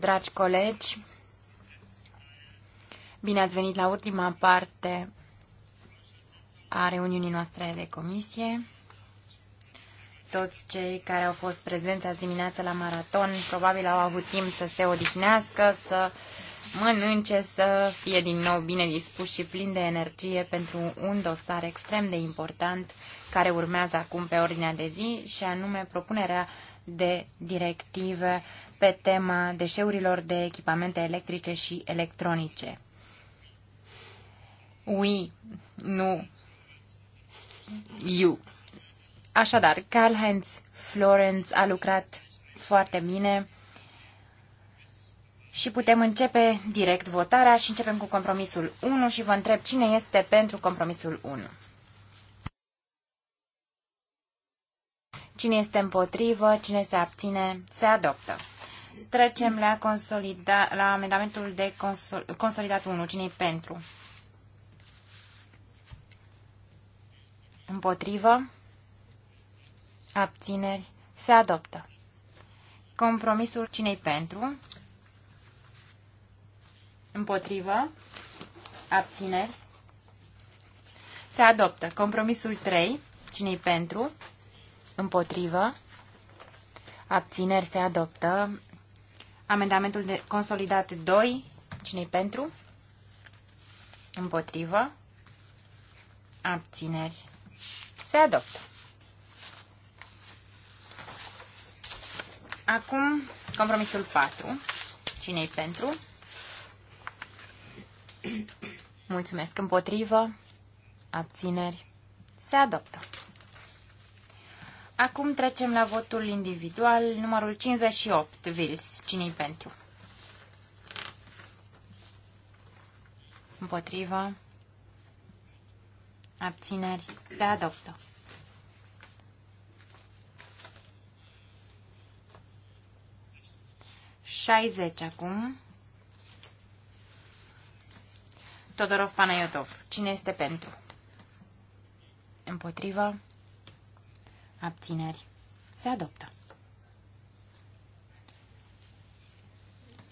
dragi colegi, bine ați venit la ultima parte a reuniunii noastre de comisie. Toți cei care au fost prezenți azi dimineață la maraton probabil au avut timp să se odihnească, să mănânce, să fie din nou bine dispuși și plin de energie pentru un dosar extrem de important care urmează acum pe ordinea de zi și anume propunerea de directive pe tema deșeurilor de echipamente electrice și electronice. Ui, nu, you. Așadar, Karl-Heinz Florence a lucrat foarte bine și putem începe direct votarea și începem cu compromisul 1 și vă întreb cine este pentru compromisul 1. Cine este împotrivă, cine se abține, se adoptă. Trecem la, consolida, la amendamentul de consol, consolidat 1. cine pentru? Împotrivă? Abțineri? Se adoptă. Compromisul cinei pentru? Împotrivă? Abțineri? Se adoptă. Compromisul 3. Cine-i pentru? Împotrivă? Abțineri se adoptă. Amendamentul de consolidat 2. cine pentru? Împotrivă. Abțineri. Se adoptă. Acum, compromisul 4. cine pentru? Mulțumesc. Împotrivă. Abțineri. Se adoptă. Acum trecem la votul individual, numărul 58, Vils. Cine-i pentru? Împotriva. Abțineri. Se adoptă. Șaizeci acum. Todorov Panayotov. Cine este pentru? Împotriva. Abțineri. Se adoptă.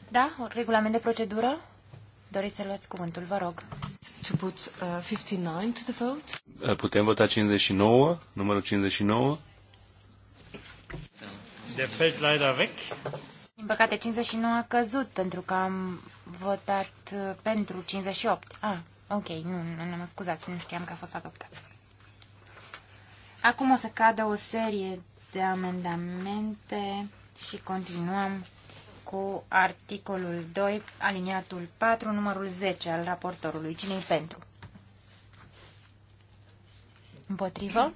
Da? Regulament de procedură? Doriți să luați cuvântul, vă rog. To put, uh, 59 to the vote. Uh, putem vota 59, numărul 59. Der fällt leider weg. Din păcate, 59 a căzut pentru că am votat uh, pentru 58. Ah, ok, nu, nu, nu mă scuzați, nu știam că a fost adoptat. Acum o să cadă o serie de amendamente și continuăm cu articolul 2, aliniatul 4, numărul 10 al raportorului. Cine-i pentru? Împotrivă?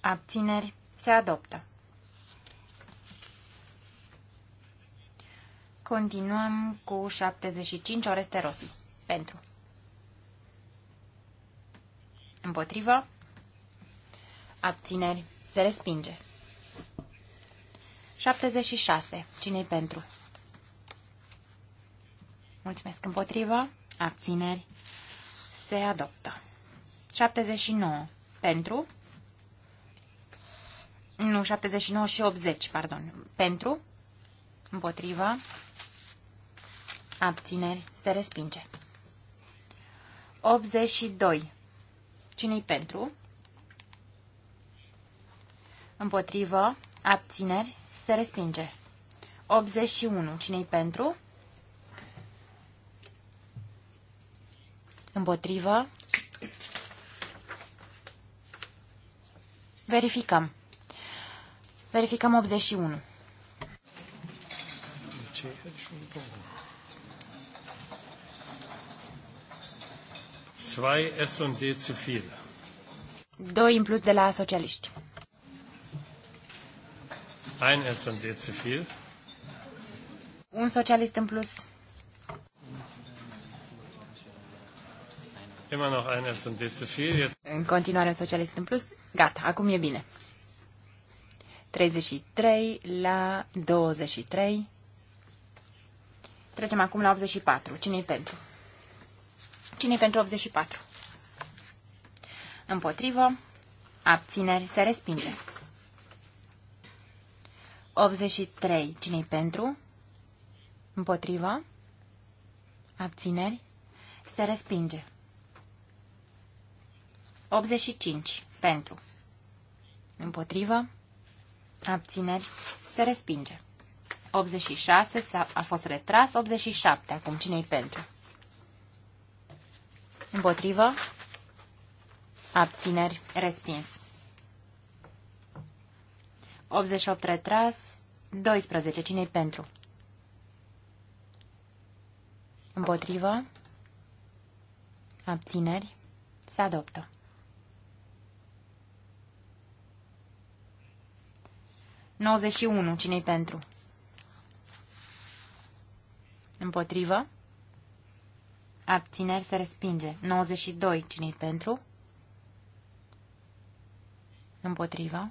Abțineri? Se adoptă. Continuăm cu 75 Oreste Rossi. Pentru. Împotrivă? Abțineri. Se respinge. 76. Cine-i pentru? Mulțumesc împotrivă. Abțineri. Se adoptă. 79. Pentru. Nu, 79 și 80, pardon. Pentru. Împotrivă. Abțineri. Se respinge. 82. Cine-i pentru? Împotrivă. Abțineri. Se respinge. 81. Cine-i pentru? Împotrivă. Verificăm. Verificăm 81. Zwei S und D zu viel. Doi în plus de la socialiști. Ein S&D zu viel. Un Sozialist im plus. Immer noch ein S&D zu viel. Jetzt. In continuare un Sozialist im plus. Gata, acum e bine. 33 la 23. Trecem acum la 84. cine e pentru? cine e pentru 84? Împotrivă. Abțineri. Se respinge. 83. Cine-i pentru? Împotriva? Abțineri? Se respinge. 85. Pentru. Împotrivă? Abțineri? Se respinge. 86 a a fost retras. 87. Acum cine-i pentru? Împotrivă? Abțineri? Respins. 88 retras. 12. Cine-i pentru? Împotrivă. Abțineri. Se adoptă. Nouăzeci și unu. Cine-i pentru? Împotrivă. Abțineri se respinge. 92. Cine-i pentru? Împotrivă.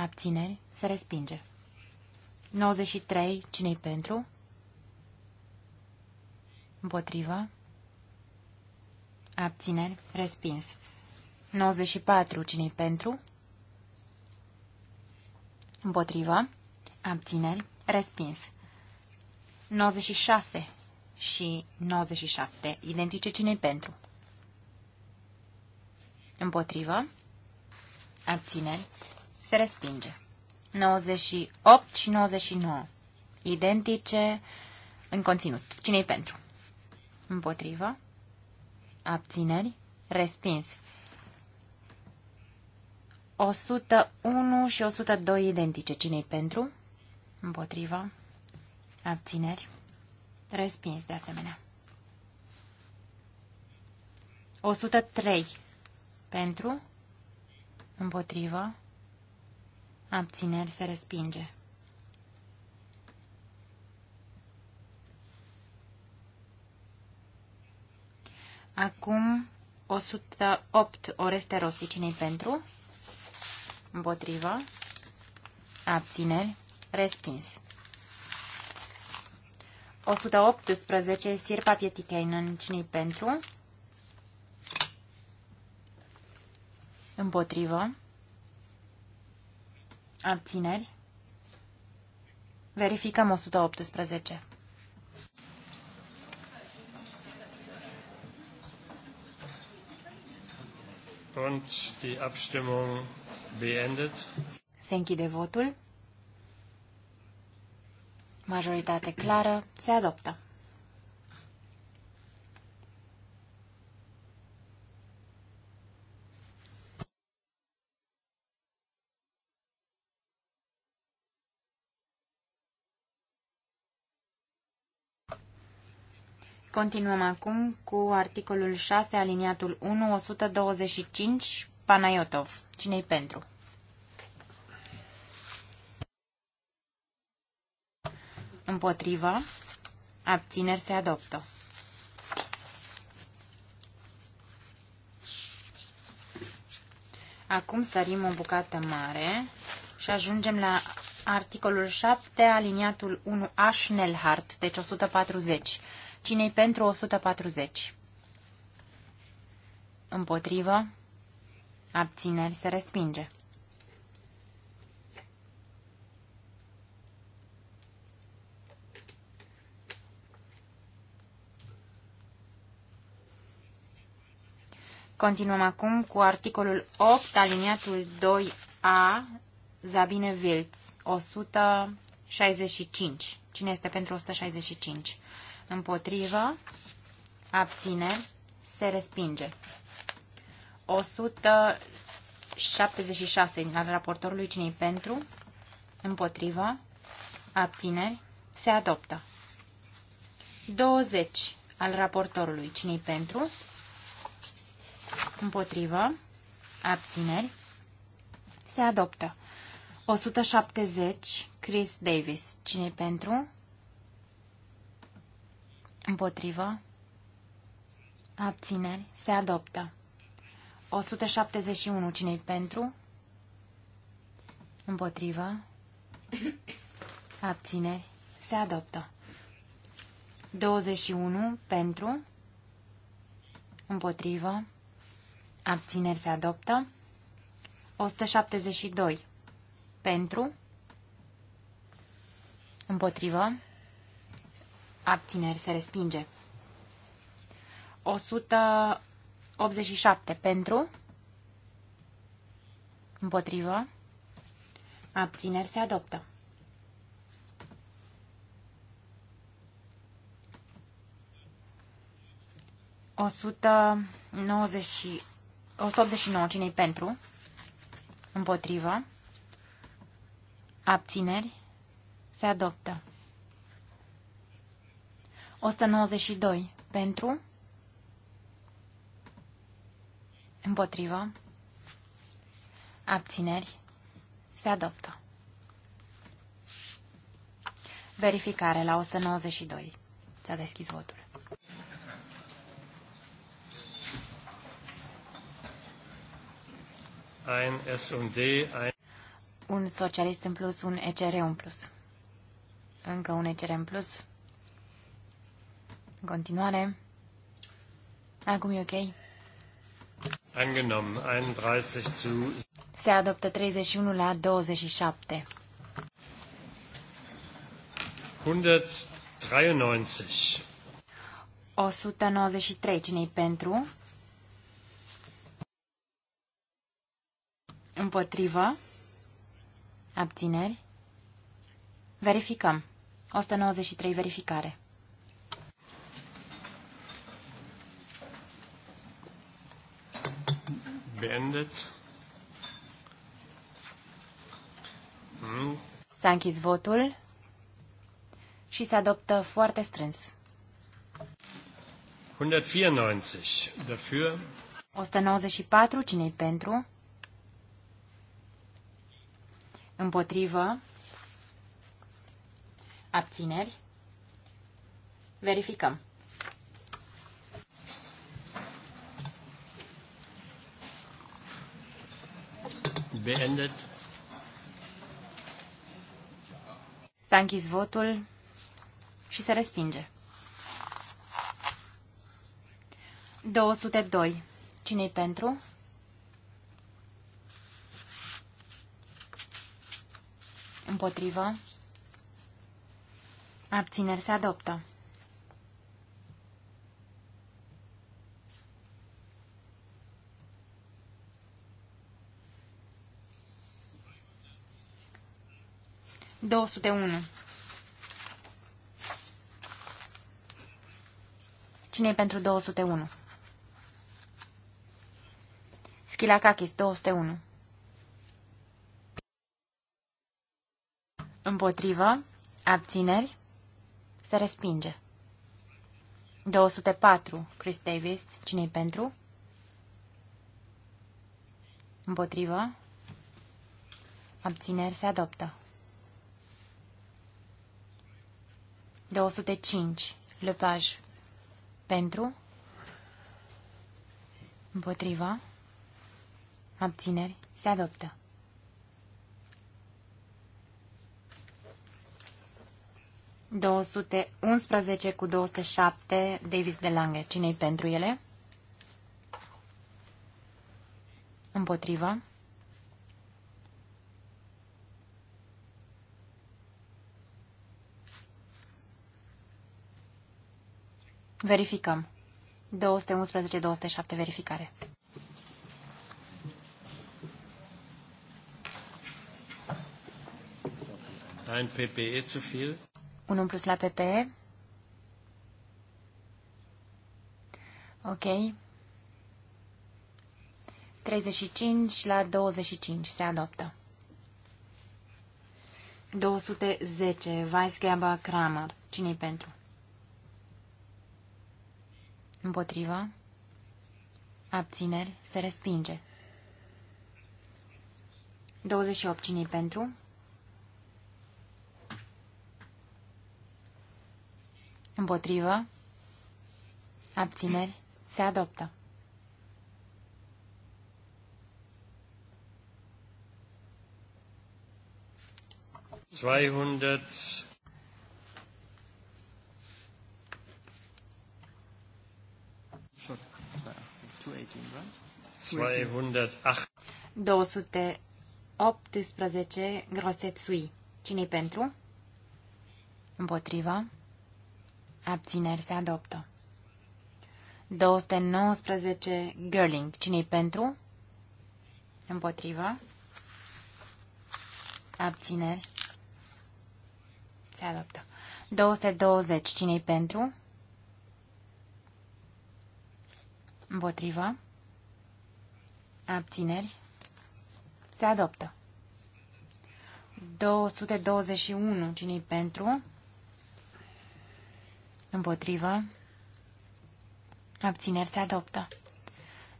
Abțineri. Se respinge. 93. Cine-i pentru? Împotrivă. Abțineri. Respins. 94. Cine-i pentru? Împotrivă. Abțineri. Respins. 96 și 97. Identice cine pentru? Împotrivă. Abțineri. Se respinge. 98 și 99. Identice în conținut. Cine-i pentru? Împotrivă. Abțineri. Respins. 101 și 102 identice. Cine-i pentru? Împotrivă. Abțineri. Respins de asemenea. 103 pentru. Împotrivă. Abțineri se respinge. Acum 108 Oreste Rossi. cine pentru? împotrivă, Abțineri. Respins. 118 Sirpa Pietikainen. cine pentru? Împotrivă. Abțineri. Verificăm 118. Und die Abstimmung beendet. Se închide votul. Majoritate clară. Se adoptă. Continuăm acum cu articolul 6, aliniatul 1, 125, Panayotov. Cine-i pentru? Împotriva, Abțineri se adoptă. Acum sărim o bucată mare și ajungem la articolul 7, aliniatul 1A Schnellhardt, deci 140. Cine-i pentru 140? Împotrivă. Abțineri se respinge. Continuăm acum cu articolul 8, aliniatul 2A, Zabine Vilț, 165. Cine este pentru 165? împotrivă, abține, se respinge. 176 din al raportorului cinei pentru, împotrivă, abțineri, se adoptă. 20 al raportorului cinei pentru, împotrivă, abțineri, se adoptă. 170 Chris Davis, cinei pentru, Împotrivă. Abțineri. Se adoptă. 171. cine pentru? Împotrivă. Abțineri. Se adoptă. 21. Pentru. Împotrivă. Abțineri. Se adoptă. 172. Pentru. Împotrivă abțineri se respinge. 187 pentru, împotrivă, abțineri se adoptă. O 190, 189, cine pentru? Împotrivă. Abțineri. Se adoptă. 192 pentru, împotrivă, abțineri, se adoptă. Verificare la 192. S-a deschis votul. Ein S&D, ein... Un socialist în plus, un ECR în plus. Încă un ECR în plus. În continuare. Acum e ok. Angenommen, 31 zu... Se adoptă 31 la 27. 193. 193. cine pentru? Împotrivă? Abțineri? Verificăm. 193. Verificare. beendet. Mm. S-a închis votul și se adoptă foarte strâns. 194 dafür. 194 cine pentru? Împotrivă. Abțineri. Verificăm. beendet. S-a închis votul și se respinge. 202. Cine-i pentru? Împotrivă. Abțineri se adoptă. 201. cine e pentru 201? Schilacachis, 201. Împotrivă, abțineri, se respinge. 204, Chris Davis, cine e pentru? Împotrivă, abțineri, se adoptă. 205. Lepaj. Pentru. Împotriva. Abțineri. Se adoptă. ...211 cu 207 Davis de Lange. Cine-i pentru ele? Împotriva. Verificăm. 211-207 verificare. Ein PPE zu viel. Un plus la PPE. Ok. 35 la 25 se adoptă. 210. Weisgerber Kramer. Cine-i pentru? Împotrivă. Abțineri. Se respinge. 28. cine pentru? Împotrivă. Abțineri. Se adoptă. Zweihundert 218, right? Grostet Sui. cine pentru? Împotriva. Abțineri se adoptă. 219 Girling. cine pentru? Împotriva. Abțineri. Se adoptă. 220. cine pentru? Împotrivă. Abțineri. Se adoptă. 221. cine pentru? Împotrivă. Abțineri se adoptă.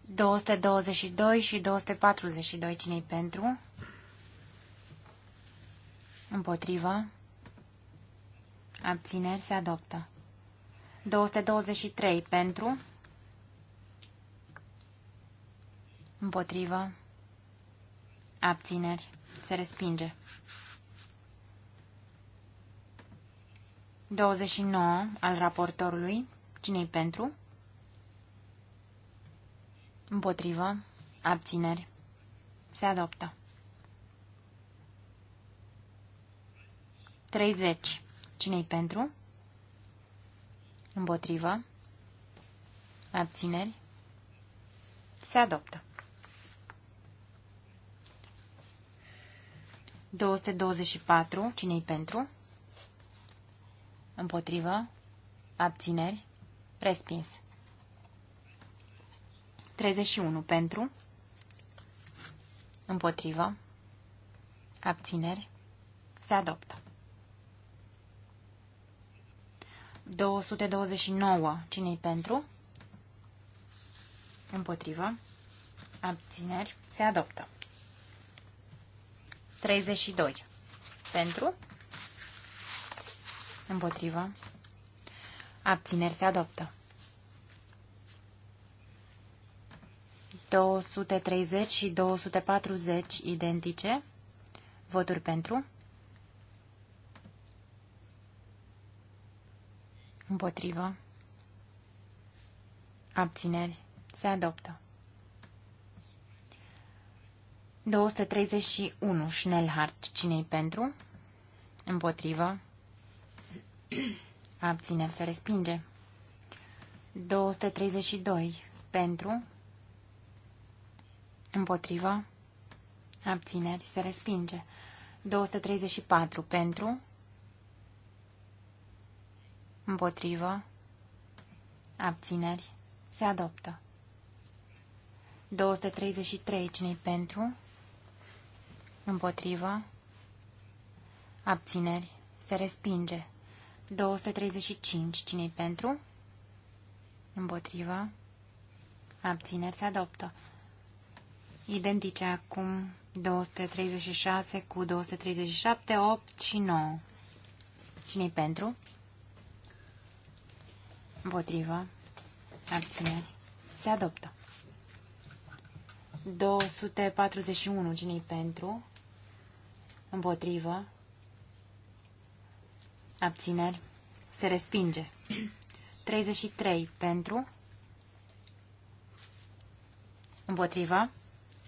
222 și 242. cine pentru? Împotrivă. Abțineri se adoptă. 223 pentru. Împotrivă. Abțineri. Se respinge. 29 al raportorului. Cine-i pentru? Împotrivă. Abțineri. Se adoptă. 30. Cine-i pentru? Împotrivă. Abțineri. Se adoptă. 224. Cine-i pentru? Împotrivă. Abțineri. Respins. 31. Pentru. Împotrivă. Abțineri. Se adoptă. 229. Cine-i pentru? Împotrivă. Abțineri. Se adoptă. 32. Pentru? Împotrivă. Abțineri se adoptă. 230 și 240 identice. Voturi pentru. Împotrivă. Abțineri. Se adoptă. 231. Schnellhardt. Cine-i pentru? Împotrivă. Abțineri se respinge. 232. Pentru. Împotrivă. Abțineri se respinge. 234. Pentru. Împotrivă. Abțineri se adoptă. 233. Cine-i pentru? Pentru. Împotrivă. Abțineri. Se respinge. 235. cine pentru? Împotrivă. Abțineri se adoptă. Identice acum 236 cu 237, 8 și 9. cine pentru? Împotrivă. Abțineri. Se adoptă. 241. cine pentru? Împotrivă. Abțineri. Se respinge. 33 pentru. Împotrivă.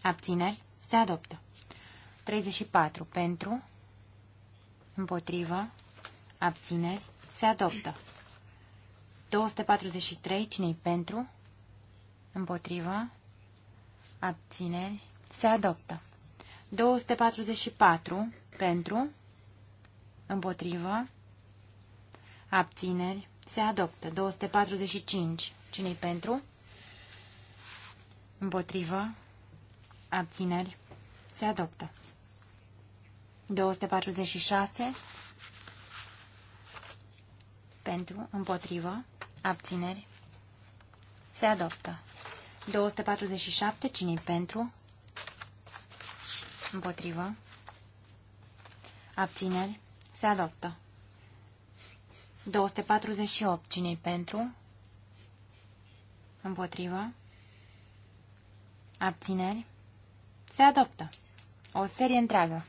Abțineri. Se adoptă. 34 pentru. Împotrivă. Abțineri. Se adoptă. 243. Cine-i pentru? Împotrivă. Abțineri. Se adoptă. 244 pentru, împotrivă, abțineri, se adoptă. 245, cine pentru? Împotrivă, abțineri, se adoptă. 246, pentru, împotrivă, abțineri, se adoptă. 247, cine pentru? Împotrivă. Abțineri. Se adoptă. 248. cine pentru? Împotrivă. Abțineri. Se adoptă. O serie întreagă.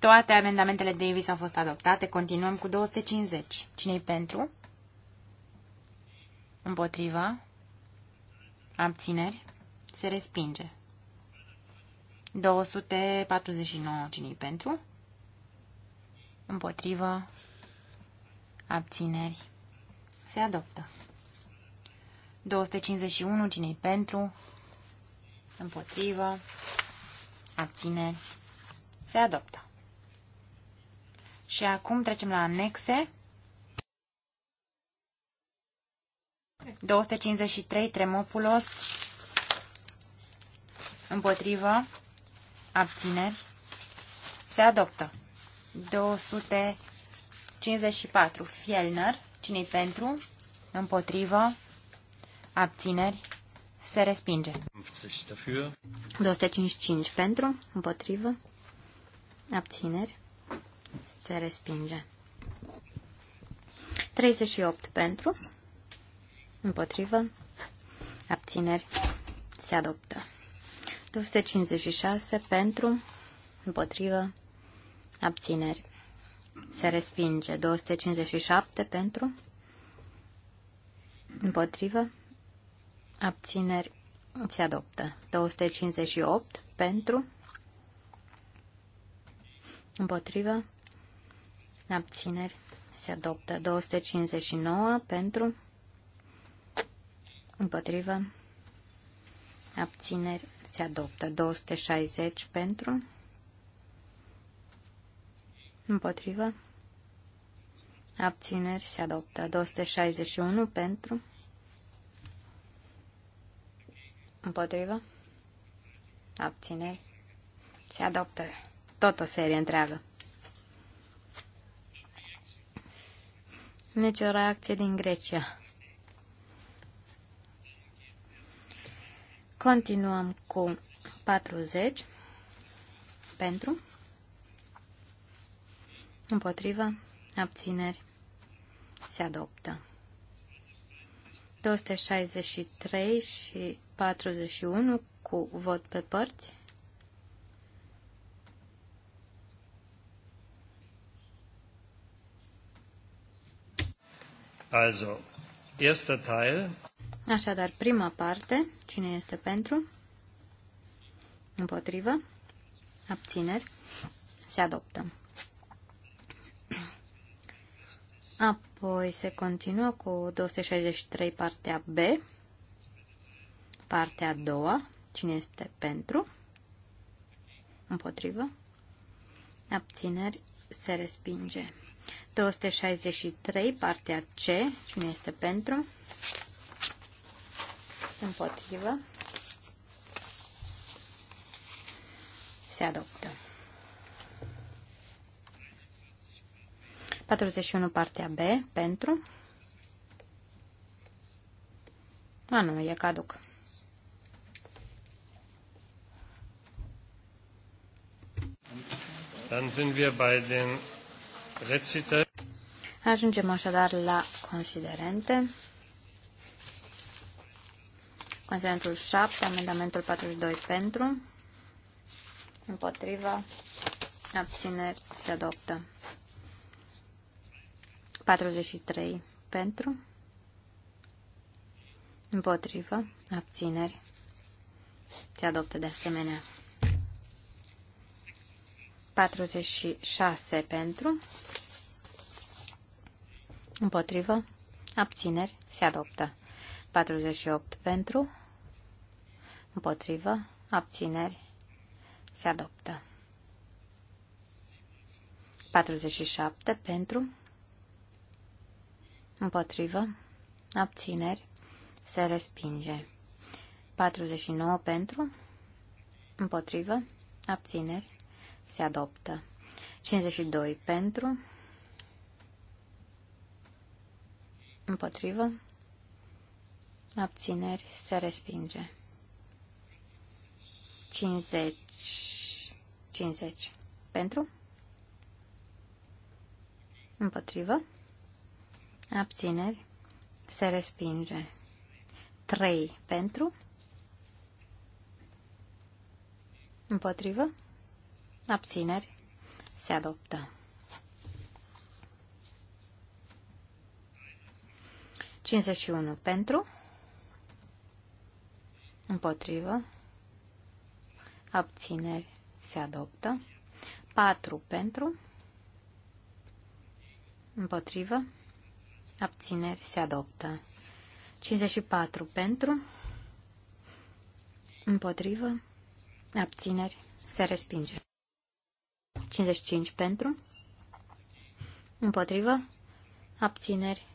Toate amendamentele Davis au fost adoptate. Continuăm cu 250. Cine-i pentru? Împotrivă? Abțineri? Se respinge. 249. Cine-i pentru? Împotrivă? Abțineri? Se adoptă. 251. Cine-i pentru? Împotrivă? Abțineri? Se adoptă. Și acum trecem la anexe. 253 Tremopulos împotrivă abțineri se adoptă. 254 Fielner cine pentru împotrivă abțineri se respinge. 255 pentru împotrivă abțineri se respinge. 38 pentru, împotrivă, abțineri, se adoptă. 256 pentru, împotrivă, abțineri, se respinge. 257 pentru, împotrivă, abțineri, se adoptă. 258 pentru, împotrivă, abțineri, se adoptă 259 pentru, împotrivă, abțineri, se adoptă 260 pentru, împotrivă, abțineri, se adoptă 261 pentru, împotrivă, abțineri, se adoptă tot o serie întreagă. o reacție din Grecia. Continuăm cu 40 pentru, împotriva, abțineri, se adoptă. 263 și 41 cu vot pe părți. Also, erster Teil. Așadar, prima parte, cine este pentru? Împotrivă? Abțineri? Se adoptă. Apoi se continuă cu 263 partea B, partea a doua, cine este pentru, împotrivă, abțineri, se respinge. 263, partea C. Cine este pentru? Împotrivă. Se adoptă. 41, partea B. Pentru. A, nu, e caduc. Dann sind wir bei den Recite. Ajungem așadar la considerente. Considerentul 7, amendamentul 42 pentru, împotriva, abțineri, se adoptă. 43 pentru, împotrivă, abțineri, se adoptă de asemenea. 46 pentru, împotrivă, abțineri, se adoptă. 48 pentru, împotrivă, abțineri, se adoptă. 47 pentru, împotrivă, abțineri, se respinge. 49 pentru, împotrivă, abțineri, se adoptă. 52 pentru, împotrivă, abțineri, se respinge. 50, 50 pentru, împotrivă, abțineri, se respinge. 3 pentru, împotrivă, Abțineri. Se adoptă. unu pentru. Împotrivă. Abțineri. Se adoptă. Patru pentru. Împotrivă. Abțineri. Se adoptă. patru pentru. Împotrivă. Abțineri. Se respinge. 55 pentru, împotrivă, abțineri,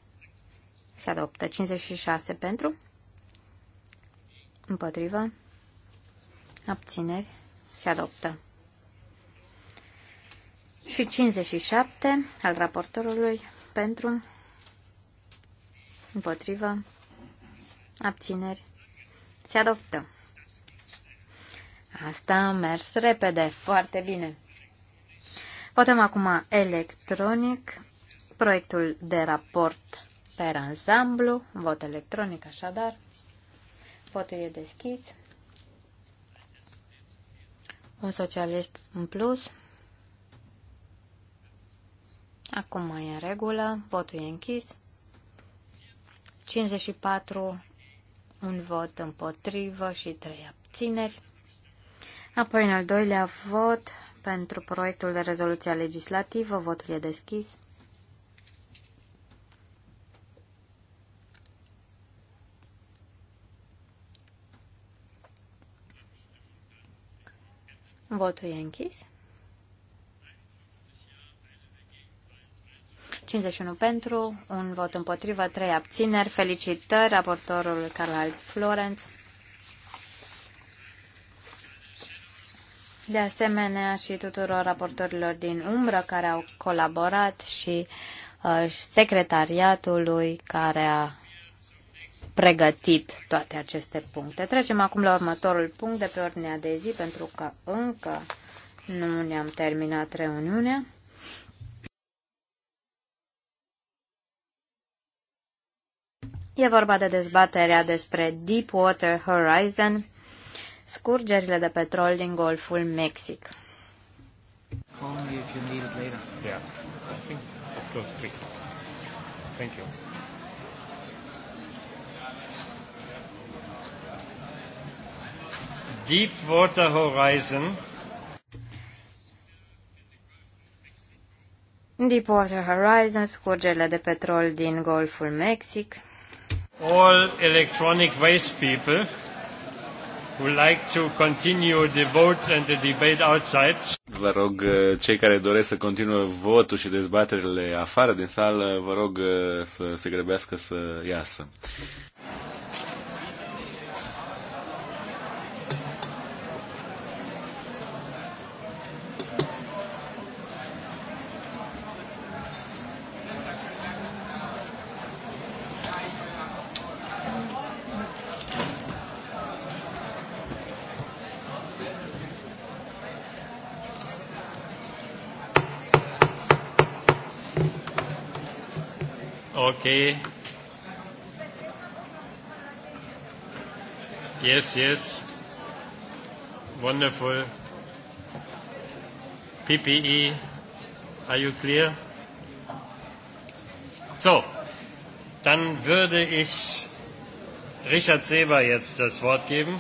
se adoptă. 56 pentru, împotrivă, abțineri, se adoptă. Și 57 al raportorului pentru, împotrivă, abțineri, se adoptă. Asta a mers repede, foarte bine. Votăm acum electronic proiectul de raport pe ansamblu, vot electronic așadar. Votul e deschis. Un socialist în plus. Acum mai e în regulă, votul e închis. 54, un vot împotrivă și 3 abțineri. Apoi, în al doilea vot, pentru proiectul de rezoluție legislativă. Votul e deschis. Votul e închis. 51 pentru, un vot împotriva, 3 abțineri. Felicitări raportorul Carl Florence. de asemenea și tuturor raportorilor din umbră care au colaborat și uh, secretariatului care a pregătit toate aceste puncte. Trecem acum la următorul punct de pe ordinea de zi, pentru că încă nu ne-am terminat reuniunea. E vorba de dezbaterea despre Deepwater Horizon, scurgerile de petrol din Golful Mexic. Deep water Horizon. water Horizon, scurgerile de petrol din Golful Mexic. All electronic waste people who like to continue the vote and the debate outside. Vă rog, uh, cei care doresc să continuă votul și dezbaterile afară din sală, vă rog uh, să se grăbească să iasă. Okay. Yes, yes. Wonderful. PPE, are you clear? So, dann würde ich Richard Seber jetzt das Wort geben.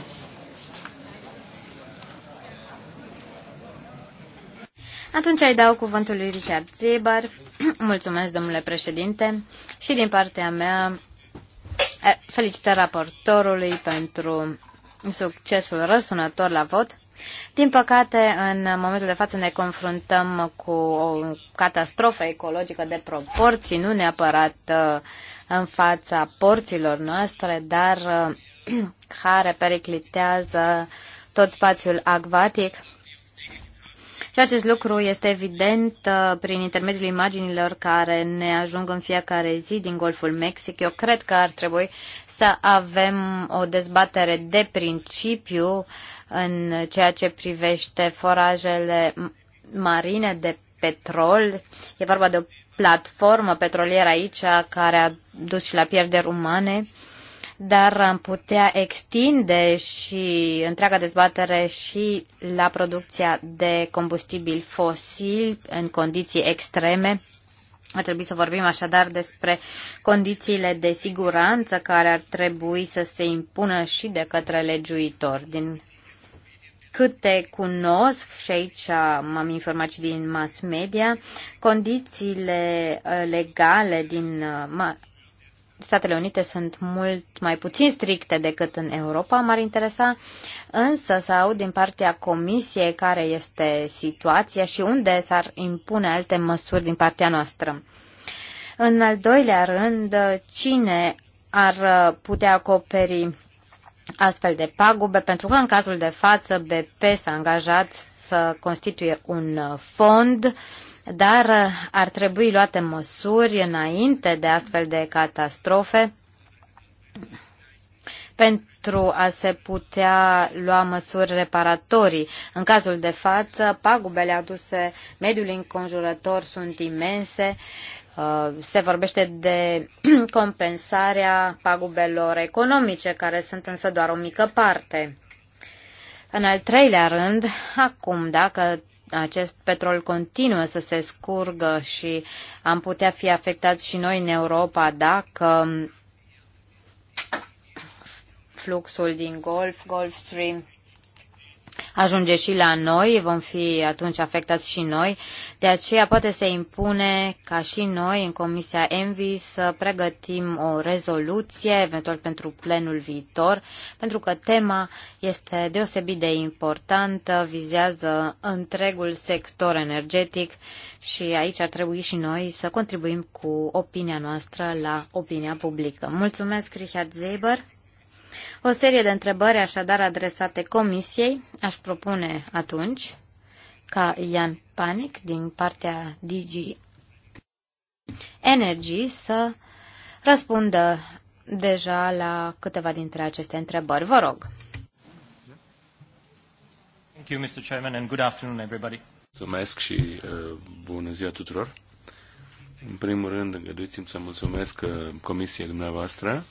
Atunci îi dau cuvântul lui Richard Zebar. Mulțumesc, domnule președinte. Și din partea mea, felicitări raportorului pentru succesul răsunător la vot. Din păcate, în momentul de față ne confruntăm cu o catastrofă ecologică de proporții, nu neapărat uh, în fața porților noastre, dar uh, care periclitează tot spațiul acvatic și acest lucru este evident uh, prin intermediul imaginilor care ne ajung în fiecare zi din Golful Mexic. Eu cred că ar trebui să avem o dezbatere de principiu în ceea ce privește forajele marine de petrol. E vorba de o platformă petrolieră aici care a dus și la pierderi umane dar am putea extinde și întreaga dezbatere și la producția de combustibil fosil în condiții extreme. Ar trebui să vorbim așadar despre condițiile de siguranță care ar trebui să se impună și de către legiuitor. Din câte cunosc, și aici m-am informat și din mass media, condițiile legale din Statele Unite sunt mult mai puțin stricte decât în Europa. M-ar interesa însă să aud din partea Comisiei care este situația și unde s-ar impune alte măsuri din partea noastră. În al doilea rând, cine ar putea acoperi astfel de pagube, pentru că în cazul de față BP s-a angajat să constituie un fond uh, dar uh, ar trebui luate măsuri înainte de astfel de catastrofe pentru a se putea lua măsuri reparatorii. În cazul de față, pagubele aduse mediului înconjurător sunt imense. Uh, se vorbește de compensarea pagubelor economice, care sunt însă doar o mică parte. În al treilea rând, acum, dacă acest petrol continuă să se scurgă și am putea fi afectați și noi în Europa dacă fluxul din Golf, Gulf Stream ajunge și la noi, vom fi atunci afectați și noi. De aceea poate se impune ca și noi în Comisia ENVI să pregătim o rezoluție, eventual pentru plenul viitor, pentru că tema este deosebit de importantă, vizează întregul sector energetic și aici ar trebui și noi să contribuim cu opinia noastră la opinia publică. Mulțumesc, Richard Zeber! O serie de întrebări așadar adresate Comisiei. Aș propune atunci ca Ian Panic din partea DG Energy să răspundă deja la câteva dintre aceste întrebări. Vă rog. Thank you, Mr. Chairman, and good afternoon, everybody. Mulțumesc și uh, bună ziua tuturor. În primul rând, îngăduiți-mi să mulțumesc uh, comisiei dumneavoastră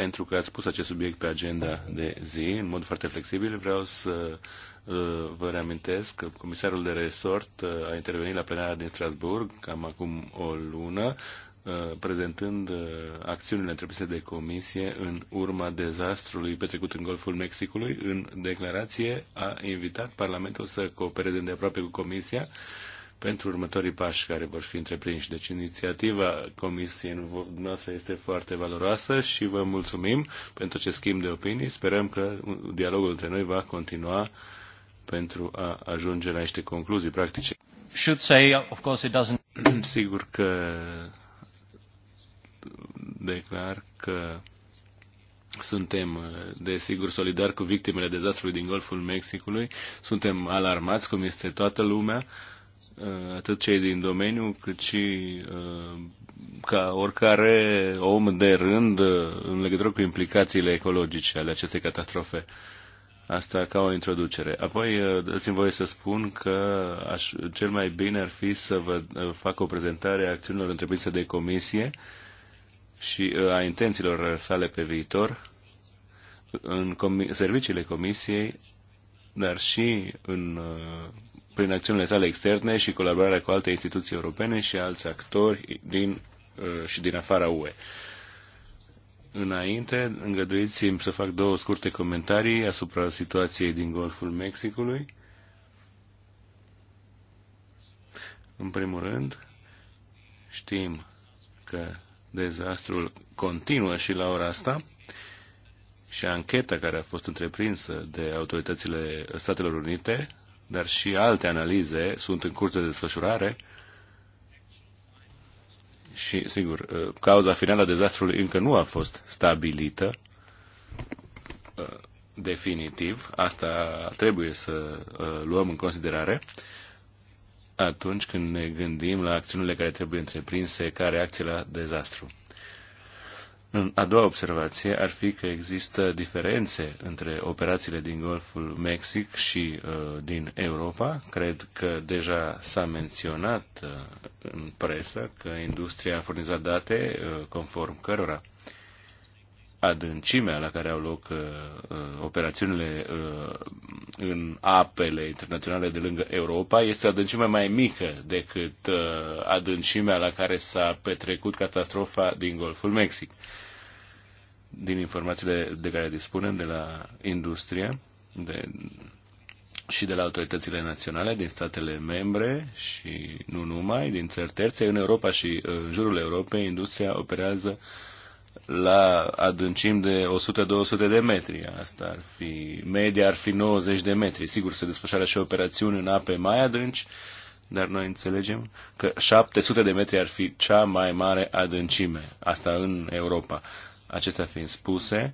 pentru că ați pus acest subiect pe agenda de zi în mod foarte flexibil. Vreau să uh, vă reamintesc că comisarul de resort uh, a intervenit la plenara din Strasburg cam acum o lună uh, prezentând acțiunile întreprinse de comisie în urma dezastrului petrecut în Golful Mexicului. În declarație a invitat Parlamentul să coopereze îndeaproape cu comisia pentru următorii pași care vor fi întreprinși. Deci inițiativa Comisiei noastre este foarte valoroasă și vă mulțumim pentru acest schimb de opinii. Sperăm că dialogul între noi va continua pentru a ajunge la niște concluzii practice. Should say, of course it doesn't... Sigur că declar că suntem, uh, desigur, solidari cu victimele dezastrului din Golful Mexicului, suntem alarmați, cum este toată lumea, Uh, atât cei din domeniu, cât și uh, ca oricare om de rând uh, în legătură cu implicațiile ecologice ale acestei catastrofe. Asta ca o introducere. Apoi dați-mi voie să spun că aș, cel mai bine ar fi să vă fac o prezentare a acțiunilor întreprinse de comisie și a intențiilor sale pe viitor în comi- serviciile comisiei, dar și în prin acțiunile sale externe și colaborarea cu alte instituții europene și alți actori din, uh, și din afara UE. Înainte, îngăduiți-mi să fac două scurte comentarii asupra situației din Golful Mexicului. În primul rând, știm că dezastrul continuă și la ora asta și ancheta care a fost întreprinsă de autoritățile Statelor Unite dar și alte analize sunt în curs de desfășurare și, sigur, uh, cauza finală a dezastrului încă nu a fost stabilită uh, definitiv. Asta trebuie să uh, luăm în considerare atunci când ne gândim la acțiunile care trebuie întreprinse ca reacție la dezastru. A doua observație ar fi că există diferențe între operațiile din Golful Mexic și uh, din Europa. Cred că deja s-a menționat uh, în presă că industria a furnizat date uh, conform cărora adâncimea la care au loc uh, uh, operațiunile uh, în apele internaționale de lângă Europa este o adâncime mai mică decât uh, adâncimea la care s-a petrecut catastrofa din Golful Mexic. Din informațiile de care dispunem de la industria de, și de la autoritățile naționale din statele membre și nu numai, din țări terțe, în Europa și uh, în jurul Europei, industria operează uh, la adâncim de 100-200 de metri. Asta ar fi, media ar fi 90 de metri. Sigur, se desfășoară și operațiuni în ape mai adânci, dar noi înțelegem că 700 de metri ar fi cea mai mare adâncime, asta în Europa. Acestea fiind spuse,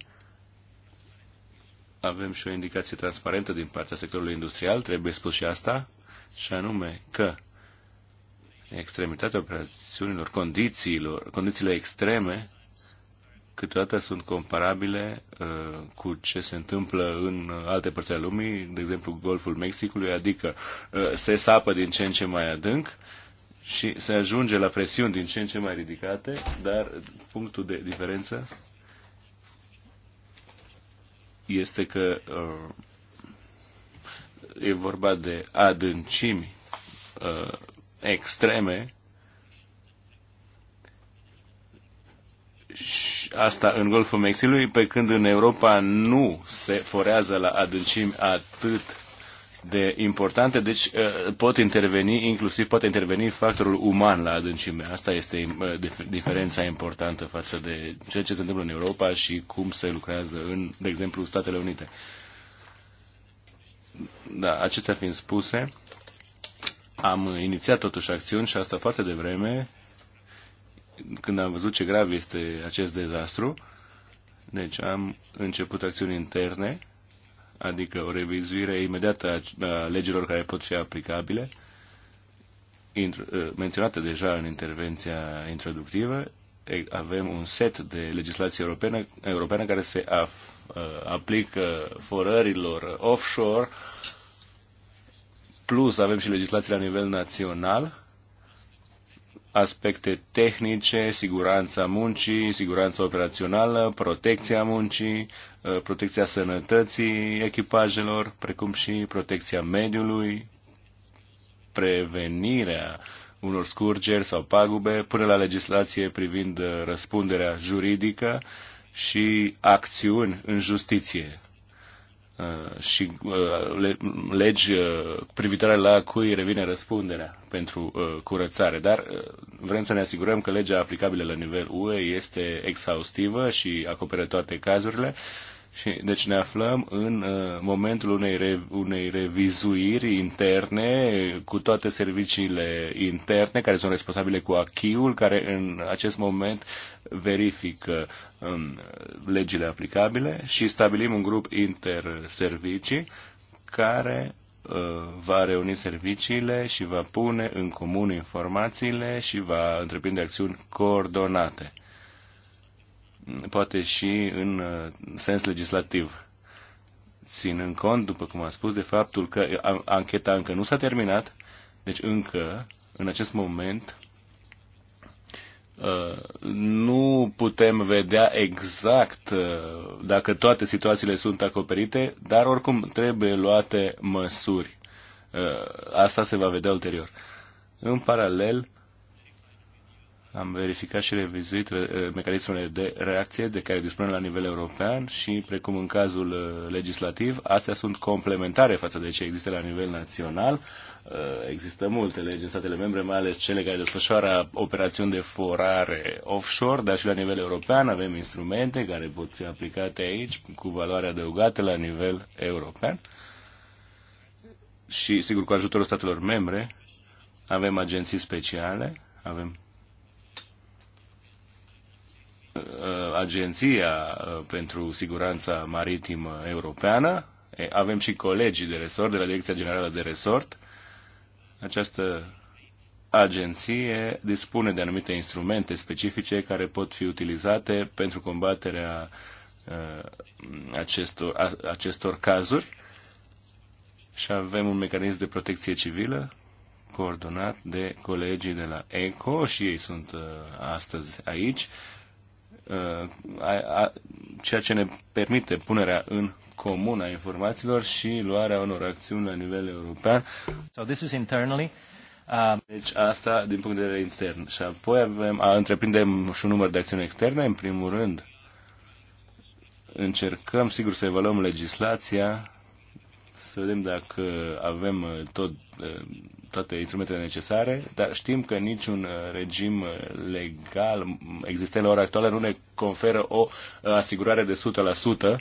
avem și o indicație transparentă din partea sectorului industrial, trebuie spus și asta, și anume că extremitatea operațiunilor, condițiilor, condițiile extreme câteodată sunt comparabile uh, cu ce se întâmplă în alte părți ale lumii, de exemplu Golful Mexicului, adică uh, se sapă din ce în ce mai adânc și se ajunge la presiuni din ce în ce mai ridicate, dar punctul de diferență este că uh, e vorba de adâncimi uh, extreme asta în Golful Mexicului, pe când în Europa nu se forează la adâncimi atât de importante, deci uh, pot interveni, inclusiv poate interveni factorul uman la adâncime. Asta este uh, diferența importantă față de ceea ce se întâmplă în Europa și cum se lucrează în, de exemplu, Statele Unite. Da, acestea fiind spuse, am inițiat totuși acțiuni și asta foarte devreme când am văzut ce grav este acest dezastru, deci am început acțiuni interne, adică o revizuire imediată a legilor care pot fi aplicabile, ă, menționată deja în intervenția introductivă, avem un set de legislație europeană, europeană care se af, ă, aplică forărilor offshore, plus avem și legislație la nivel național, aspecte tehnice, siguranța muncii, siguranța operațională, protecția muncii, uh, protecția sănătății echipajelor, precum și protecția mediului, prevenirea unor scurgeri sau pagube, până la legislație privind uh, răspunderea juridică și acțiuni în justiție. Uh, și uh, legi uh, privitoare la cui revine răspunderea pentru curățare. Dar vrem să ne asigurăm că legea aplicabilă la nivel UE este exhaustivă și acoperă toate cazurile și, deci ne aflăm în uh, momentul unei, re, unei revizuiri interne cu toate serviciile interne care sunt responsabile cu achiul, care în acest moment verifică um, legile aplicabile și stabilim un grup interservicii care uh, va reuni serviciile și va pune în comun informațiile și va întreprinde acțiuni coordonate poate și în uh, sens legislativ, ținând cont, după cum am spus, de faptul că ancheta încă nu s-a terminat, deci încă, în acest moment, uh, nu putem vedea exact uh, dacă toate situațiile sunt acoperite, dar oricum trebuie luate măsuri. Asta se va vedea ulterior. În paralel, am verificat și revizuit eh, mecanismele de reacție de care dispunem la nivel european și, precum în cazul eh, legislativ, astea sunt complementare față de ce există la nivel național. Eh, există multe legi în statele membre, mai ales cele care desfășoară operațiuni de forare offshore, dar și la nivel european avem instrumente care pot fi aplicate aici cu valoare adăugată la nivel european. Și, sigur, cu ajutorul statelor membre avem agenții speciale, avem Uh, Agenția uh, pentru Siguranța Maritimă Europeană. Avem și colegii de resort, de la Direcția Generală de Resort. Această agenție dispune de anumite instrumente specifice care pot fi utilizate pentru combaterea uh, acestor, acestor cazuri și avem un mecanism de protecție civilă coordonat de colegii de la ECO și ei sunt astăzi aici Uh, ceea ce ne permite punerea în comun a informațiilor și luarea unor acțiuni la nivel european. So this is internally. Uh, deci asta din punct de vedere intern. Și apoi avem, a, întreprindem și un număr de acțiuni externe. În primul rând, încercăm, sigur, să evaluăm legislația, să vedem dacă avem uh, tot toate instrumentele necesare, dar știm că niciun uh, regim uh, legal existent la ora actuală nu ne conferă o uh, asigurare de 100%.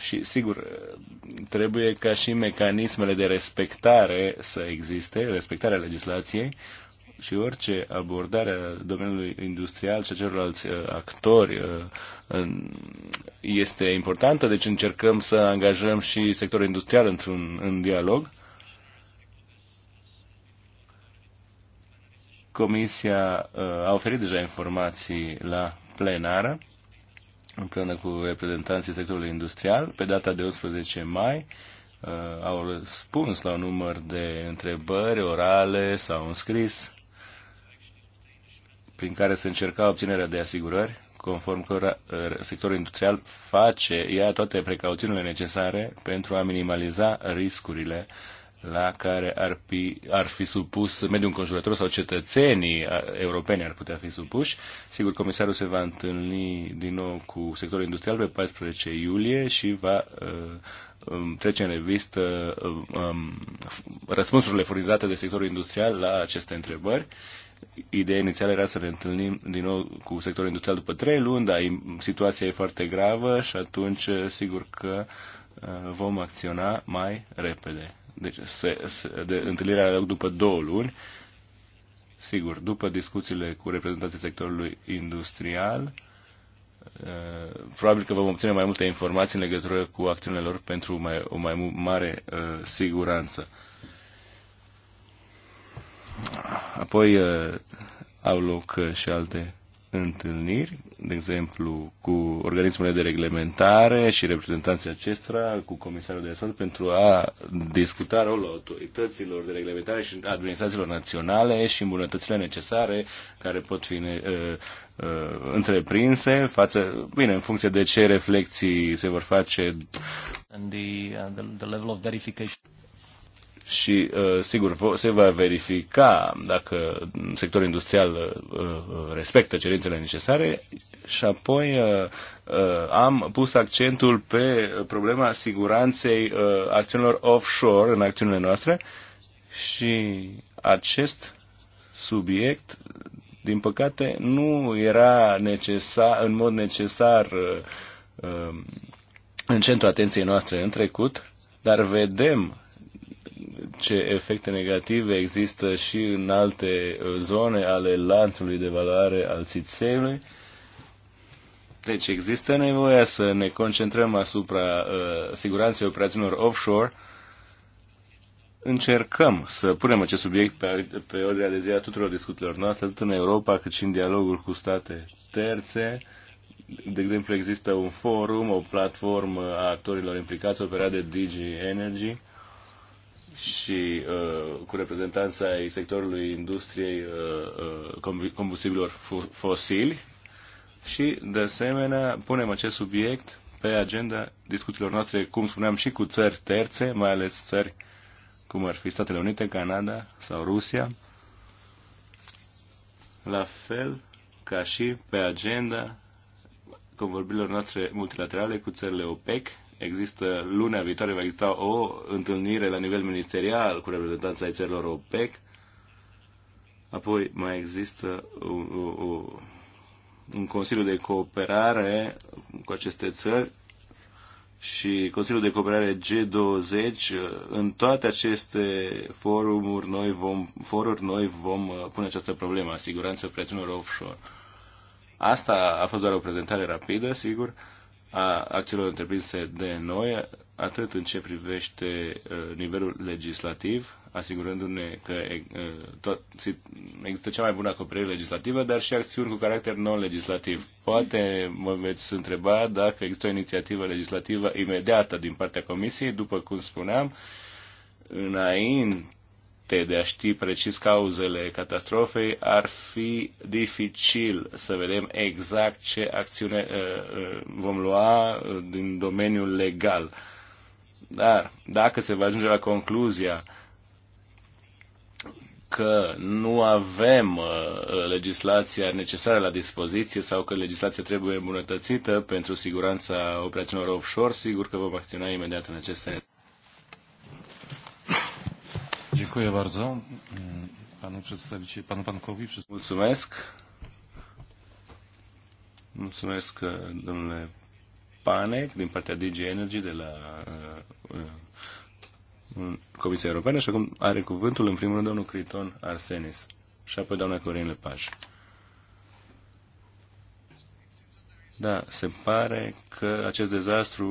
Și, sigur, trebuie ca și mecanismele de respectare să existe, respectarea legislației, și orice abordare a domeniului industrial și a celorlalți uh, actori uh, în, este importantă, deci încercăm să angajăm și sectorul industrial într-un în dialog Comisia uh, a oferit deja informații la plenară împreună cu reprezentanții sectorului industrial. Pe data de 11 mai uh, au răspuns la un număr de întrebări orale sau înscris prin care se încerca obținerea de asigurări conform că uh, sectorul industrial face, ia toate precauțiunile necesare pentru a minimaliza riscurile uh, la care ar fi, ar fi supus mediul înconjurător sau cetățenii europeni ar putea fi supuși. Sigur, comisarul se va întâlni din nou cu sectorul industrial pe 14 iulie și va uh, trece în revistă uh, um, răspunsurile furnizate de sectorul industrial la aceste întrebări. Ideea inițială era să ne întâlnim din nou cu sectorul industrial după trei luni, dar situația e foarte gravă și atunci sigur că vom acționa mai repede. Deci se, se, de, întâlnirea are loc după două luni. Sigur, după discuțiile cu reprezentanții sectorului industrial, uh, probabil că vom obține mai multe informații în legătură cu acțiunile lor pentru mai, o mai mare uh, siguranță. Apoi uh, au loc uh, și alte întâlniri, de exemplu, cu organismele de reglementare și reprezentanții acestora, cu comisarul de stat, pentru a discuta rolul autorităților de reglementare și administrațiilor naționale și îmbunătățile necesare care pot fi uh, uh, întreprinse față, bine, în funcție de ce reflexii se vor face. And the, uh, the, the level of verification și, uh, sigur, se va verifica dacă sectorul industrial uh, uh, respectă cerințele necesare și apoi am pus accentul pe problema siguranței acțiunilor offshore în acțiunile noastre și acest subiect, din păcate, nu era necesar, în mod necesar în centrul atenției noastre în trecut, dar vedem ce efecte negative există și în alte uh, zone ale lanțului de valoare al țițeiului. Deci există nevoia să ne concentrăm asupra uh, siguranței operațiunilor offshore. Încercăm să punem acest subiect pe, pe ordinea de zi a tuturor discuțiilor noastre, atât în Europa cât și în dialogul cu state terțe. De exemplu, există un forum, o platformă a actorilor implicați operat de DG Energy, și uh, cu reprezentanța ai sectorului industriei uh, uh combustibilor fosili și, de asemenea, punem acest subiect pe agenda discuțiilor noastre, cum spuneam, și cu țări terțe, mai ales țări cum ar fi Statele Unite, Canada sau Rusia, la fel ca și pe agenda convorbirilor noastre multilaterale cu țările OPEC există lunea viitoare va exista o întâlnire la nivel ministerial cu reprezentanța ai țărilor OPEC. Apoi mai există un, un, un Consiliu de Cooperare cu aceste țări și Consiliul de Cooperare G20. În toate aceste forumuri noi vom, foruri noi vom uh, pune această problemă, siguranță prețurilor offshore. Asta a fost doar o prezentare rapidă, sigur a acțiunilor întreprinse de noi, atât în ce privește uh, nivelul legislativ, asigurându-ne că uh, tot, există cea mai bună acoperire legislativă, dar și acțiuni cu caracter non-legislativ. Poate mă veți întreba dacă există o inițiativă legislativă imediată din partea Comisiei, după cum spuneam, înainte date, de a ști precis cauzele catastrofei, ar fi dificil să vedem exact ce acțiune uh, uh, vom lua uh, din domeniul legal. Dar dacă se va ajunge la concluzia că nu avem legislația necesară la dispoziție sau că legislația trebuie îmbunătățită pentru siguranța operațiunilor offshore, sigur că vom acționa imediat în acest sens. Dziękuję bardzo mm, panu panu Pankowi. Mulțumesc. Mulțumesc, domnule Panec, din partea DG Energy de la Comisia Europeană și acum are cuvântul în primul rând domnul Criton Arsenis și apoi doamna Corin Lepaj. Da, se pare că acest dezastru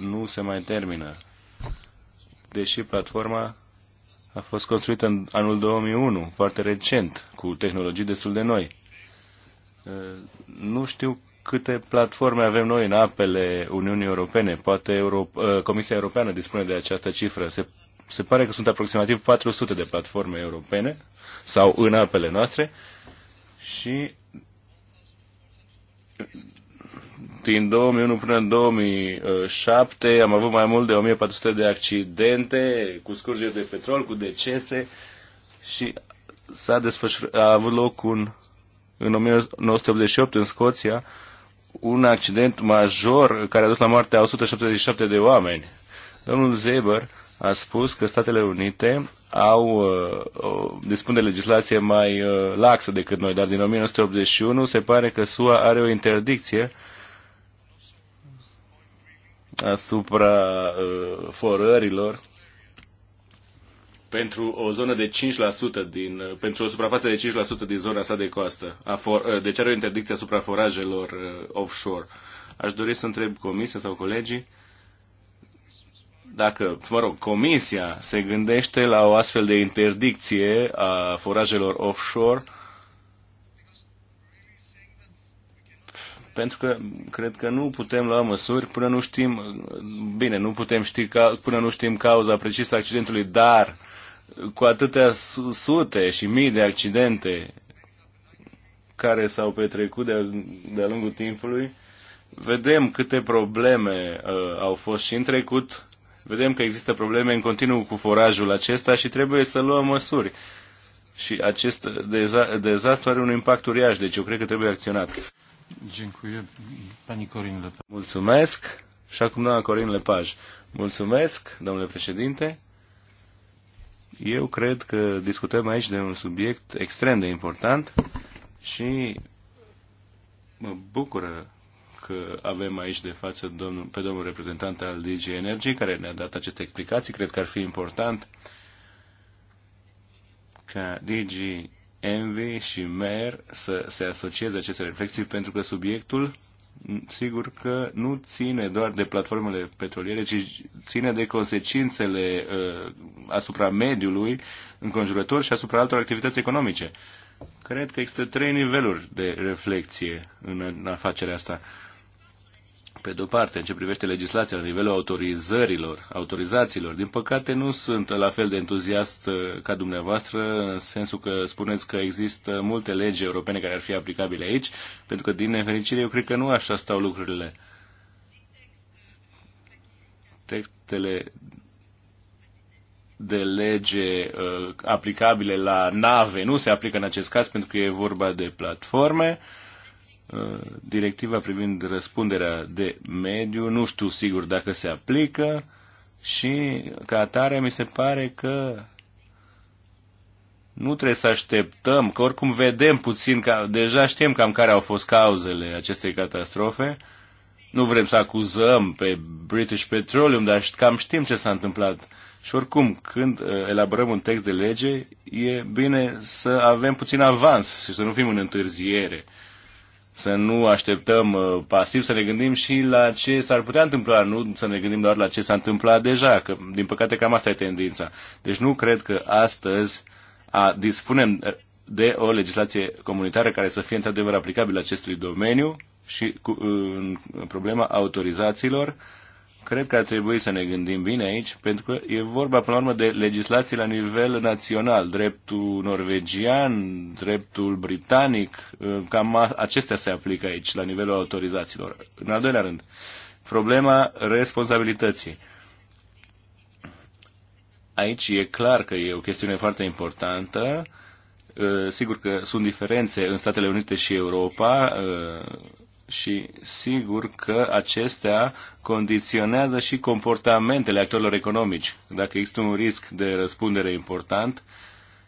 nu se mai termină, deși platforma a fost construită în anul 2001, foarte recent, cu tehnologii destul de noi. Nu știu câte platforme avem noi în apele Uniunii Europene. Poate Euro- Comisia Europeană dispune de această cifră. Se, se pare că sunt aproximativ 400 de platforme europene sau în apele noastre și din 2001 până în 2007 am avut mai mult de 1400 de accidente cu scurgeri de petrol, cu decese și s-a desfășurat, a avut loc un, în 1988 în Scoția un accident major care a dus la moartea a 177 de oameni. Domnul Zeber a spus că Statele Unite au, uh, dispun de legislație mai uh, laxă decât noi, dar din 1981 se pare că SUA are o interdicție asupra uh, forărilor pentru o zonă de 5% din, uh, pentru o suprafață de 5% din zona sa de coastă. A for, uh, deci are o interdicție asupra forajelor uh, offshore. Aș dori să întreb comisia sau colegii dacă, mă rog, comisia se gândește la o astfel de interdicție a forajelor offshore uh, pentru că cred că nu putem lua măsuri până nu știm, bine, nu putem ști ca, până nu știm cauza precisă a accidentului, dar cu atâtea sute și mii de accidente care s-au petrecut de-a, de lungul timpului, vedem câte probleme uh, au fost și în trecut, vedem că există probleme în continuu cu forajul acesta și trebuie să luăm măsuri. Și acest deza- dezastru are un impact uriaș, deci eu cred că trebuie acționat. Mulțumesc. Și acum doamna Corin Lepaj. Mulțumesc, domnule președinte. Eu cred că discutăm aici de un subiect extrem de important și mă bucură că avem aici de față domnul, pe domnul reprezentant al DG Energy care ne-a dat aceste explicații. Cred că ar fi important ca DG Envy și Mer să se asocieze aceste reflexii pentru că subiectul sigur că nu ține doar de platformele petroliere, ci ține de consecințele uh, asupra mediului înconjurător și asupra altor activități economice. Cred că există trei niveluri de reflexie în afacerea asta. Uh, pe de-o parte, în ce privește legislația la nivelul autorizărilor, autorizațiilor, din păcate nu sunt la fel de entuziast uh, ca dumneavoastră, în sensul că spuneți că există multe legi europene care ar fi aplicabile aici, pentru că, din nefericire, eu cred că nu așa stau lucrurile. Textele de lege uh, aplicabile la nave nu se aplică în acest caz pentru că e vorba de platforme. Uh, Uh, directiva privind răspunderea de mediu, nu știu sigur dacă se aplică și ca atare mi se pare că nu trebuie să așteptăm, că oricum vedem puțin, că deja știm cam care au fost cauzele acestei catastrofe. Nu vrem să acuzăm pe British Petroleum, dar cam știm ce s-a întâmplat. Și oricum, când uh, elaborăm un text de lege, e bine să avem puțin avans și să nu fim în întârziere să nu așteptăm uh, pasiv, să ne gândim și la ce s-ar putea întâmpla, nu să ne gândim doar la ce s-a întâmplat deja, că din păcate cam asta e tendința. Deci nu cred că astăzi a, dispunem de o legislație comunitară care să fie într-adevăr aplicabilă acestui domeniu și cu, în problema autorizațiilor cred că ar trebui să ne gândim bine aici, pentru că e vorba, până la urmă, de legislații la nivel național, dreptul norvegian, dreptul britanic, ă, cam acestea se aplică aici, la nivelul autorizațiilor. În al doilea rând, problema responsabilității. Aici e clar că e o chestiune foarte importantă. Ă, sigur că sunt diferențe în Statele Unite și Europa ă, și sigur că acestea condiționează și comportamentele actorilor economici. Dacă există un risc de răspundere important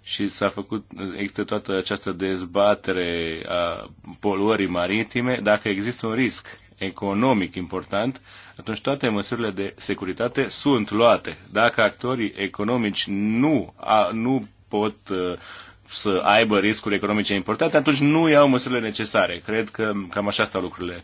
și s-a făcut, există toată această dezbatere a poluării maritime, dacă există un risc economic important, atunci toate măsurile de securitate sunt luate. Dacă actorii economici nu, a, nu pot uh, să aibă riscuri economice importante, atunci nu iau măsurile necesare. Cred că cam așa stau lucrurile.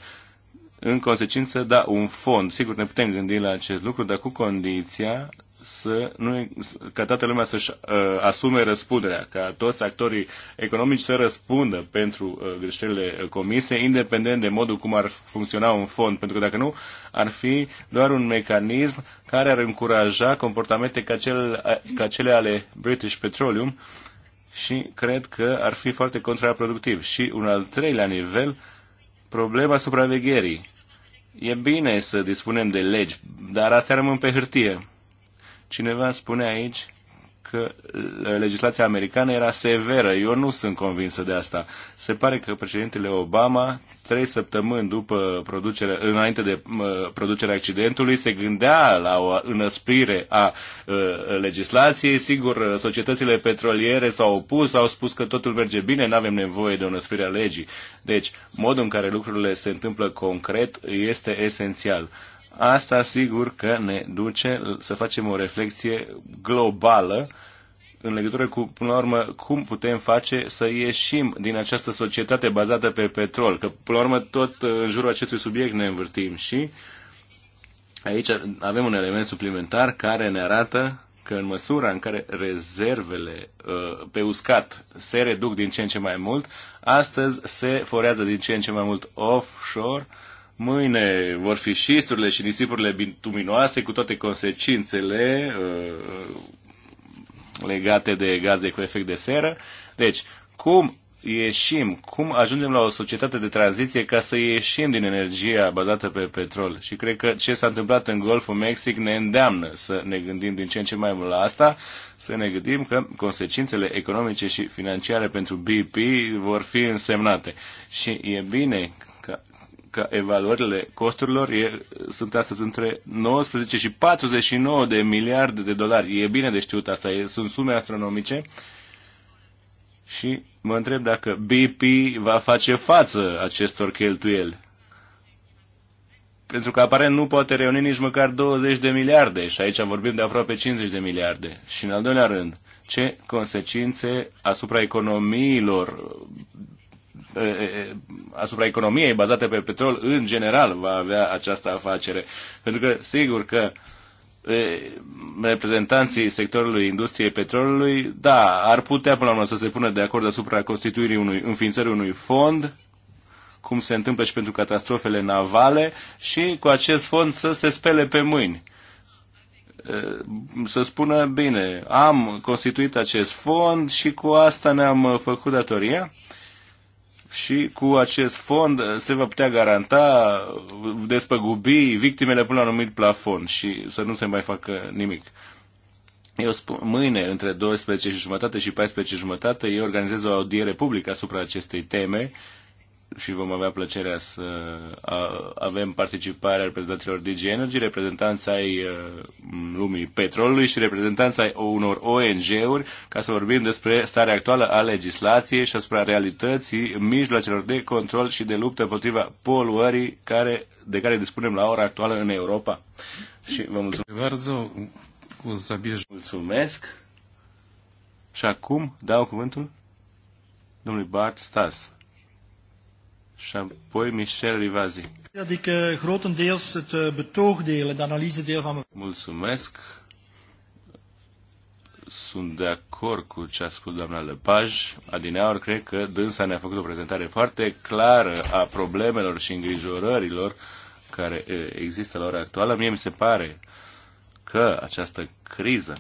În consecință, da, un fond. Sigur, ne putem gândi la acest lucru, dar cu condiția să nu, ca toată lumea să-și uh, asume răspunderea, ca toți actorii economici să răspundă pentru uh, greșelile comise, independent de modul cum ar funcționa un fond, pentru că dacă nu, ar fi doar un mecanism care ar încuraja comportamente ca, cel, uh, ca cele ale British Petroleum, uh, și cred că ar fi foarte contraproductiv. Și un al treilea nivel, problema supravegherii. E bine să dispunem de legi, dar astea rămân pe hârtie. Cineva spune aici că uh, legislația americană era severă. Eu nu sunt convinsă de asta. Se pare că președintele Obama, trei săptămâni după producerea, înainte de uh, producerea accidentului, se gândea la o înăsprire a uh, legislației. Sigur, uh, societățile petroliere s-au opus, au spus că totul merge bine, nu avem nevoie de o înăsprire a legii. Deci, modul în care lucrurile se întâmplă concret este esențial. Asta sigur că ne duce să facem o reflexie globală în legătură cu, până la urmă, cum putem face să ieșim din această societate bazată pe petrol. Că, până la urmă, tot în jurul acestui subiect ne învârtim și aici avem un element suplimentar care ne arată că în măsura în care rezervele uh, pe uscat se reduc din ce în ce mai mult, astăzi se forează din ce în ce mai mult offshore, uh, Mâine vor fi șisturile și nisipurile bituminoase cu toate consecințele uh, legate de gaze cu efect de seră. Deci, cum ieșim, cum ajungem la o societate de tranziție ca să ieșim din energia bazată pe petrol. Și cred că ce s-a întâmplat în Golful Mexic ne îndeamnă să ne gândim din ce în ce mai mult la asta, să ne gândim că consecințele economice și financiare pentru BP vor fi însemnate. Și e bine că evaluările costurilor e, sunt astăzi între 19 și 49 de miliarde de dolari. E bine de știut asta, e, sunt sume astronomice și mă întreb dacă BP va face față acestor cheltuieli. Pentru că aparent nu poate reuni nici măcar 20 de miliarde și aici vorbim de aproape 50 de miliarde. Și în al doilea rând, ce consecințe asupra economiilor asupra economiei bazate pe petrol în general va avea această afacere. Pentru că sigur că reprezentanții sectorului industriei petrolului, da, ar putea până la urmă să se pună de acord asupra constituirii unui, înființării unui fond cum se întâmplă și pentru catastrofele navale și cu acest fond să se spele pe mâini. Să spună, bine, am constituit acest fond și cu asta ne-am făcut datoria și cu acest fond uh, se va putea garanta uh, despăgubi victimele până la un anumit plafon și să nu se mai facă nimic. Eu spun, mâine, între 12 și jumătate și 14 și jumătate, eu organizez o audiere publică asupra acestei teme uh, și vom avea plăcerea să avem participarea reprezentanților DG Energy, reprezentanța ai uh, lumii petrolului și reprezentanța ai unor ONG-uri ca să vorbim despre starea actuală a legislației și asupra realității mijloacelor de control și de luptă împotriva poluării care, de care dispunem la ora actuală în Europa. Și vă mulțumesc. Mulțumesc. Și acum dau cuvântul domnului Bart Stas și apoi Michel Rivazi. Dat ik uh, grotendeels het uh, eh, betoogdeel, het analysedeel van... Mulțumesc. Sunt de acord cu ce a spus doamna Lepaj. Adineaur, cred că dânsa ne-a făcut o prezentare foarte clară a problemelor și îngrijorărilor care eh, există la ora actuală. Mie mi se pare că această criză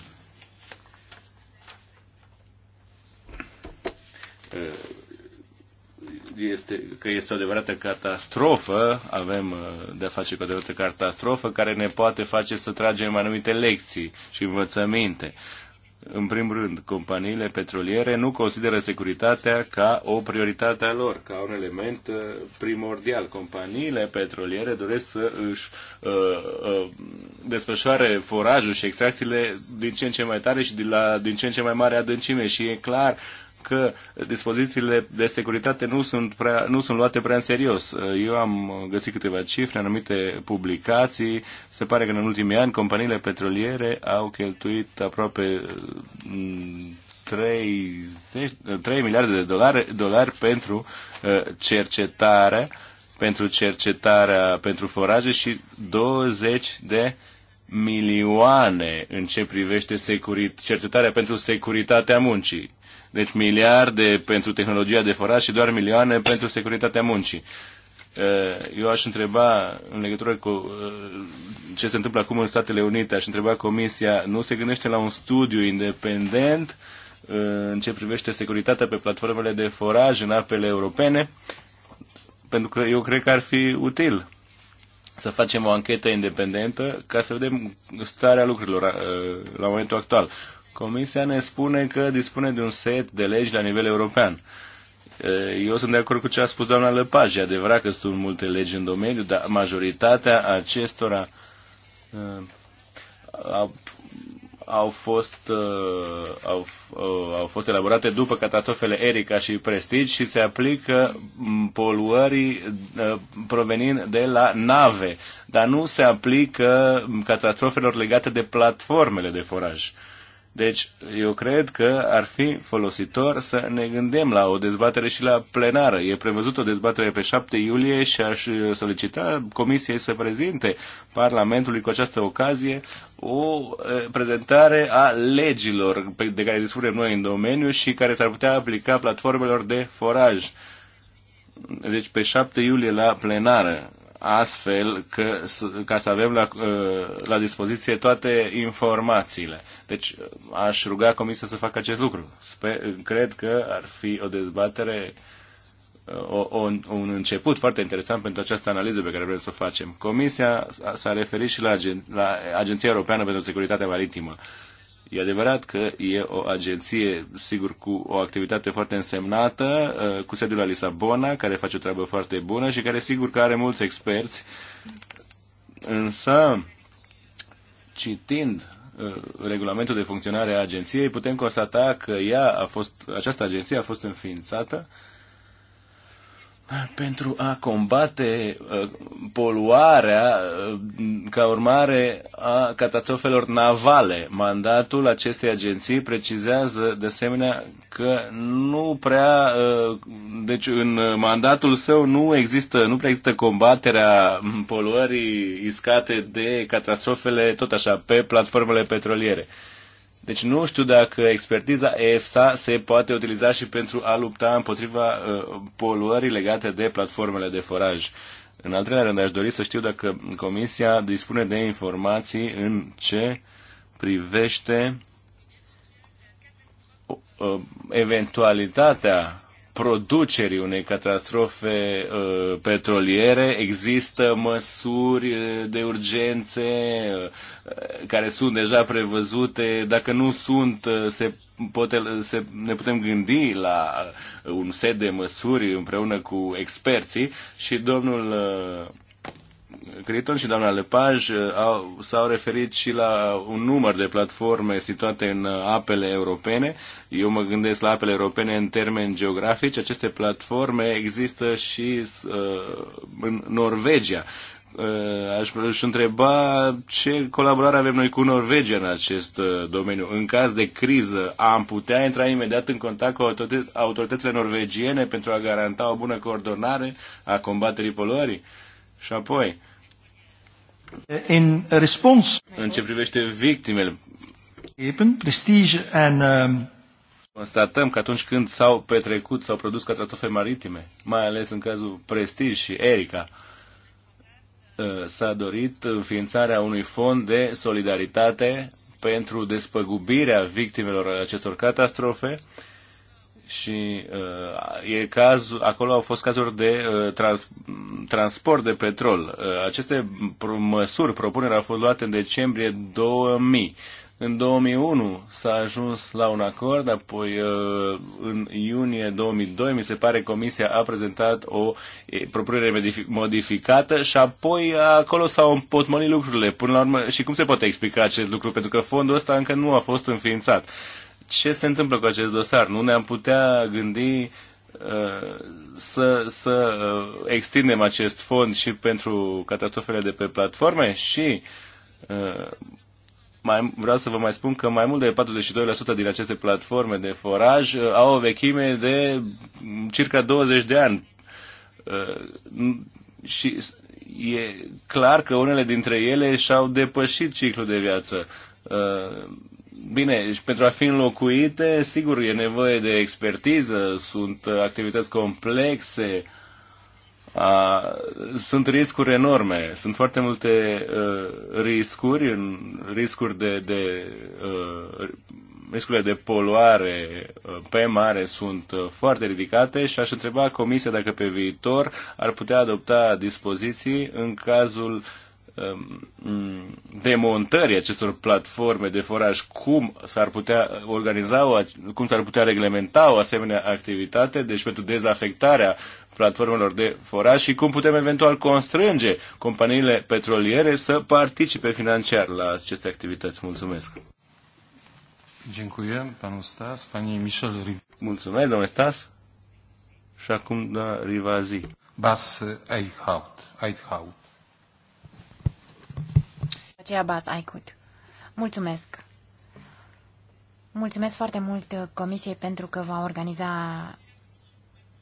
uh, este, că este o adevărată catastrofă, avem uh, de a face cu o adevărată catastrofă care ne poate face să tragem anumite lecții și învățăminte. În primul rând, companiile petroliere nu consideră securitatea ca o prioritate a lor, ca un element uh, primordial. Companiile petroliere doresc să își uh, uh, desfășoare forajul și extracțiile din ce în ce mai tare și de la, din ce în ce mai mare adâncime și e clar uh, că dispozițiile de securitate nu sunt, prea, nu sunt luate prea în serios. Eu am găsit câteva cifre, anumite publicații. Se pare că în ultimii ani companiile petroliere au cheltuit aproape 30, mm, 3 miliarde de dolari, dolari pentru uh, cercetare, pentru cercetarea pentru foraje și 20 de milioane în ce privește securit, cercetarea pentru securitatea muncii deci miliarde pentru tehnologia de foraj și doar milioane pentru securitatea muncii. Eu aș întreba, în legătură cu ce se întâmplă acum în Statele Unite, aș întreba Comisia, nu se gândește la un studiu independent în ce privește securitatea pe platformele de foraj în apele europene? Pentru că eu cred că ar fi util să facem o anchetă independentă ca să vedem starea lucrurilor la momentul actual. Comisia ne spune că dispune de un set de legi la nivel european. Eu sunt de acord cu ce a spus doamna Lăpaj. E adevărat că sunt multe legi în domeniu, dar majoritatea acestora au, au, fost, au, au fost elaborate după catastrofele Erika și Prestige și se aplică poluării provenind de la nave, dar nu se aplică catastrofelor legate de platformele de foraj. Uh, deci, eu cred că ar fi folositor să ne gândim la o dezbatere și la plenară. E prevăzut o dezbatere pe 7 iulie și aș uh, solicita Comisiei să prezinte Parlamentului cu această ocazie o uh, prezentare a legilor de care dispunem noi în domeniu și care s-ar putea aplica platformelor de foraj. Deci pe 7 iulie la plenară astfel că, ca să avem la, uh, la dispoziție toate informațiile. Deci uh, aș ruga Comisia să facă acest lucru. Sper, cred că ar fi o dezbatere, uh, o, o, un început foarte interesant pentru această analiză pe care vrem să o facem. Comisia s-a referit și la, la Agenția Europeană pentru Securitatea Maritimă. Uh, E adevărat că e o agenție, sigur, cu o activitate foarte însemnată, uh, cu sediul la Lisabona, care face o treabă foarte bună și care, sigur, că are mulți experți. Însă, citind uh, regulamentul de funcționare a agenției, putem constata că ea a fost, această agenție a fost înființată uh, pentru a combate uh, poluarea uh, ca urmare a catastrofelor navale. Mandatul acestei agenții precizează de asemenea că nu prea, uh, deci în mandatul său nu există, nu prea există combaterea poluării iscate de catastrofele, tot așa, pe platformele petroliere. Deci nu știu dacă expertiza EFSA se poate utiliza și pentru a lupta împotriva uh, poluării legate de platformele de foraj. În al treilea rând, aș dori să știu dacă Comisia dispune de informații în ce privește uh, eventualitatea producerii unei catastrofe uh, petroliere există măsuri uh, de urgențe uh, care sunt deja prevăzute. Dacă nu sunt, uh, se pot, uh, se, ne putem gândi la un set de măsuri împreună cu experții și domnul uh, Criton și doamna Lepaj uh, au, s-au referit și la un număr de platforme situate în uh, apele europene. Eu mă gândesc la apele europene în termeni geografici. Aceste platforme există și uh, în Norvegia. Uh, aș să întreba ce colaborare avem noi cu Norvegia în acest uh, domeniu. În caz de criză, am putea intra imediat în contact cu autoritățile norvegiene pentru a garanta o bună coordonare a combaterii poluării? Uh, și apoi, in response, în ce privește victimele, prestige and, um, ehm, constatăm că atunci când s-au petrecut, s-au produs catastrofe maritime, mai ales în cazul Prestige și Erica, ă, s-a dorit înființarea unui fond de solidaritate pentru despăgubirea victimelor acestor catastrofe și uh, e caz, acolo au fost cazuri de uh, trans, transport de petrol. Uh, aceste pr- măsuri, propuneri, au fost luate în decembrie 2000. În 2001 s-a ajuns la un acord, apoi uh, în iunie 2002 mi se pare Comisia a prezentat o e, propunere modificată și apoi acolo s-au împotmolit lucrurile. Până la urmă, și cum se poate explica acest lucru? Pentru că fondul ăsta încă nu a fost înființat. Uh, ce se întâmplă cu acest dosar? Nu ne-am putea gândi uh, să, să uh, extindem acest fond și pentru catastrofele de pe platforme și uh, mai, vreau să vă mai spun că mai mult de 42% din aceste platforme de foraj au o vechime de circa 20 de ani. Și e clar că unele dintre ele și-au depășit ciclul de viață. Bine, și pentru a fi înlocuite, sigur, e nevoie de expertiză, sunt activități complexe, a, sunt riscuri enorme, sunt foarte multe uh, riscuri, riscuri de, de uh, riscurile de poluare ă, pe mare sunt foarte ridicate și aș întreba Comisia dacă pe viitor ar putea adopta dispoziții în cazul Um, demontării acestor platforme de foraj, cum s-ar putea organiza, o, cum s-ar putea reglementa o asemenea activitate, deci pentru dezafectarea platformelor de foraj și cum putem eventual constrânge companiile petroliere să participe financiar la aceste activități. Mulțumesc! Dziękuję panu Stas, pani Michel Riv. Mulțumesc, domnule Stas. Și acum, da, Rivazi. Bas Eichhaut. Eichhaut aceea Bas Aicut. Mulțumesc! Mulțumesc foarte mult uh, Comisiei pentru că va organiza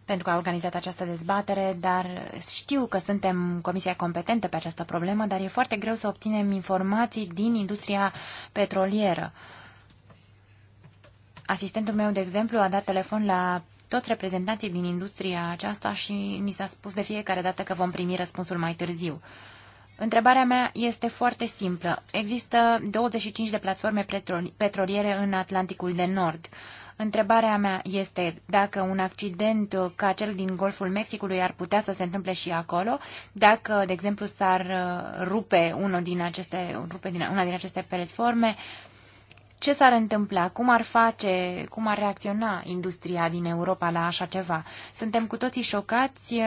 pentru că a organizat această dezbatere, dar știu că suntem comisia competentă pe această problemă, dar e foarte greu să obținem informații din industria petrolieră. Asistentul meu, de exemplu, a dat telefon la toți reprezentanții din industria aceasta și ni s-a spus de fiecare dată că vom primi răspunsul mai târziu. Întrebarea mea este foarte simplă. Există 25 de platforme petroliere în Atlanticul de Nord. Întrebarea mea este dacă un accident ca cel din Golful Mexicului ar putea să se întâmple și acolo, dacă, de exemplu, s-ar uh, rupe, unul din aceste, rupe din, una din aceste platforme, ce s-ar întâmpla? Cum ar face, cum ar reacționa industria din Europa la așa ceva? Suntem cu toții șocați uh,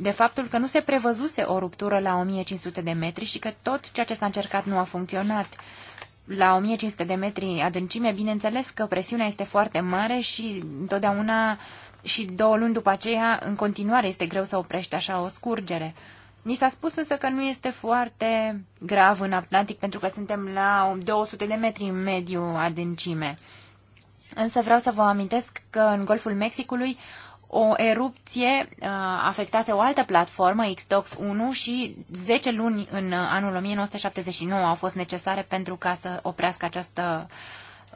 de faptul că nu se prevăzuse o ruptură la 1500 de metri și că tot ceea ce s-a încercat nu a funcționat. La 1500 de metri adâncime, bineînțeles că presiunea este foarte mare și întotdeauna și două luni după aceea, în continuare, este greu să oprești așa o scurgere. Ni s-a spus însă că nu este foarte grav în Atlantic pentru că suntem la 200 de metri în mediu adâncime. Însă vreau să vă amintesc că în Golful Mexicului o erupție uh, afectase o altă platformă, Xtox 1, și 10 luni în uh, anul 1979 au fost necesare pentru ca să oprească această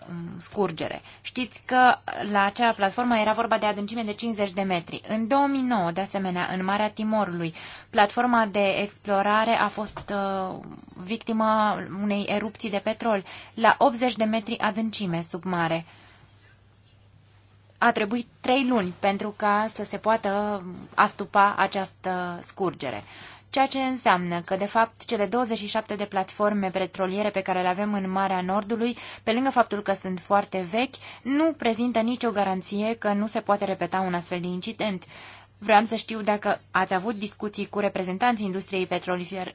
um, scurgere. Știți că la acea platformă era vorba de adâncime de 50 de metri. În 2009, de asemenea, în Marea Timorului, platforma de explorare a fost uh, victima unei erupții de petrol la 80 de metri adâncime sub mare a trebuit trei luni pentru ca să se poată astupa această scurgere. Ceea ce înseamnă că, de fapt, cele 27 de platforme petroliere pe care le avem în Marea Nordului, pe lângă faptul că sunt foarte vechi, nu prezintă nicio garanție că nu se poate repeta un astfel de incident. Vreau să știu dacă ați avut discuții cu reprezentanții industriei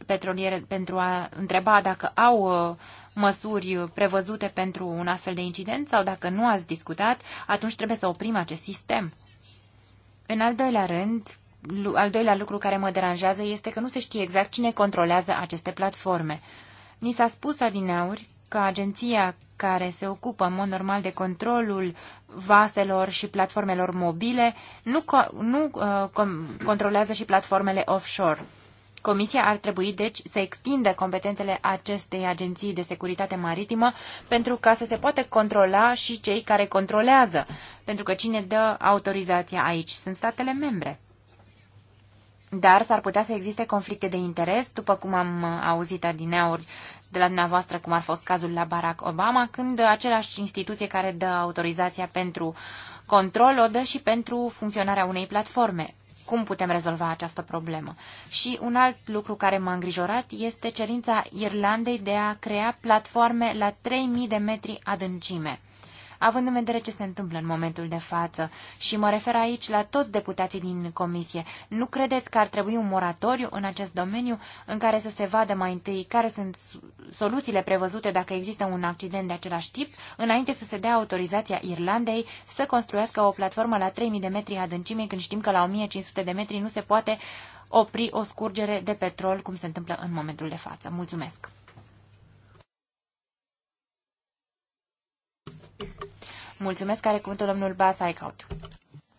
petroliere pentru a întreba dacă au uh, măsuri prevăzute pentru un astfel de incident sau dacă nu ați discutat, atunci trebuie să oprim acest sistem. În al doilea rând, al doilea lucru care mă deranjează este că nu se știe exact cine controlează aceste platforme. Ni s-a spus adineauri ca agenția care se ocupă în mod normal de controlul vaselor și platformelor mobile, nu, co- nu uh, com- controlează și platformele offshore. Comisia ar trebui, deci, să extindă competențele acestei agenții de securitate maritimă pentru ca să se poată controla și cei care controlează, pentru că cine dă autorizația aici sunt statele membre dar s-ar putea să existe conflicte de interes, după cum am uh, auzit adineauri de la dumneavoastră, cum ar fost cazul la Barack Obama, când același instituție care dă autorizația pentru control o dă și pentru funcționarea unei platforme. Cum putem rezolva această problemă? Și un alt lucru care m-a îngrijorat este cerința Irlandei de a crea platforme la 3000 de metri adâncime având în vedere ce se întâmplă în momentul de față. Și mă refer aici la toți deputații din comisie. Nu credeți că ar trebui un moratoriu în acest domeniu în care să se vadă mai întâi care sunt soluțiile prevăzute dacă există un accident de același tip, înainte să se dea autorizația Irlandei să construiască o platformă la 3000 de metri adâncime, când știm că la 1500 de metri nu se poate opri o scurgere de petrol, cum se întâmplă în momentul de față. Mulțumesc! Mulțumesc, care cuvântul domnul Bas Eichhout.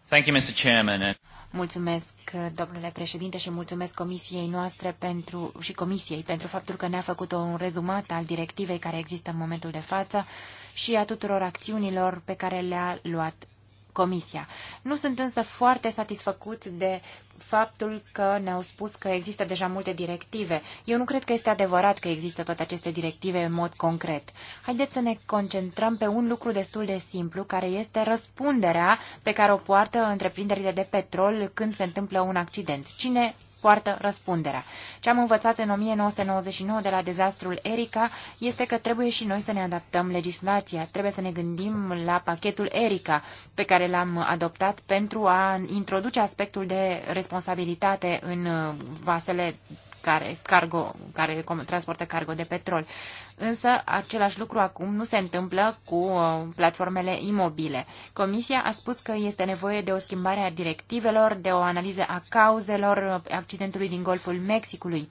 Thank you, Mr. Chairman. Mulțumesc, domnule președinte, și mulțumesc comisiei noastre pentru, și comisiei pentru faptul că ne-a făcut un rezumat al directivei care există în momentul de față și a tuturor acțiunilor pe care le-a luat Comisia. Nu sunt însă foarte satisfăcut de faptul că ne-au spus că există deja multe directive. Eu nu cred că este adevărat că există toate aceste directive în mod concret. Haideți să ne concentrăm pe un lucru destul de simplu, care este răspunderea pe care o poartă întreprinderile de petrol când se întâmplă un accident. Cine poartă răspunderea. Ce am învățat în 1999 de la dezastrul Erika este că trebuie și noi să ne adaptăm legislația, trebuie să ne gândim la pachetul Erika pe care l-am adoptat pentru a introduce aspectul de responsabilitate în vasele care, cargo, care transportă cargo de petrol. Însă, același lucru acum nu se întâmplă cu uh, platformele imobile. Comisia a spus că este nevoie de o schimbare a directivelor, de o analiză a cauzelor accidentului din Golful Mexicului.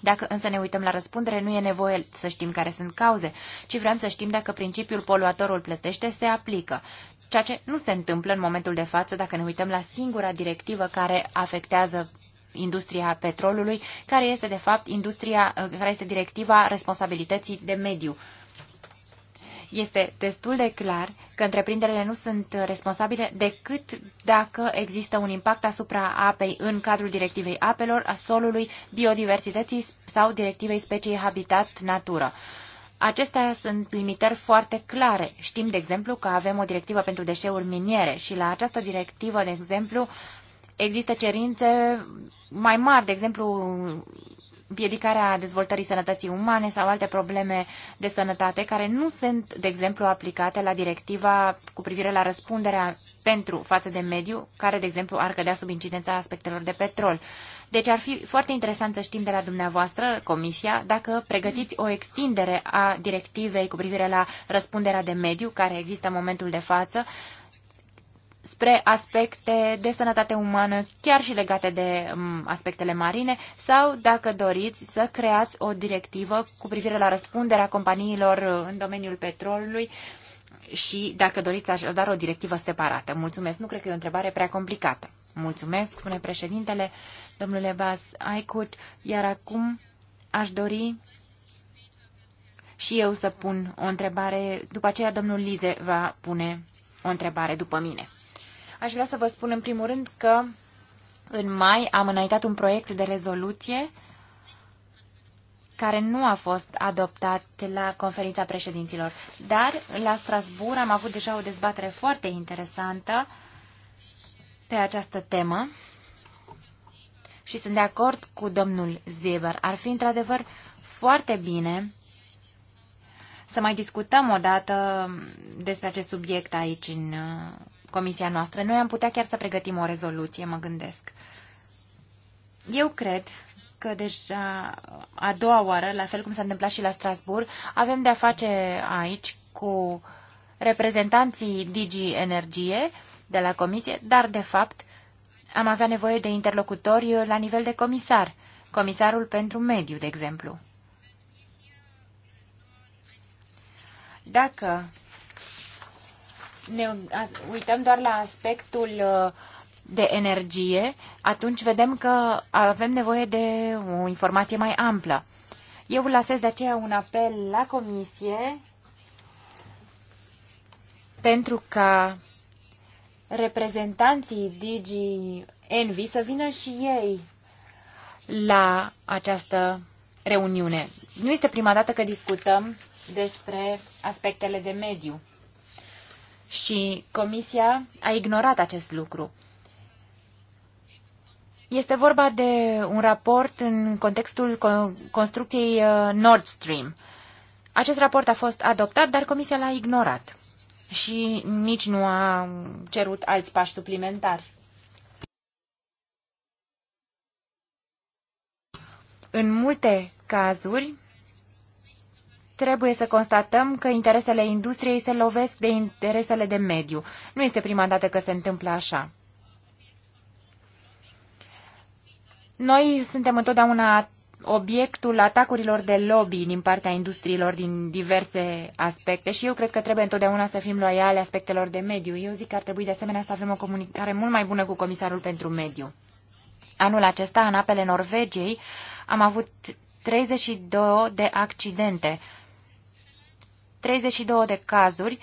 Dacă însă ne uităm la răspundere, nu e nevoie să știm care sunt cauze, ci vrem să știm dacă principiul poluatorul plătește se aplică ceea ce nu se întâmplă în momentul de față dacă ne uităm la singura directivă care afectează industria petrolului, care este de fapt industria, uh, care este directiva responsabilității de mediu. Este destul de clar că întreprinderile nu sunt responsabile decât dacă există un impact asupra apei în cadrul directivei apelor, a solului, biodiversității sau directivei speciei habitat-natură. Acestea sunt limitări foarte clare. Știm, de exemplu, că avem o directivă pentru deșeuri miniere și la această directivă, de exemplu, există cerințe mai mari, de exemplu, împiedicarea dezvoltării sănătății umane sau alte probleme de sănătate care nu sunt, de exemplu, aplicate la directiva cu privire la răspunderea pentru față de mediu, care, de exemplu, ar cădea sub incidența aspectelor de petrol. Deci ar fi foarte interesant să știm de la dumneavoastră, Comisia, dacă pregătiți o extindere a directivei cu privire la răspunderea de mediu, care există în momentul de față, spre aspecte de sănătate umană, chiar și legate de aspectele marine, sau, dacă doriți, să creați o directivă cu privire la răspunderea companiilor în domeniul petrolului și, dacă doriți, așadar o directivă separată. Mulțumesc. Nu cred că e o întrebare prea complicată. Mulțumesc, spune președintele, domnule Bas Aicut, iar acum aș dori și eu să pun o întrebare, după aceea domnul Lize va pune o întrebare după mine. Aș vrea să vă spun în primul rând că în mai am înaintat un proiect de rezoluție care nu a fost adoptat la conferința președinților. Dar la Strasbourg am avut deja o dezbatere foarte interesantă pe această temă și sunt de acord cu domnul Zeber. Ar fi într-adevăr foarte bine să mai discutăm o dată despre acest subiect aici în comisia noastră. Noi am putea chiar să pregătim o rezoluție, mă gândesc. Eu cred că deja a doua oară, la fel cum s-a întâmplat și la Strasbourg, avem de-a face aici cu reprezentanții Digi Energie de la comisie, dar de fapt am avea nevoie de interlocutori la nivel de comisar, comisarul pentru mediu, de exemplu. Dacă ne uităm doar la aspectul uh, de energie, atunci vedem că avem nevoie de o informație mai amplă. Eu lasez de aceea un apel la comisie pentru ca reprezentanții Digi Envy să vină și ei la această reuniune. Nu este prima dată că discutăm despre aspectele de mediu și Comisia a ignorat acest lucru. Este vorba de un raport în contextul construcției uh, Nord Stream. Acest raport a fost adoptat, dar Comisia l-a ignorat și nici nu a cerut alți pași suplimentari. În multe cazuri, trebuie să constatăm că interesele industriei se lovesc de interesele de mediu. Nu este prima dată că se întâmplă așa. Noi suntem întotdeauna obiectul atacurilor de lobby din partea industriilor din diverse aspecte și eu cred că trebuie întotdeauna să fim loiali aspectelor de mediu. Eu zic că ar trebui de asemenea să avem o comunicare mult mai bună cu Comisarul pentru Mediu. Anul acesta, în apele Norvegiei, am avut 32 de accidente 32 de cazuri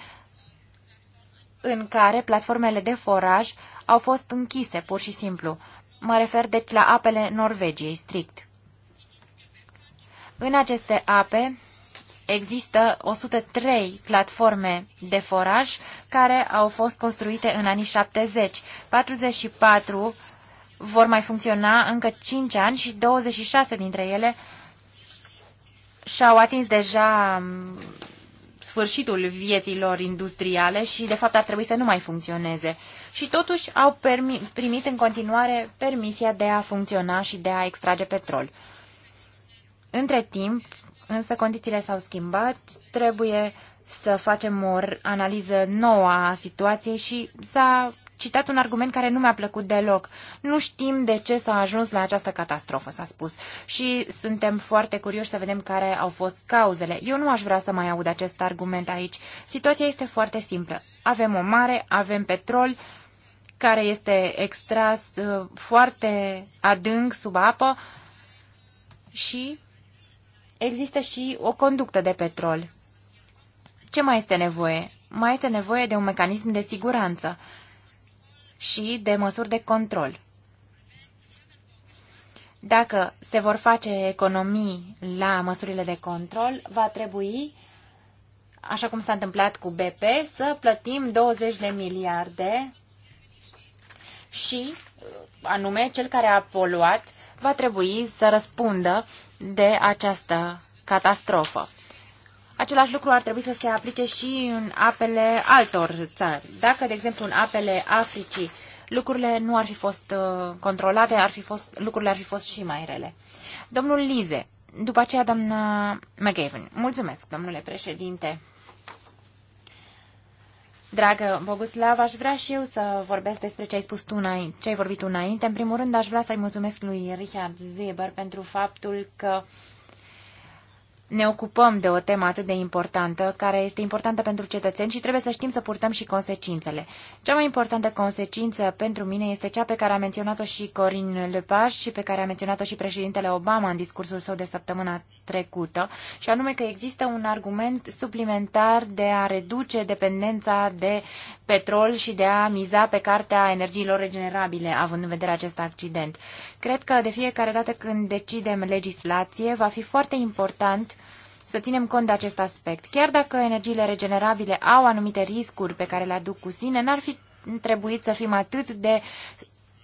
în care platformele de foraj au fost închise, pur și simplu. Mă refer deci la apele Norvegiei, strict. În aceste ape există 103 platforme de foraj care au fost construite în anii 70. 44 vor mai funcționa încă 5 ani și 26 dintre ele și-au atins deja sfârșitul vieților industriale și, de fapt, ar trebui să nu mai funcționeze. Și totuși au primit în continuare permisia de a funcționa și de a extrage petrol. Între timp, însă condițiile s-au schimbat, trebuie să facem o analiză nouă a situației și s-a citat un argument care nu mi-a plăcut deloc. Nu știm de ce s-a ajuns la această catastrofă, s-a spus. Și suntem foarte curioși să vedem care au fost cauzele. Eu nu aș vrea să mai aud acest argument aici. Situația este foarte simplă. Avem o mare, avem petrol, care este extras uh, foarte adânc sub apă și există și o conductă de petrol. Ce mai este nevoie? Mai este nevoie de un mecanism de siguranță și de măsuri de control. Dacă se vor face economii la măsurile de control, va trebui, așa cum s-a întâmplat cu BP, să plătim 20 de miliarde și, anume, cel care a poluat va trebui să răspundă de această catastrofă. Același lucru ar trebui să se aplice și în apele altor țări. Dacă, de exemplu, în apele Africii lucrurile nu ar fi fost uh, controlate, ar fi fost, lucrurile ar fi fost și mai rele. Domnul Lize, după aceea doamna McGavin. Mulțumesc, domnule președinte. Dragă Boguslav, aș vrea și eu să vorbesc despre ce ai spus tu înainte, ce ai vorbit tu înainte. În primul rând, aș vrea să-i mulțumesc lui Richard Zeber pentru faptul că uh, ne ocupăm de o temă atât de importantă, care este importantă pentru cetățeni și trebuie să știm să purtăm și consecințele. Cea mai importantă consecință pentru mine este cea pe care a menționat-o și Corin Lepage și pe care a menționat-o și președintele Obama în discursul său de săptămâna trecută, și anume că există un argument suplimentar de a reduce dependența de petrol și de a miza pe cartea energiilor regenerabile, având în vedere acest accident. Cred că de fiecare dată când decidem legislație, va fi foarte important să ținem cont de acest aspect. Chiar dacă energiile regenerabile au anumite riscuri pe care le aduc cu sine, n-ar fi trebuit să fim atât de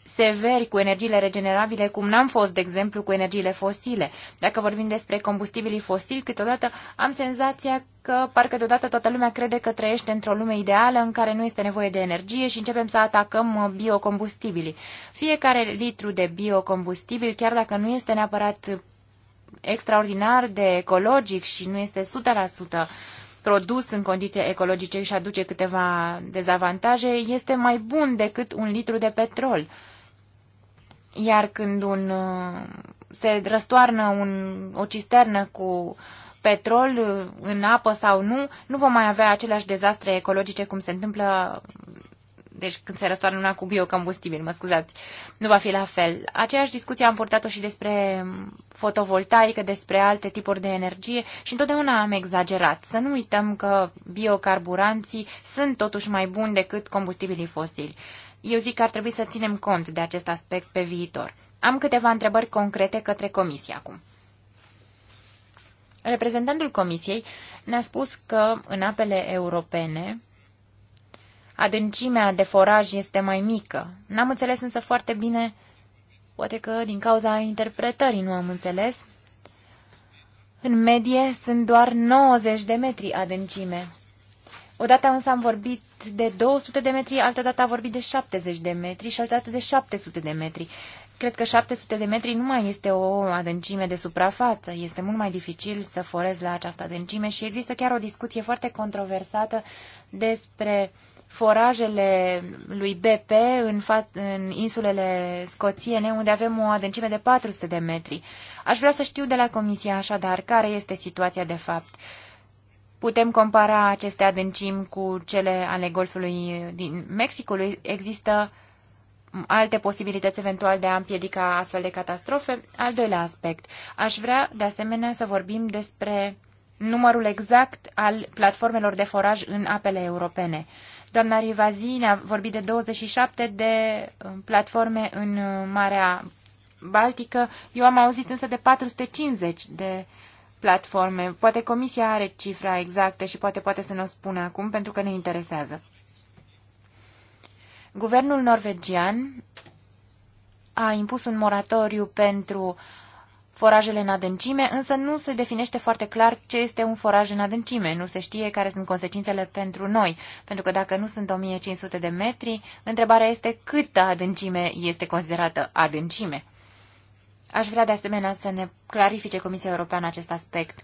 severi cu energiile regenerabile, cum n-am fost, de exemplu, cu energiile fosile. Dacă vorbim despre combustibilii fosili, câteodată am senzația că parcă deodată toată lumea crede că trăiește într-o lume ideală în care nu este nevoie de energie și începem să atacăm uh, biocombustibilii. Fiecare litru de biocombustibil, chiar dacă nu este neapărat extraordinar de ecologic și nu este 100% produs în condiții ecologice și aduce câteva dezavantaje, este mai bun decât un litru de petrol. Iar când un, uh, se răstoarnă un, o cisternă cu petrol uh, în apă sau nu, nu vom mai avea aceleași dezastre ecologice cum se întâmplă deci când se răstoarnă una cu biocombustibil, mă scuzați, nu va fi la fel. Aceeași discuție am purtat-o și despre um, fotovoltaică, despre alte tipuri de energie și întotdeauna am exagerat. Să nu uităm că biocarburanții sunt totuși mai buni decât combustibilii fosili. Eu zic că ar trebui să ținem cont de acest aspect pe viitor. Am câteva întrebări concrete către comisie acum. Reprezentantul comisiei ne-a spus că în apele europene adâncimea de foraj este mai mică. N-am înțeles însă foarte bine, poate că din cauza interpretării nu am înțeles. În medie sunt doar 90 de metri adâncime. Odată însă am vorbit de 200 de metri, altă dată a vorbit de 70 de metri și altă dată de 700 de metri. Cred că 700 de metri nu mai este o adâncime de suprafață. Este mult mai dificil să forezi la această adâncime și există chiar o discuție foarte controversată despre forajele lui BP în, fa- în insulele scoțiene, unde avem o adâncime de 400 de metri. Aș vrea să știu de la Comisia așadar care este situația de fapt putem compara aceste adâncimi cu cele ale Golfului din Mexicului, există alte posibilități eventual de a împiedica astfel de catastrofe. Al doilea aspect, aș vrea de asemenea să vorbim despre numărul exact al platformelor de foraj în apele europene. Doamna Rivazi ne-a vorbit de 27 de uh, platforme în uh, Marea Baltică. Eu am auzit însă de 450 de platforme. Poate comisia are cifra exactă și poate poate să ne o spună acum pentru că ne interesează. Guvernul norvegian a impus un moratoriu pentru forajele în adâncime, însă nu se definește foarte clar ce este un foraj în adâncime. Nu se știe care sunt consecințele pentru noi, pentru că dacă nu sunt 1500 de metri, întrebarea este câtă adâncime este considerată adâncime. Aș vrea de asemenea să ne clarifice Comisia Europeană acest aspect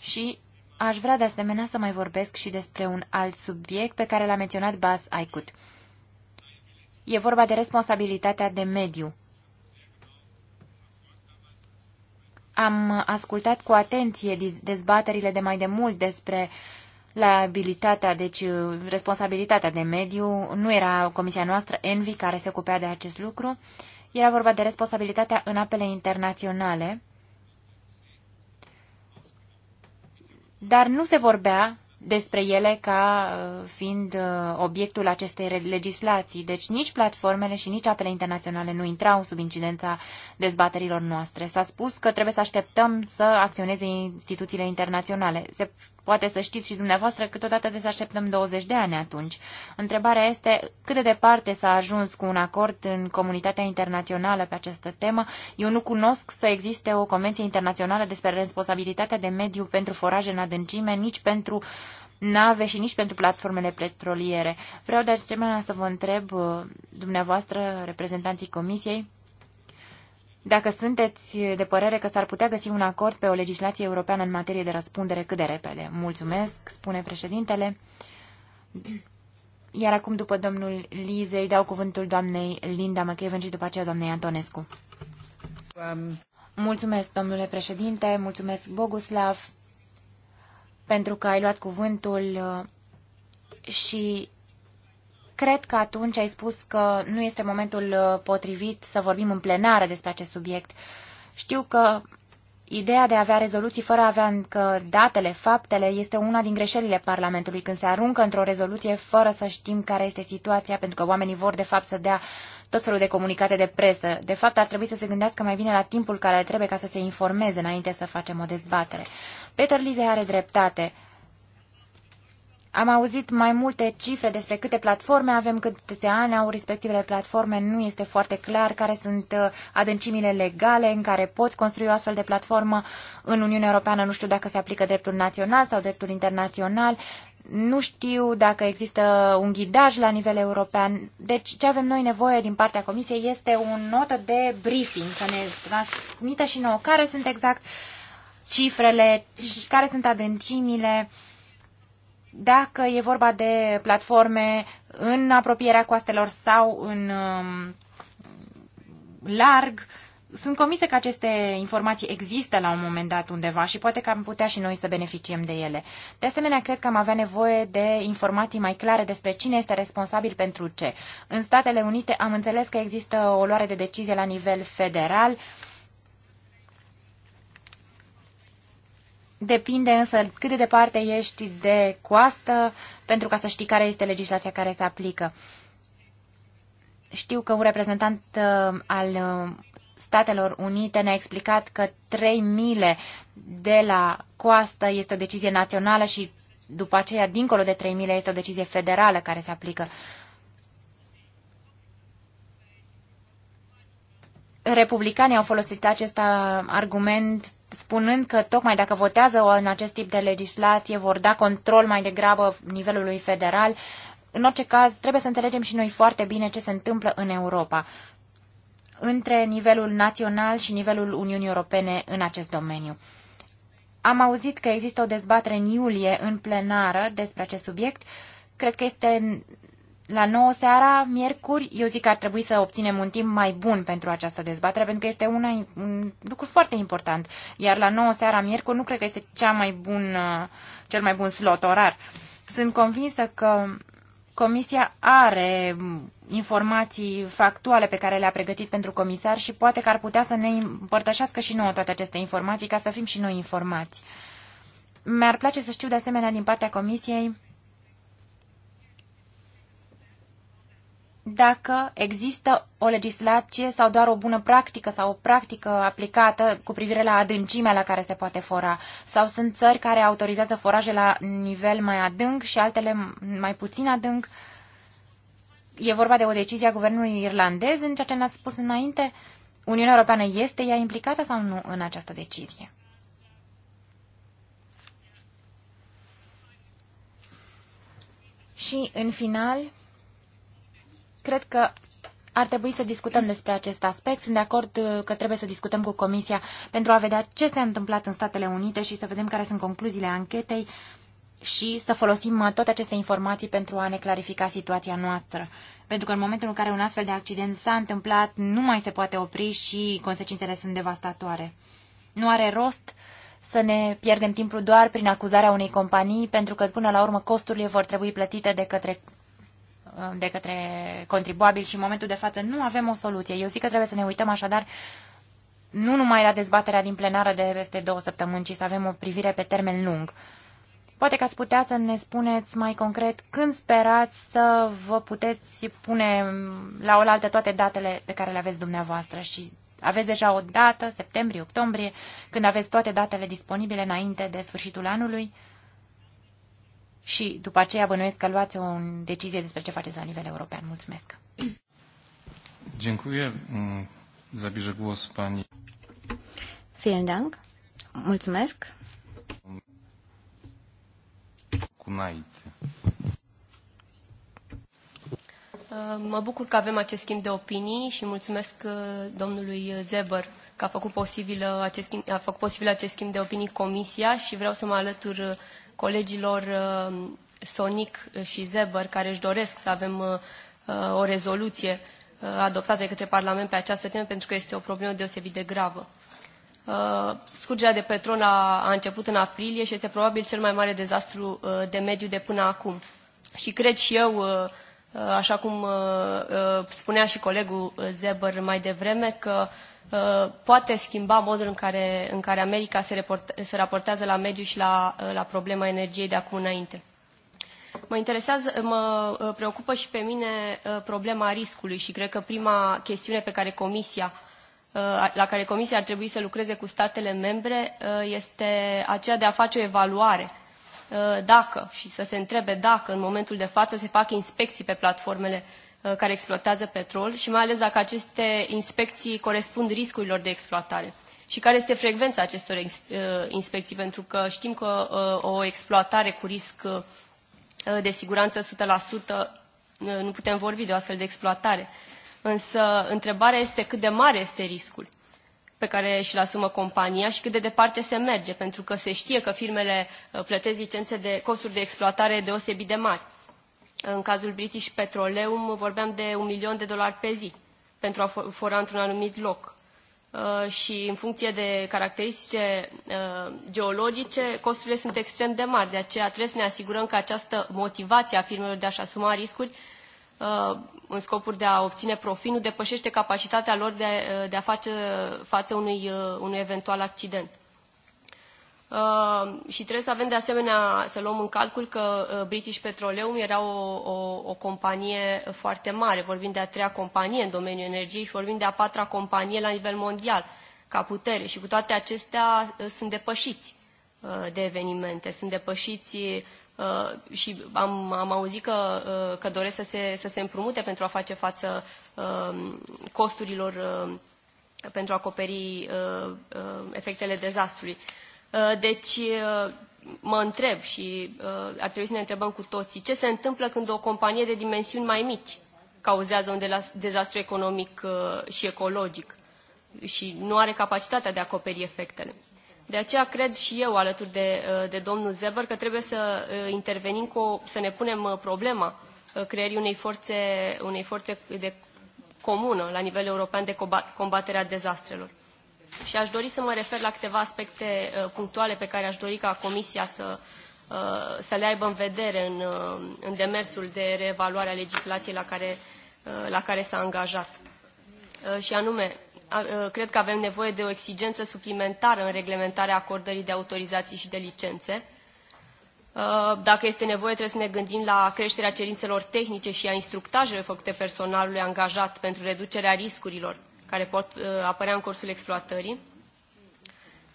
și aș vrea de asemenea să mai vorbesc și despre un alt subiect pe care l-a menționat Bas Aicut. E vorba de responsabilitatea de mediu. Am ascultat cu atenție dezbaterile de mai de mult despre liabilitatea, deci responsabilitatea de mediu. Nu era comisia noastră, Envi, care se ocupea de acest lucru. Uh, era vorba de responsabilitatea în apele internaționale, dar nu se vorbea despre ele ca uh, fiind uh, obiectul acestei legislații. Deci nici platformele și nici apele internaționale nu intrau sub incidența dezbaterilor noastre. S-a spus că trebuie să așteptăm să acționeze instituțiile internaționale. Se Poate să știți și dumneavoastră câteodată de să așteptăm 20 de ani atunci. Întrebarea este cât de departe s-a ajuns cu un acord în comunitatea internațională pe această temă. Eu nu cunosc să existe o convenție internațională despre responsabilitatea de mediu pentru foraje în adâncime, nici pentru nave și nici pentru platformele petroliere. Vreau de asemenea să vă întreb, uh, dumneavoastră, reprezentanții Comisiei, dacă sunteți de părere că s-ar putea găsi un acord pe o legislație europeană în materie de răspundere cât de repede. Mulțumesc, spune președintele. Iar acum, după domnul Lizei, dau cuvântul doamnei Linda McEvan și după aceea doamnei Antonescu. Um. Mulțumesc, domnule președinte, mulțumesc, Boguslav, pentru că ai luat cuvântul uh, și Cred că atunci ai spus că nu este momentul uh, potrivit să vorbim în plenară despre acest subiect. Știu că Ideea de a avea rezoluții fără a avea încă datele, faptele, este una din greșelile Parlamentului când se aruncă într-o rezoluție fără să știm care este situația, pentru că oamenii vor de fapt să dea tot felul de comunicate de presă. De fapt, ar trebui să se gândească mai bine la timpul care le trebuie ca să se informeze înainte să facem o dezbatere. Peter Lize are dreptate. Am auzit mai multe cifre despre câte platforme avem, câte ani au respectivele platforme. Nu este foarte clar care sunt uh, adâncimile legale în care poți construi o astfel de platformă în Uniunea Europeană. Nu știu dacă se aplică dreptul național sau dreptul internațional. Nu știu dacă există un ghidaj la nivel european. Deci ce avem noi nevoie din partea Comisiei este o notă de briefing, să ne transmită și nouă care sunt exact cifrele, care sunt adâncimile, dacă e vorba de platforme în apropierea coastelor sau în um, larg, sunt comise că aceste informații există la un moment dat undeva și poate că am putea și noi să beneficiem de ele. De asemenea, cred că am avea nevoie de informații mai clare despre cine este responsabil pentru ce. În Statele Unite am înțeles că există o luare de decizie la nivel federal Depinde însă cât de departe ești de coastă pentru ca să știi care este legislația care se aplică. Știu că un reprezentant uh, al uh, Statelor Unite ne-a explicat că 3 mile de la coastă este o decizie națională și după aceea, dincolo de 3 mile, este o decizie federală care se aplică. Republicanii au folosit acest argument spunând că tocmai dacă votează în acest tip de legislație vor da control mai degrabă nivelului federal. În orice caz, trebuie să înțelegem și noi foarte bine ce se întâmplă în Europa între nivelul național și nivelul Uniunii Europene în acest domeniu. Am auzit că există o dezbatere în iulie în plenară despre acest subiect. Cred că este la 9 seara, miercuri, eu zic că ar trebui să obținem un timp mai bun pentru această dezbatere, pentru că este una, un lucru foarte important. Iar la 9 seara, miercuri, nu cred că este cea mai bun, uh, cel mai bun slot orar. Sunt convinsă că Comisia are informații factuale pe care le-a pregătit pentru comisar și poate că ar putea să ne împărtășească și nouă toate aceste informații ca să fim și noi informați. Mi-ar place să știu de asemenea din partea Comisiei dacă există o legislație sau doar o bună practică sau o practică aplicată cu privire la adâncimea la care se poate fora. Sau sunt țări care autorizează foraje la nivel mai adânc și altele mai puțin adânc. E vorba de o decizie a guvernului irlandez în ceea ce ne-ați spus înainte. Uniunea Europeană este ea implicată sau nu în această decizie? Și, în final, Cred că ar trebui să discutăm despre acest aspect. Sunt de acord uh, că trebuie să discutăm cu Comisia pentru a vedea ce s-a întâmplat în Statele Unite și să vedem care sunt concluziile anchetei și să folosim uh, toate aceste informații pentru a ne clarifica situația noastră. Pentru că în momentul în care un astfel de accident s-a întâmplat, nu mai se poate opri și consecințele sunt devastatoare. Nu are rost să ne pierdem timpul doar prin acuzarea unei companii, pentru că până la urmă costurile vor trebui plătite de către de către contribuabil și în momentul de față nu avem o soluție. Eu zic că trebuie să ne uităm așadar nu numai la dezbaterea din plenară de peste două săptămâni, ci să avem o privire pe termen lung. Poate că ați putea să ne spuneți mai concret când sperați să vă puteți pune la oaltă toate datele pe care le aveți dumneavoastră și aveți deja o dată, septembrie, octombrie, când aveți toate datele disponibile înainte de sfârșitul anului? și după aceea bănuiesc că luați o decizie despre ce faceți la nivel european. Mulțumesc! Dziękuję. Mm, zabierze głos pani. Vielen Dank. Mulțumesc. Cunaite. Ă, mă bucur că avem acest schimb de opinii și mulțumesc ă, domnului Zeber că a făcut posibil acest schimb, a făcut posibil acest schimb de opinii comisia și vreau să mă alătur colegilor uh, Sonic uh, și Zeber, care își doresc să avem uh, o rezoluție adoptată de către Parlament pe această temă, pentru că este o problemă deosebit de gravă. Scurgerea de petrol a, a început în aprilie și este probabil cel mai mare dezastru de mediu de până acum. Și cred și eu, așa cum spunea și colegul Zeber mai devreme, că Uh, poate schimba modul în care, în care America se, report, se raportează la mediu și la, uh, la problema energiei de acum înainte. Mă interesează, mă uh, preocupă și pe mine problema riscului și cred că prima chestiune pe care Comisia, la care Comisia ar trebui să lucreze cu statele membre este aceea de a face o evaluare dacă și să se întrebe dacă în momentul de față se fac inspecții pe platformele Uh, care exploatează petrol și mai ales dacă aceste inspecții corespund riscurilor de exploatare și care este frecvența acestor uh, inspecții, pentru că știm că uh, o exploatare cu risc de siguranță 100% nu putem vorbi de o astfel de exploatare. Însă întrebarea este cât de mare este riscul pe care și-l asumă compania și cât de departe se merge, pentru că se știe că firmele plătesc licențe de costuri de exploatare deosebit de mari. În cazul British Petroleum vorbeam de un milion de dolari pe zi pentru a fora într-un anumit loc. Uh, și în funcție de caracteristice uh, geologice, costurile sunt extrem de mari. De aceea trebuie să ne asigurăm că această motivație a firmelor de a-și asuma riscuri uh, în scopuri de a obține profit nu depășește capacitatea lor de, de a face față unui, unui eventual accident. Uh, și trebuie să avem de asemenea, să luăm în calcul că uh, British Petroleum era o, o, o companie foarte mare, vorbim de a treia companie în domeniul energiei și vorbim de a patra companie la nivel mondial ca putere și cu toate acestea uh, sunt depășiți de evenimente, sunt depășiți și am, am auzit că, că doresc să se, să se împrumute pentru a face față um, costurilor pentru a acoperi efectele dezastrului. Uh, deci uh, mă întreb și uh, ar trebui să ne întrebăm cu toții ce se întâmplă când o companie de dimensiuni mai mici cauzează un dezastru economic și ecologic și nu are capacitatea de a acoperi efectele. De aceea cred și eu, alături de, de domnul Zeber, că trebuie să intervenim cu, o, să ne punem problema creierii unei forțe, unei forțe de comună la nivel european de combaterea dezastrelor și aș dori să mă refer la câteva aspecte uh, punctuale pe care aș dori ca Comisia să, uh, să le aibă în vedere în, uh, în demersul de reevaluare a legislației la care, la care s-a angajat. Și anume, cred că avem nevoie de o exigență suplimentară în reglementarea acordării de autorizații și de licențe. Dacă este nevoie, trebuie să ne gândim la creșterea cerințelor tehnice și a instructajelor făcute personalului angajat pentru reducerea riscurilor care pot uh, apărea în cursul exploatării.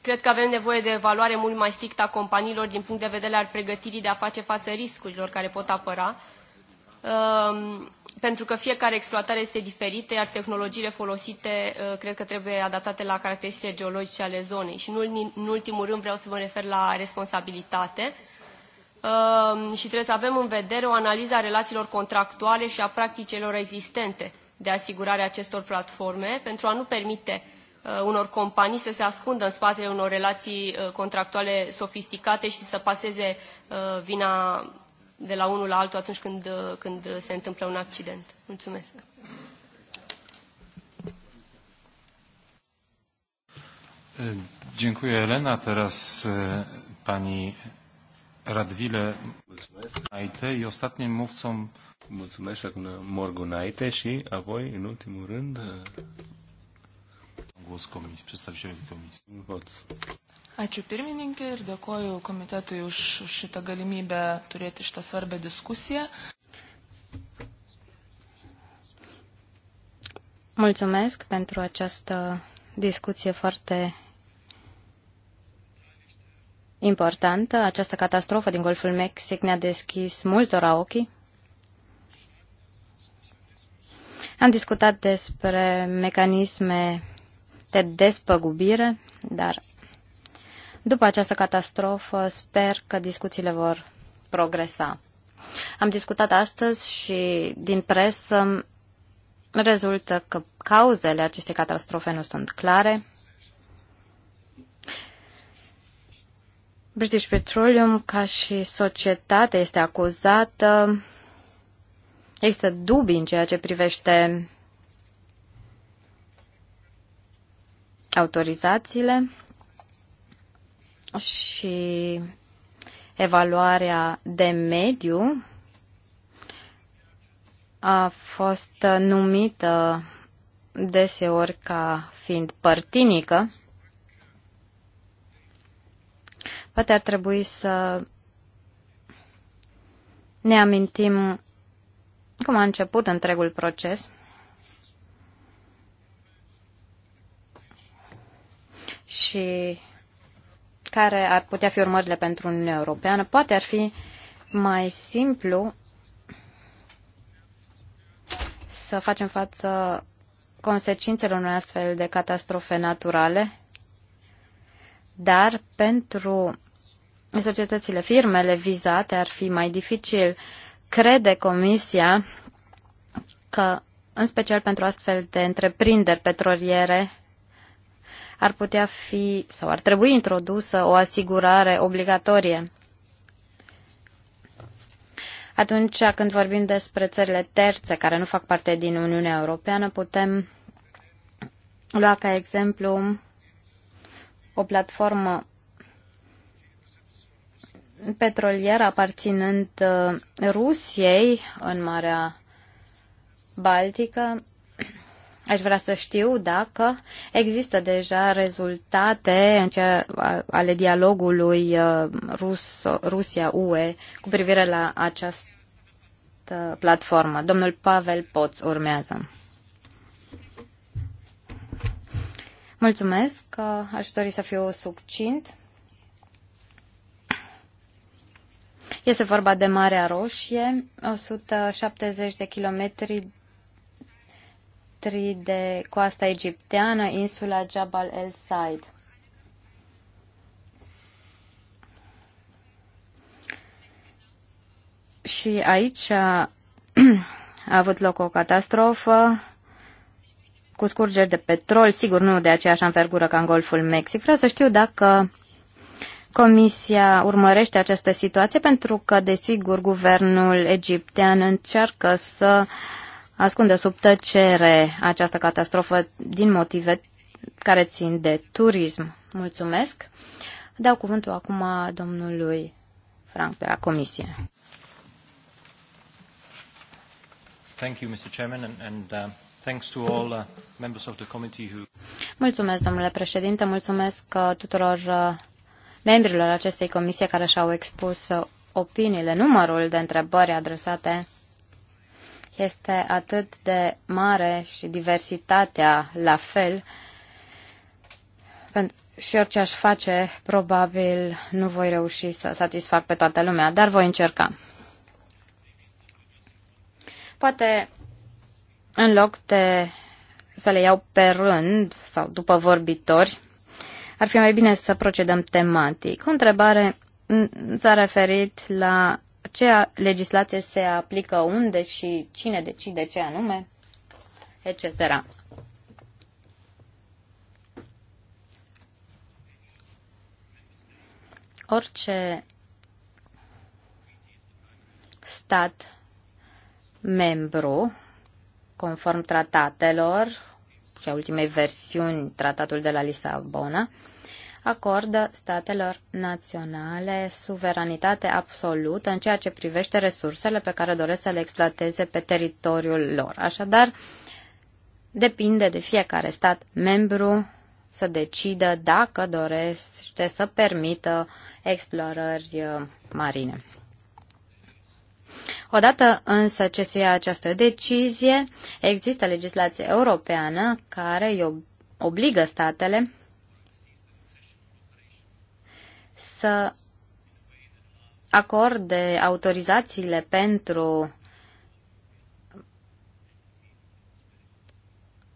Cred că avem nevoie de evaluare mult mai strictă a companiilor din punct de vedere al pregătirii de a face față riscurilor care pot apăra, um, pentru că fiecare exploatare este diferită, iar tehnologiile folosite uh, cred că trebuie adaptate la caracteristicile geologice ale zonei. Și în ultimul rând vreau să mă refer la responsabilitate um, și trebuie să avem în vedere o analiză a relațiilor contractuale și a practicilor existente de asigurare a acestor platforme pentru a nu permite uh, unor companii să se ascundă în spatele unor relații uh, contractuale sofisticate și să paseze uh, vina de la unul la altul atunci când, când se întâmplă un accident. Mulțumesc. Dziękuję Elena. Teraz pani Radwile Majte i ostatnim mówcą Mulțumesc și acum Morgunaite și apoi, în ultimul rând... Głos komisji, przedstawicielowi komisji. Ačiū pirmininkai ir dėkoju komitetui už šitą galimybę turėti šitą svarbę diskusiją. Mulțumesc pentru această discuție foarte importantă. Această catastrofă din Golful Mexic ne-a deschis multora ochii. Am discutat despre mecanisme de despăgubire, dar după această catastrofă sper că discuțiile vor progresa. Am discutat astăzi și din presă rezultă că cauzele acestei catastrofe nu sunt clare. British Petroleum ca și societate este acuzată Există dubii în ceea ce privește autorizațiile și evaluarea de mediu a fost numită deseori ca fiind părtinică. Poate ar trebui să ne amintim cum a început întregul proces și care ar putea fi urmările pentru Uniunea Europeană. Poate ar fi mai simplu să facem față consecințelor unui astfel de catastrofe naturale, dar pentru societățile, firmele vizate ar fi mai dificil crede Comisia că, în special pentru astfel de întreprinderi petroliere, ar putea fi sau ar trebui introdusă o asigurare obligatorie? Atunci când vorbim despre țările terțe care nu fac parte din Uniunea Europeană, putem lua ca exemplu o platformă petrolier aparținând uh, Rusiei în Marea Baltică. Aș vrea să știu dacă există deja rezultate în cea, ale dialogului uh, Rus, Rusia-UE cu privire la această platformă. Domnul Pavel Poț urmează. Mulțumesc, aș dori să fiu succint. Este vorba de Marea Roșie, 170 de kilometri de coasta egipteană, insula Jabal El Said. Și aici a, a avut loc o catastrofă cu scurgeri de petrol, sigur nu de aceeași învergură ca în Golful Mexic. Vreau să știu dacă Comisia urmărește această situație pentru că, desigur, guvernul egiptean încearcă să ascundă sub tăcere această catastrofă din motive care țin de turism. Mulțumesc. Dau cuvântul acum a domnului Frank pe la Comisie. Thank you, Mr. Chairman, and, and uh, thanks to all uh, members of the committee who... Mulțumesc, domnule președinte, mulțumesc uh, tuturor uh, membrilor acestei comisii care și-au expus uh, opiniile. Numărul de întrebări adresate este atât de mare și diversitatea la fel și orice aș face, probabil nu voi reuși să satisfac pe toată lumea, dar voi încerca. Poate în loc de să le iau pe rând sau după vorbitori, ar fi mai bine să procedăm tematic. O întrebare s-a referit la ce legislație se aplică unde și cine decide ce anume, etc. Orice stat membru, conform tratatelor și a ultimei versiuni, tratatul de la Lisabona, acordă statelor naționale suveranitate absolută în ceea ce privește resursele pe care doresc să le exploateze pe teritoriul lor. Așadar, depinde de fiecare stat membru să decidă dacă dorește să permită explorări uh, marine. Odată însă ce se ia această decizie, există legislație europeană care îi obligă statele să acorde autorizațiile pentru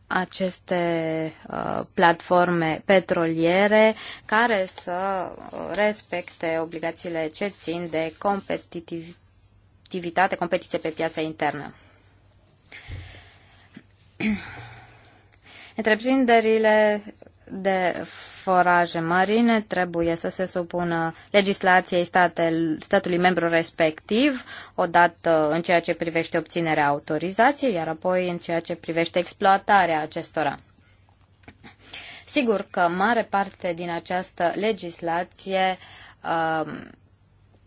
aceste uh, platforme petroliere care să respecte obligațiile ce țin de competitivitate, competiție pe piața internă. Întreprinderile de foraje marine trebuie să se supună legislației statel, statului membru respectiv, odată în ceea ce privește obținerea autorizației, iar apoi în ceea ce privește exploatarea acestora. Sigur că mare parte din această legislație um,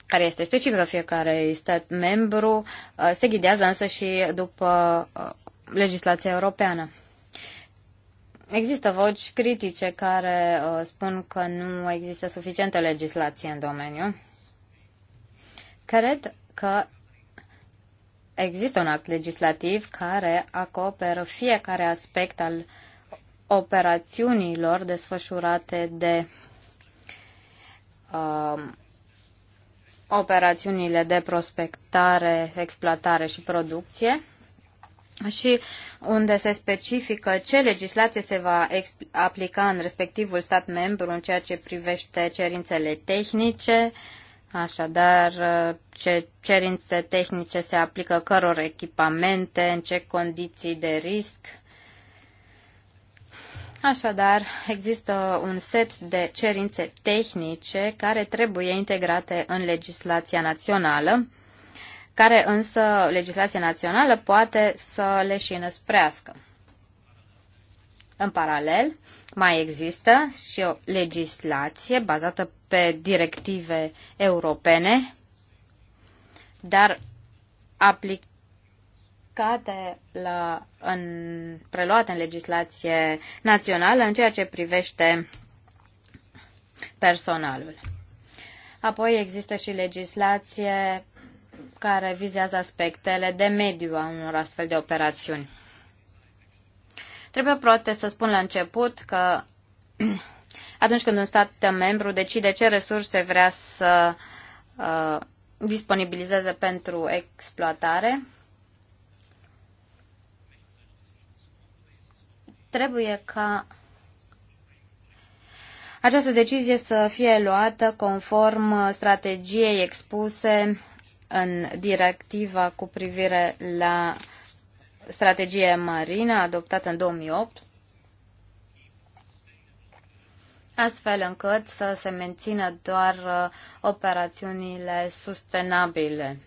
care este specifică fiecare stat membru, uh, se ghidează însă și după uh, legislația europeană. Există voci critice care uh, spun că nu există suficientă legislație în domeniu. Cred că există un act legislativ care acoperă fiecare aspect al operațiunilor desfășurate de uh, operațiunile de prospectare, exploatare și producție și unde se specifică ce legislație se va aplica în respectivul stat membru în ceea ce privește cerințele tehnice, așadar uh, ce cerințe tehnice se aplică căror echipamente, în ce condiții de risc. Așadar, există un set de cerințe tehnice care trebuie integrate în legislația națională care însă legislația națională poate să le și înăsprească. În paralel, mai există și o legislație bazată pe directive europene, dar aplicate la, în, preluate în legislație națională în ceea ce privește personalul. Apoi există și legislație care vizează aspectele de mediu a unor astfel de operațiuni. Trebuie poate să spun la început că atunci când un stat membru decide ce resurse vrea să uh, disponibilizeze pentru exploatare, trebuie ca această decizie să fie luată conform strategiei expuse în directiva cu privire la strategie marină adoptată în 2008, astfel încât să se mențină doar uh, operațiunile sustenabile.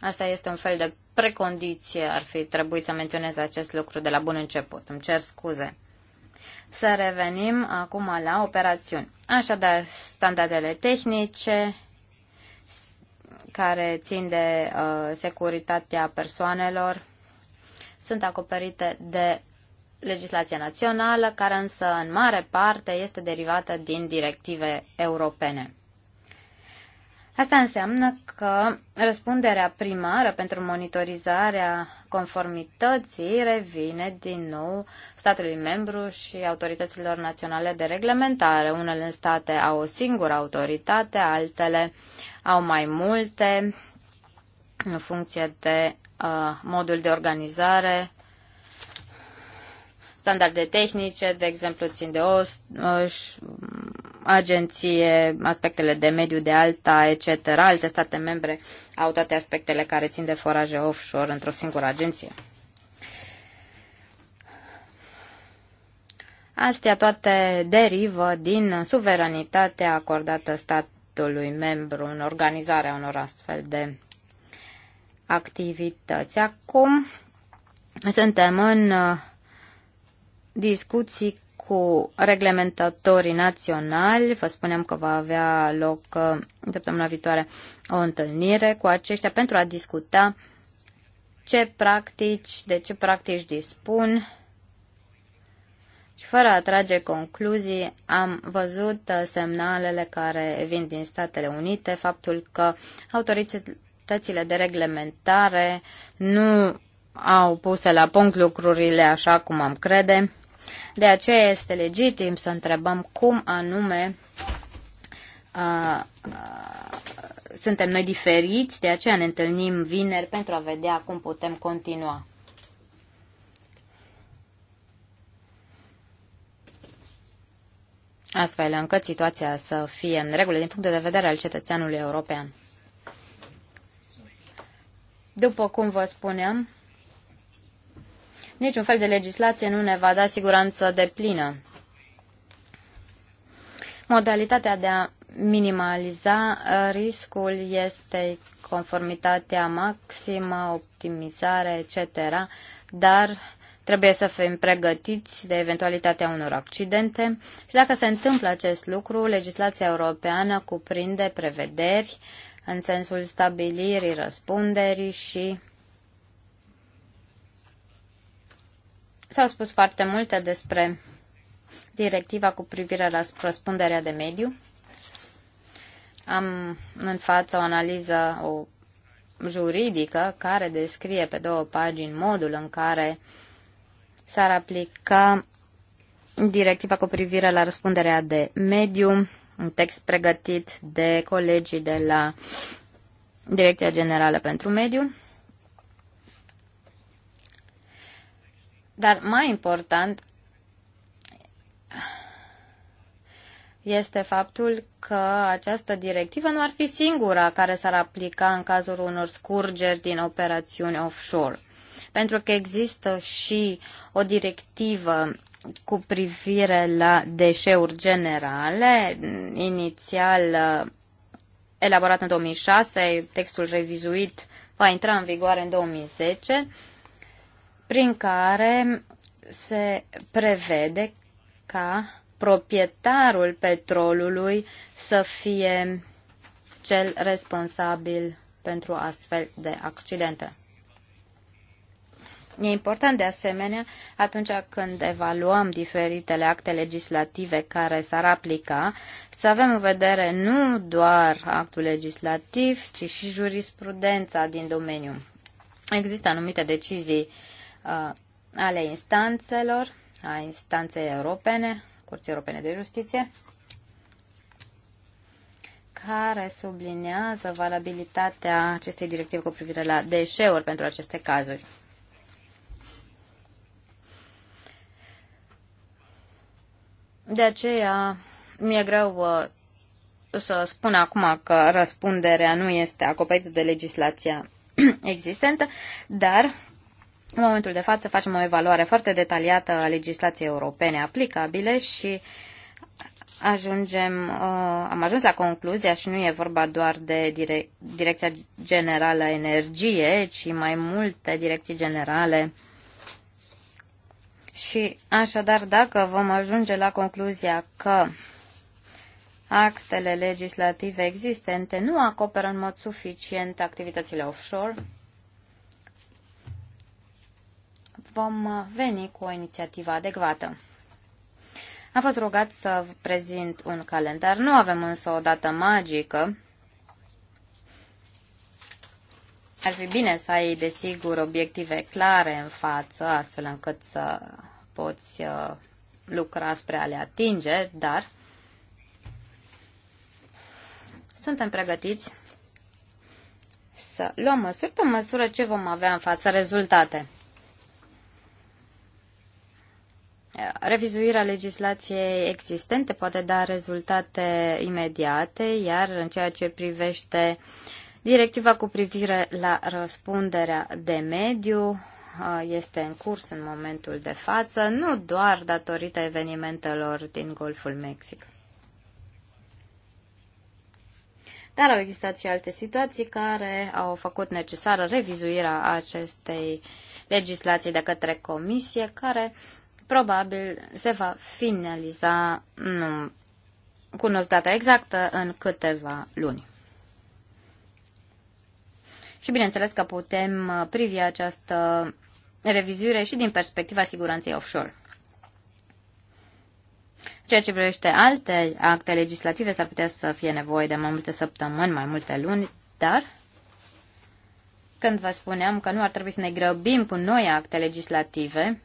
Asta este un fel de precondiție, ar fi trebuit să menționez acest lucru de la bun început. Îmi cer scuze. Să revenim acum la operațiuni. Așadar, standardele tehnice, care țin de uh, securitatea persoanelor sunt acoperite de legislația națională, care însă în mare parte este derivată din directive europene. Asta înseamnă că răspunderea primară pentru monitorizarea conformității revine din nou statului membru și autorităților naționale de reglementare. Unele state au o singură autoritate, altele au mai multe în funcție de uh, modul de organizare, standarde tehnice, de exemplu, țin de OS, uh, agenție, aspectele de mediu, de alta, etc. Alte state membre au toate aspectele care țin de foraje offshore într-o singură agenție. Astea toate derivă din suveranitatea acordată statului membru în organizarea unor astfel de activități. Acum suntem în uh, discuții cu reglementatorii naționali. Vă spunem că va avea loc uh, săptămâna viitoare o întâlnire cu aceștia pentru a discuta ce practici, de ce practici dispun. Și fără a trage concluzii, am văzut uh, semnalele care vin din Statele Unite, faptul că autoritățile de reglementare nu au puse la punct lucrurile așa cum am crede. De aceea este legitim să întrebăm cum anume uh, uh, suntem noi diferiți, de aceea ne întâlnim vineri pentru a vedea cum putem continua. astfel încât situația să fie în regulă din punct de vedere al cetățeanului european. După cum vă spuneam, Niciun fel de legislație nu ne va da siguranță de plină. Modalitatea de a minimaliza uh, riscul este conformitatea maximă, optimizare, etc., dar trebuie să fim pregătiți de eventualitatea unor accidente și dacă se întâmplă acest lucru, legislația europeană cuprinde prevederi în sensul stabilirii răspunderii și S-au spus foarte multe despre directiva cu privire la răspunderea de mediu. Am în față o analiză o juridică care descrie pe două pagini modul în care s-ar aplica directiva cu privire la răspunderea de mediu, un text pregătit de colegii de la Direcția Generală pentru Mediu. Dar mai important este faptul că această directivă nu ar fi singura care s-ar aplica în cazul unor scurgeri din operațiuni offshore. Pentru că există și o directivă cu privire la deșeuri generale, inițial uh, elaborat în 2006, textul revizuit va intra în vigoare în 2010 prin care se prevede ca proprietarul petrolului să fie cel responsabil pentru astfel de accidente. E important de asemenea atunci când evaluăm diferitele acte legislative care s-ar aplica să avem în vedere nu doar actul legislativ, ci și jurisprudența din domeniu. Există anumite decizii uh, Uh, ale instanțelor, a instanței europene, Curții Europene de Justiție, care sublinează valabilitatea acestei directive cu privire la deșeuri pentru aceste cazuri. De aceea, mi-e greu uh, să spun acum că răspunderea nu este acoperită de legislația existentă, dar în momentul de față facem o evaluare foarte detaliată a legislației europene aplicabile și ajungem, uh, am ajuns la concluzia și nu e vorba doar de Direcția Generală Energie, ci mai multe direcții generale. Și așadar, dacă vom ajunge la concluzia că actele legislative existente nu acoperă în mod suficient activitățile offshore, vom uh, veni cu o inițiativă adecvată. Am fost rugat să prezint un calendar. Nu avem însă o dată magică. Ar fi bine să ai, desigur, obiective clare în față, astfel încât să poți uh, lucra spre a le atinge, dar suntem pregătiți să luăm măsuri pe măsură ce vom avea în față rezultate. revizuirea legislației existente poate da rezultate imediate, iar în ceea ce privește directiva cu privire la răspunderea de mediu, uh, este în curs în momentul de față, nu doar datorită evenimentelor din Golful Mexic. Dar au existat și alte situații care au făcut necesară revizuirea acestei legislații de către comisie, care probabil se va finaliza, nu cunosc data exactă, în câteva luni. Și bineînțeles că putem uh, privi această revizuire și din perspectiva siguranței offshore. Ceea ce privește alte acte legislative, s-ar putea să fie nevoie de mai multe săptămâni, mai multe luni, dar când vă spuneam că nu ar trebui să ne grăbim cu noi acte legislative,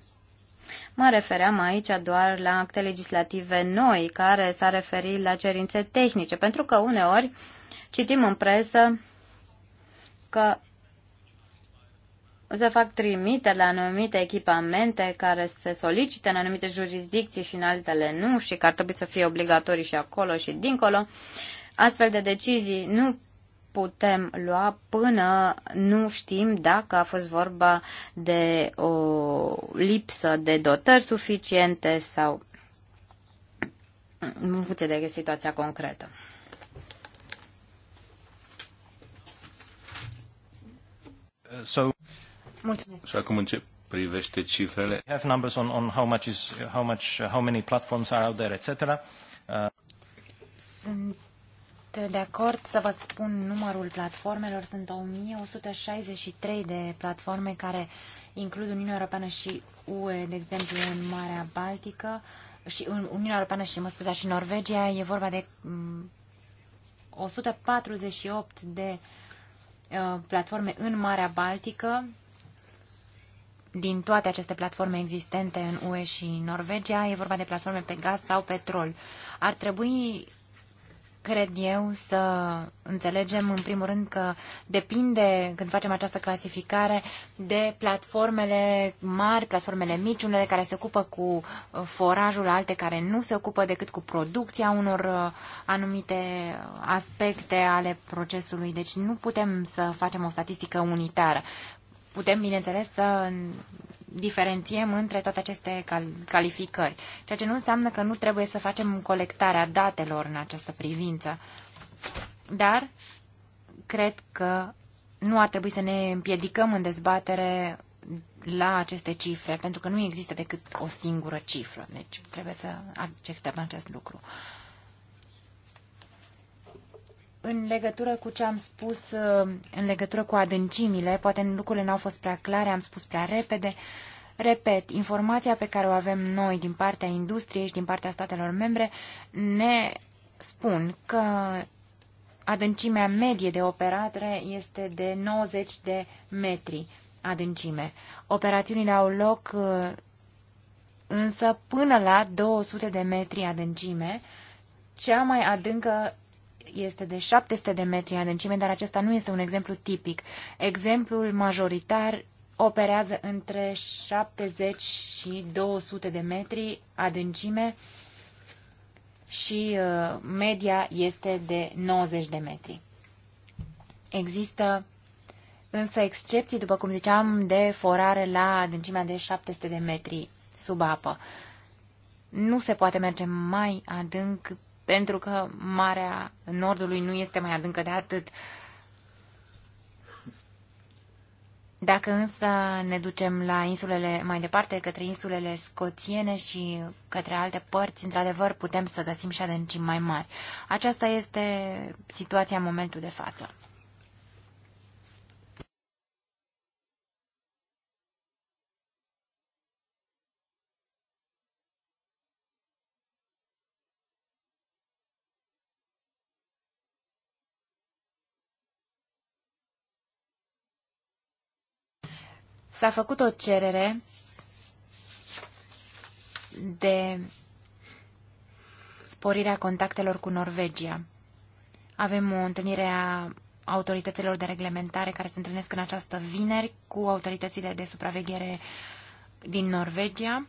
Mă refeream aici doar la acte legislative noi care s-a referit la cerințe tehnice, pentru că uneori citim în presă că se fac trimite la anumite echipamente care se solicită în anumite jurisdicții și în altele nu și că ar trebui să fie obligatorii și acolo și dincolo. Astfel de decizii nu putem lua până nu știm dacă a fost vorba de o lipsă de dotări suficiente sau în funcție de situația concretă. So, Mulțumesc. Și acum încep privește cifrele. Have numbers on, on how much is how much how many platforms are out there etc. Uh. Sunt de acord să vă spun numărul platformelor. Sunt 1163 de platforme care includ Uniunea Europeană și UE, de exemplu, în Marea Baltică și Uniunea Europeană și, mă scuza, și Norvegia. E vorba de 148 mm, de uh, platforme în Marea Baltică. Din toate aceste platforme existente în UE și Norvegia, e vorba de platforme pe gaz sau petrol. Ar trebui cred eu, să înțelegem, în primul rând, că depinde, când facem această clasificare, de platformele mari, platformele mici, unele care se ocupă cu uh, forajul, alte care nu se ocupă decât cu producția unor uh, anumite uh, aspecte ale procesului. Deci nu putem să facem o statistică unitară. Putem, bineînțeles, să diferențiem între toate aceste calificări, ceea ce nu înseamnă că nu trebuie să facem colectarea datelor în această privință. Dar cred că nu ar trebui să ne împiedicăm în dezbatere la aceste cifre, pentru că nu există decât o singură cifră. Deci trebuie să acceptăm acest lucru. În legătură cu ce am spus, uh, în legătură cu adâncimile, poate lucrurile n-au fost prea clare, am spus prea repede. Repet, informația pe care o avem noi din partea industriei și din partea statelor membre ne spun că adâncimea medie de operare este de 90 de metri adâncime. Operațiunile au loc uh, însă până la 200 de metri adâncime, cea mai adâncă este de 700 de metri adâncime, dar acesta nu este un exemplu tipic. Exemplul majoritar operează între 70 și 200 de metri adâncime și uh, media este de 90 de metri. Există însă excepții, după cum ziceam, de forare la adâncimea de 700 de metri sub apă. Nu se poate merge mai adânc pentru că Marea Nordului nu este mai adâncă de atât. Dacă însă ne ducem la insulele mai departe, către insulele scoțiene și către alte părți, într-adevăr putem să găsim și adâncimi mai mari. Aceasta este situația în momentul de față. S-a făcut o cerere de sporirea contactelor cu Norvegia. Avem o întâlnire a autorităților de reglementare care se întâlnesc în această vineri cu autoritățile de supraveghere din Norvegia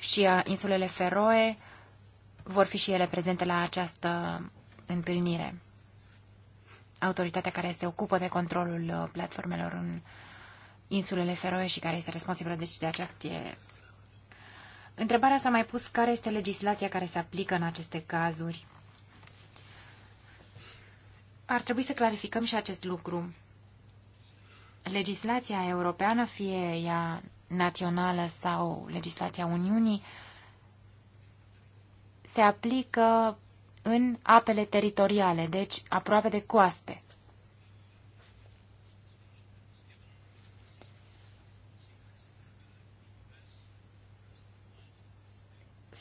și a uh, insulele Feroe vor fi și ele prezente la această întâlnire. Autoritatea care se ocupă de controlul uh, platformelor în insulele Feroe și care este responsabilă deci de aceste... Întrebarea s-a mai pus care este legislația care se aplică în aceste cazuri. Ar trebui să clarificăm și acest lucru. Legislația europeană, fie ea națională sau legislația Uniunii, se aplică în apele teritoriale, deci aproape de coaste.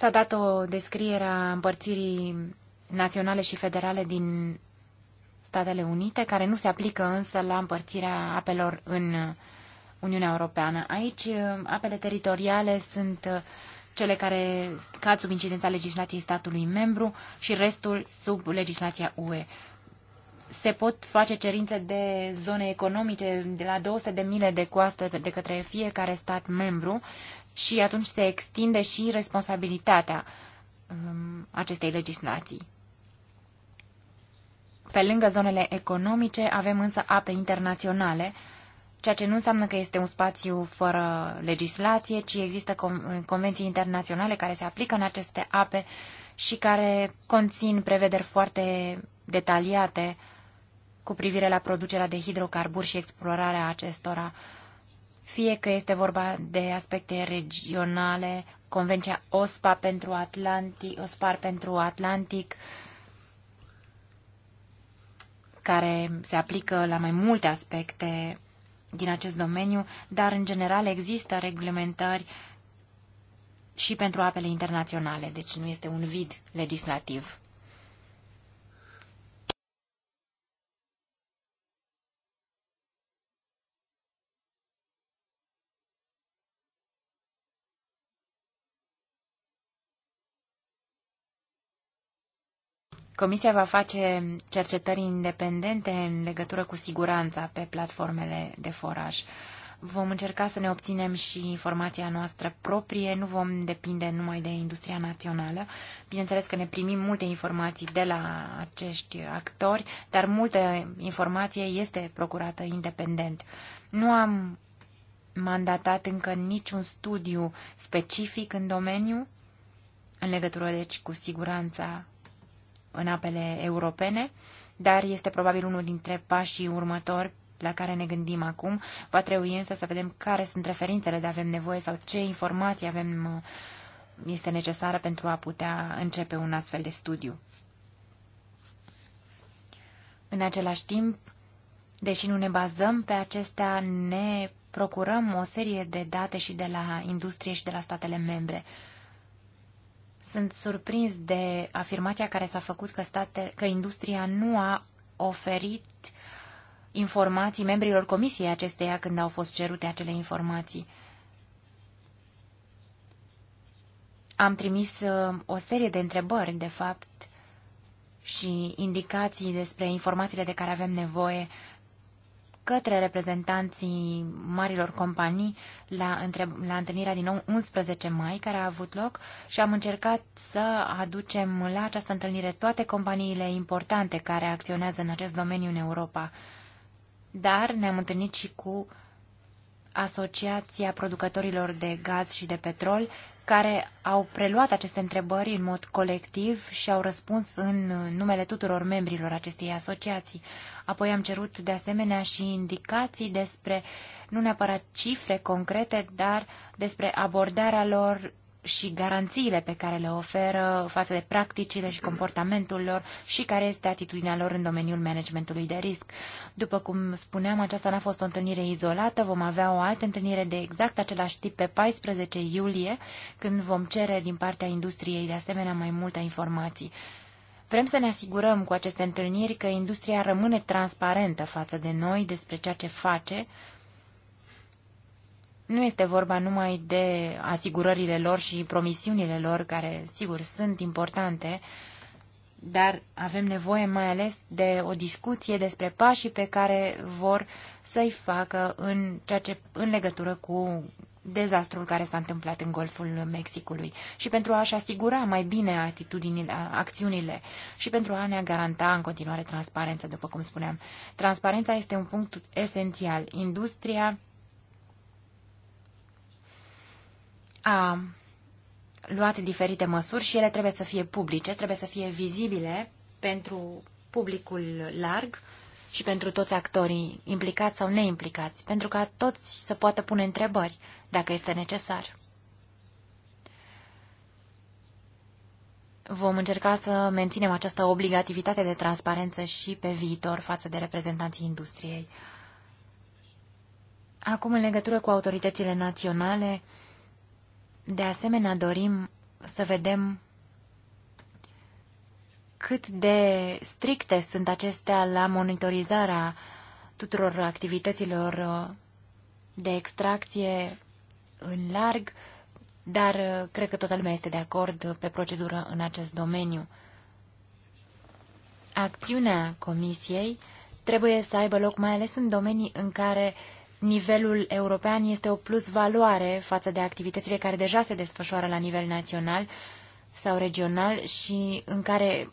S-a dat o descriere a împărțirii naționale și federale din Statele Unite, care nu se aplică însă la împărțirea apelor în Uniunea Europeană. Aici uh, apele teritoriale sunt uh, cele care cad sub incidența legislației statului membru și restul sub legislația UE. Se pot face cerințe de zone economice de la 200.000 de mile de coastă de către fiecare stat membru și atunci se extinde și responsabilitatea um, acestei legislații. Pe lângă zonele economice, avem însă ape internaționale, ceea ce nu înseamnă că este un spațiu fără legislație, ci există convenții internaționale care se aplică în aceste ape și care conțin prevederi foarte detaliate cu privire la producerea de hidrocarburi și explorarea acestora fie că este vorba de aspecte regionale, Convenția OSPA pentru Atlantic, OSPAR pentru Atlantic, care se aplică la mai multe aspecte din acest domeniu, dar în general există reglementări și pentru apele internaționale, deci nu este un vid legislativ. Comisia va face cercetări independente în legătură cu siguranța pe platformele de foraj. Vom încerca să ne obținem și informația noastră proprie, nu vom depinde numai de industria națională. Bineînțeles că ne primim multe informații de la acești actori, dar multă informație este procurată independent. Nu am mandatat încă niciun studiu specific în domeniu, în legătură deci cu siguranța în apele europene, dar este probabil unul dintre pașii următori la care ne gândim acum. Va trebui însă să vedem care sunt referințele de avem nevoie sau ce informații avem uh, este necesară pentru a putea începe un astfel de studiu. În același timp, deși nu ne bazăm pe acestea, ne procurăm o serie de date și de la industrie și de la statele membre. Sunt surprins de afirmația care s-a făcut că, state, că industria nu a oferit informații membrilor comisiei acesteia când au fost cerute acele informații. Am trimis uh, o serie de întrebări, de fapt, și indicații despre informațiile de care avem nevoie către reprezentanții marilor companii la, între, la întâlnirea din 11 mai care a avut loc și am încercat să aducem la această întâlnire toate companiile importante care acționează în acest domeniu în Europa. Dar ne-am întâlnit și cu Asociația Producătorilor de Gaz și de Petrol, care au preluat aceste întrebări în mod colectiv și au răspuns în numele tuturor membrilor acestei asociații. Apoi am cerut de asemenea și indicații despre, nu neapărat cifre concrete, dar despre abordarea lor și garanțiile pe care le oferă față de practicile și comportamentul lor și care este atitudinea lor în domeniul managementului de risc. După cum spuneam, aceasta n-a fost o întâlnire izolată, vom avea o altă întâlnire de exact același tip pe 14 iulie, când vom cere din partea industriei de asemenea mai multe informații. Vrem să ne asigurăm cu aceste întâlniri că industria rămâne transparentă față de noi despre ceea ce face nu este vorba numai de asigurările lor și promisiunile lor, care, sigur, sunt importante, dar avem nevoie mai ales de o discuție despre pașii pe care vor să-i facă în, ceea ce, în legătură cu dezastrul care s-a întâmplat în Golful Mexicului și pentru a-și asigura mai bine atitudinile, acțiunile și pentru a ne garanta în continuare transparența, după cum spuneam. Transparența este un punct esențial. Industria a luat diferite măsuri și ele trebuie să fie publice, trebuie să fie vizibile pentru publicul larg și pentru toți actorii implicați sau neimplicați, pentru ca toți să poată pune întrebări dacă este necesar. Vom încerca să menținem această obligativitate de transparență și pe viitor față de reprezentanții industriei. Acum, în legătură cu autoritățile naționale, de asemenea, dorim să vedem cât de stricte sunt acestea la monitorizarea tuturor activităților uh, de extracție în larg, dar uh, cred că toată lumea este de acord pe procedură în acest domeniu. Acțiunea Comisiei trebuie să aibă loc mai ales în domenii în care uh, nivelul european este o plus valoare față de activitățile care deja se desfășoară la nivel național sau regional și în care,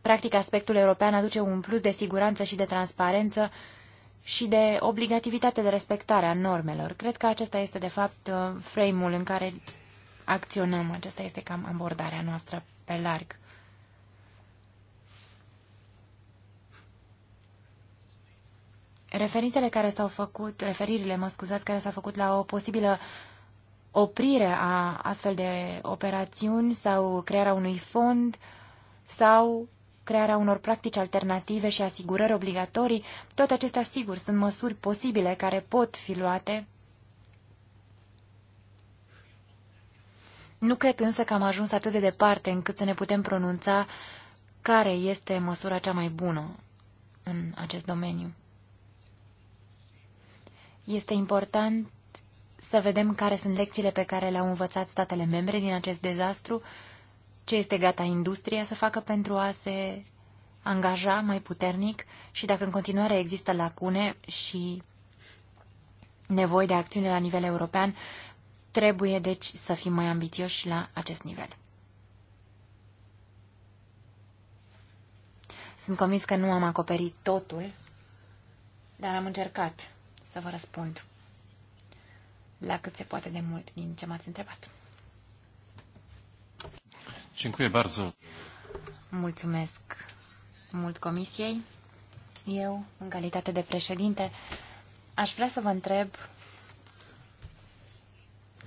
practic, aspectul european aduce un plus de siguranță și de transparență și de obligativitate de respectare a normelor. Cred că acesta este, de fapt, uh, frame-ul în care acționăm. Acesta este cam abordarea noastră pe larg. Referințele care s-au făcut, referirile, mă scuzați, care s-au făcut la o posibilă oprire a astfel de operațiuni sau crearea unui fond sau crearea unor practici alternative și asigurări obligatorii, toate acestea, sigur, sunt măsuri posibile care pot fi luate. Nu cred însă că am ajuns atât de departe încât să ne putem pronunța care este măsura cea mai bună în acest domeniu. Este important să vedem care sunt lecțiile pe care le-au învățat statele membre din acest dezastru, ce este gata industria să facă pentru a se angaja mai puternic și dacă în continuare există lacune și nevoi de acțiune la nivel european, trebuie deci să fim mai ambițioși la acest nivel. Sunt convins că nu am acoperit totul, dar am încercat să vă răspund la cât se poate de mult din ce m-ați întrebat. Dziękuję bardzo. Mulțumesc mult comisiei. Eu, în calitate de președinte, aș vrea să vă întreb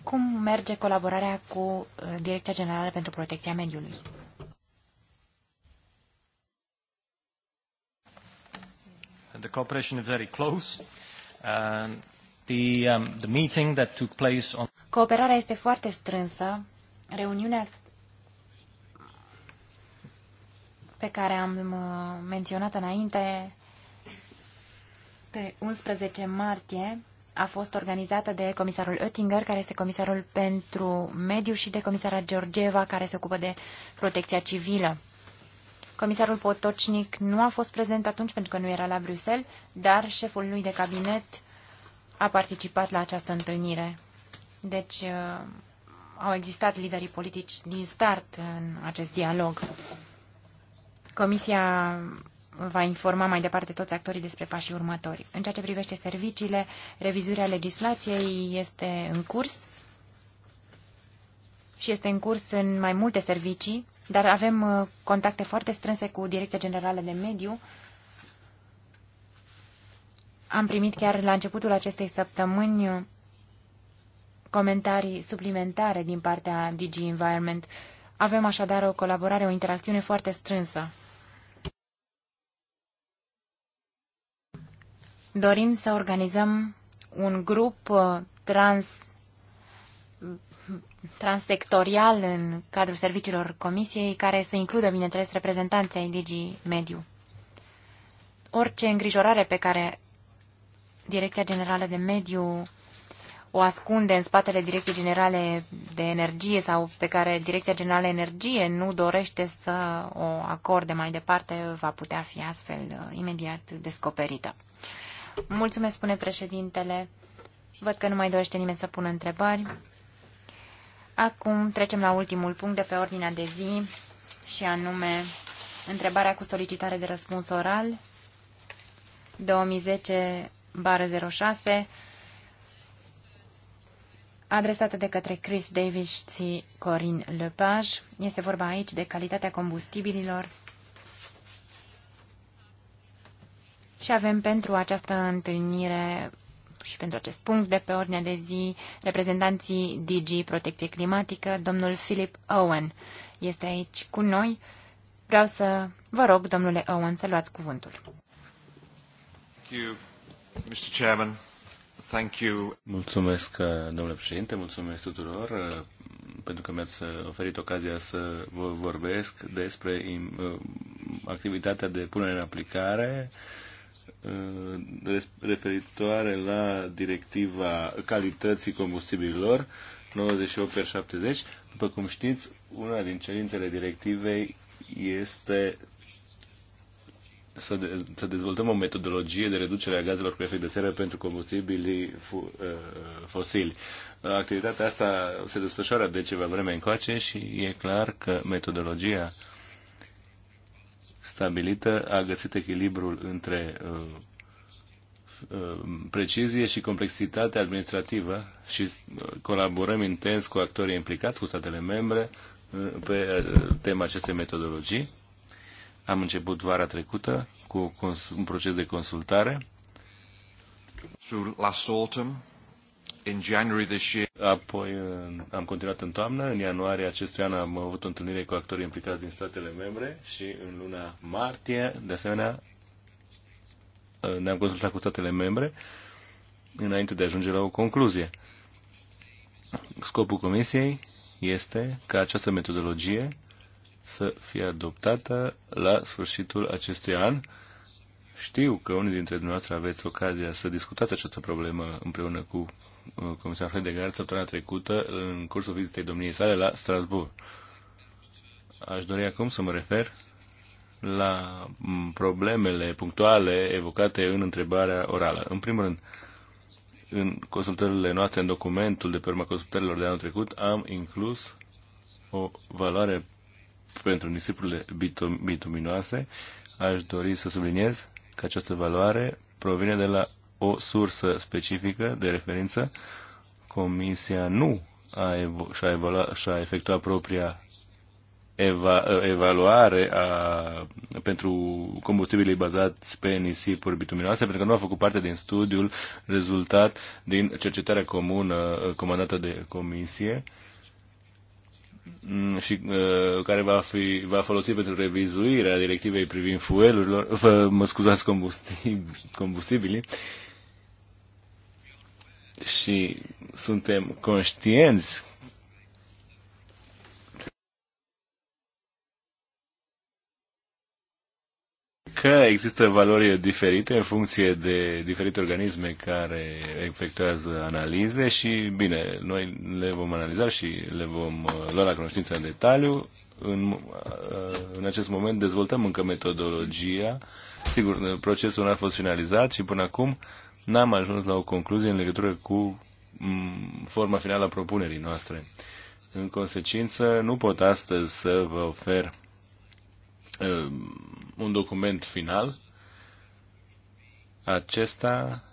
cum merge colaborarea cu uh, Direcția Generală pentru Protecția Mediului. The cooperation is very close. Uh, the, um, the meeting that took place on... Cooperarea este foarte strânsă. Reuniunea pe care am uh, menționat înainte, pe 11 martie, a fost organizată de comisarul Oettinger, care este comisarul pentru mediu, și de comisara Georgieva, care se ocupă de protecția civilă. Comisarul Potocnic nu a fost prezent atunci pentru că nu era la Bruxelles, dar șeful lui de cabinet a participat la această întâlnire. Deci uh, au existat liderii politici din start în acest dialog. Comisia va informa mai departe toți actorii despre pașii următori. În ceea ce privește serviciile, revizuirea legislației este în curs și este în curs în mai multe servicii, dar avem uh, contacte foarte strânse cu Direcția Generală de Mediu. Am primit chiar la începutul acestei săptămâni comentarii suplimentare din partea DG Environment. Avem așadar o colaborare, o interacțiune foarte strânsă. Dorim să organizăm un grup uh, trans transsectorial în cadrul serviciilor comisiei care să includă, bineînțeles, reprezentanții ai DG Mediu. Orice îngrijorare pe care Direcția Generală de Mediu o ascunde în spatele Direcției Generale de Energie sau pe care Direcția Generală Energie nu dorește să o acorde mai departe, va putea fi astfel uh, imediat descoperită. Mulțumesc, spune președintele. Văd că nu mai dorește nimeni să pună întrebări. Acum trecem la ultimul punct de pe ordinea de zi și anume întrebarea cu solicitare de răspuns oral 2010-06 adresată de către Chris Davis și Corin Lepage. Este vorba aici de calitatea combustibililor și avem pentru această întâlnire și pentru acest punct de pe ordinea de zi reprezentanții DG Protecție Climatică, domnul Philip Owen este aici cu noi. Vreau să vă rog, domnule Owen, să luați cuvântul. Thank Thank you, you. Mr. Chairman. Mulțumesc, domnule președinte, mulțumesc tuturor uh, pentru că mi-ați oferit ocazia să vă vorbesc despre uh, activitatea de punere în aplicare Uh, referitoare la directiva calității combustibililor 98 per 70. După cum știți, una din cerințele directivei este să, de, să dezvoltăm o metodologie de reducere a gazelor cu efect de seră pentru combustibilii fu, uh, fosili. Activitatea asta se desfășoară de ceva vreme încoace și e clar că metodologia uh, stabilită a găsit echilibrul între uh, uh precizie și complexitate administrativă și uh, colaborăm intens cu actorii implicați, cu statele membre, uh, pe tema acestei metodologii. Am început vara trecută cu un proces de consultare. Through last autumn, in January this year. Apoi am continuat în toamnă. În ianuarie acestui an am avut o întâlnire cu actorii implicați din statele membre și în luna martie, de asemenea, uh, ne-am consultat cu statele membre înainte de a ajunge la o concluzie. Scopul comisiei este ca această metodologie să fie adoptată la sfârșitul acestui an. Știu că unii dintre dumneavoastră aveți ocazia să discutați această problemă împreună cu Uh, comisar Heidegger săptămâna trecută în cursul vizitei domniei sale la Strasbourg. Aș dori acum să mă refer la problemele punctuale evocate în întrebarea orală. În primul rând, în consultările noastre, în documentul de pe urma consultărilor de anul trecut, am inclus o valoare pentru nisipurile bituminoase. Aș dori să subliniez că această valoare provine de la o sursă specifică de referință. Comisia nu a evo- și-a, evalua- și-a efectuat propria eva- evaluare a, pentru combustibilii bazați pe nisipuri bituminoase, pentru că nu a făcut parte din studiul rezultat din cercetarea comună uh, comandată de comisie mm, și uh, care va fi va folosi pentru revizuirea directivei privind fuelurilor, fă, mă scuzați, combustibili combustibilii, și suntem conștienți că există valori diferite în funcție de diferite organisme care efectuează analize și, bine, noi le vom analiza și le vom uh, lua la cunoștință în detaliu. În, uh, în acest moment dezvoltăm încă metodologia. Sigur, procesul nu a fost finalizat și până acum n-am ajuns la o concluzie în legătură cu forma finală a propunerii noastre. În consecință, nu pot astăzi să vă ofer uh, un document final. Acesta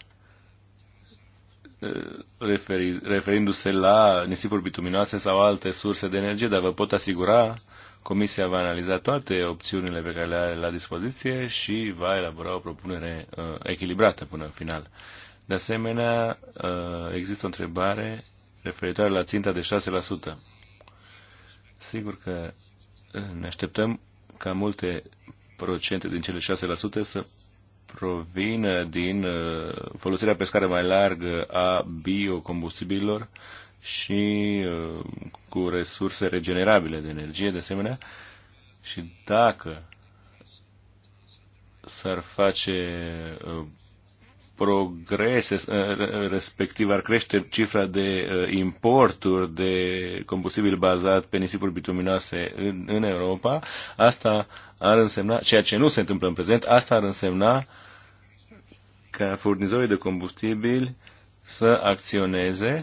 uh, referi, referindu-se la nisipuri bituminoase sau alte surse de energie, dar vă pot asigura Comisia va analiza toate opțiunile pe care le are la dispoziție și va elabora o propunere uh, echilibrată până în final. De asemenea, uh, există o întrebare referitoare la ținta de 6%. Sigur că uh, ne așteptăm ca multe procente din cele 6% să provină din uh, folosirea pe scară mai largă a biocombustibililor și uh, cu resurse regenerabile de energie, de asemenea. Și dacă s-ar face uh, progrese, uh, respectiv ar crește cifra de importuri de combustibil bazat pe nisipuri bituminoase în, în Europa, asta ar însemna, ceea ce nu se întâmplă în prezent, asta ar însemna ca furnizorii de combustibil să acționeze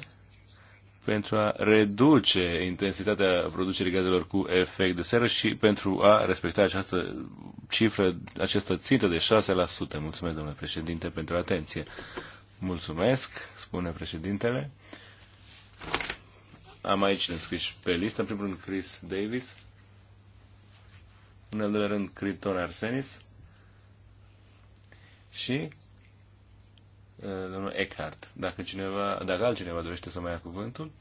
pentru a reduce intensitatea producerii gazelor cu efect de seră și pentru a respecta această cifră, această țintă de 6%. Mulțumesc, domnule președinte, pentru atenție. Mulțumesc, spune președintele. Am aici înscris pe listă, în primul rând Chris Davis, în al doilea rând Criton Arsenis și Eh, domnul Eckhart. Dacă, cineva, dacă altcineva dorește să mai ia cuvântul,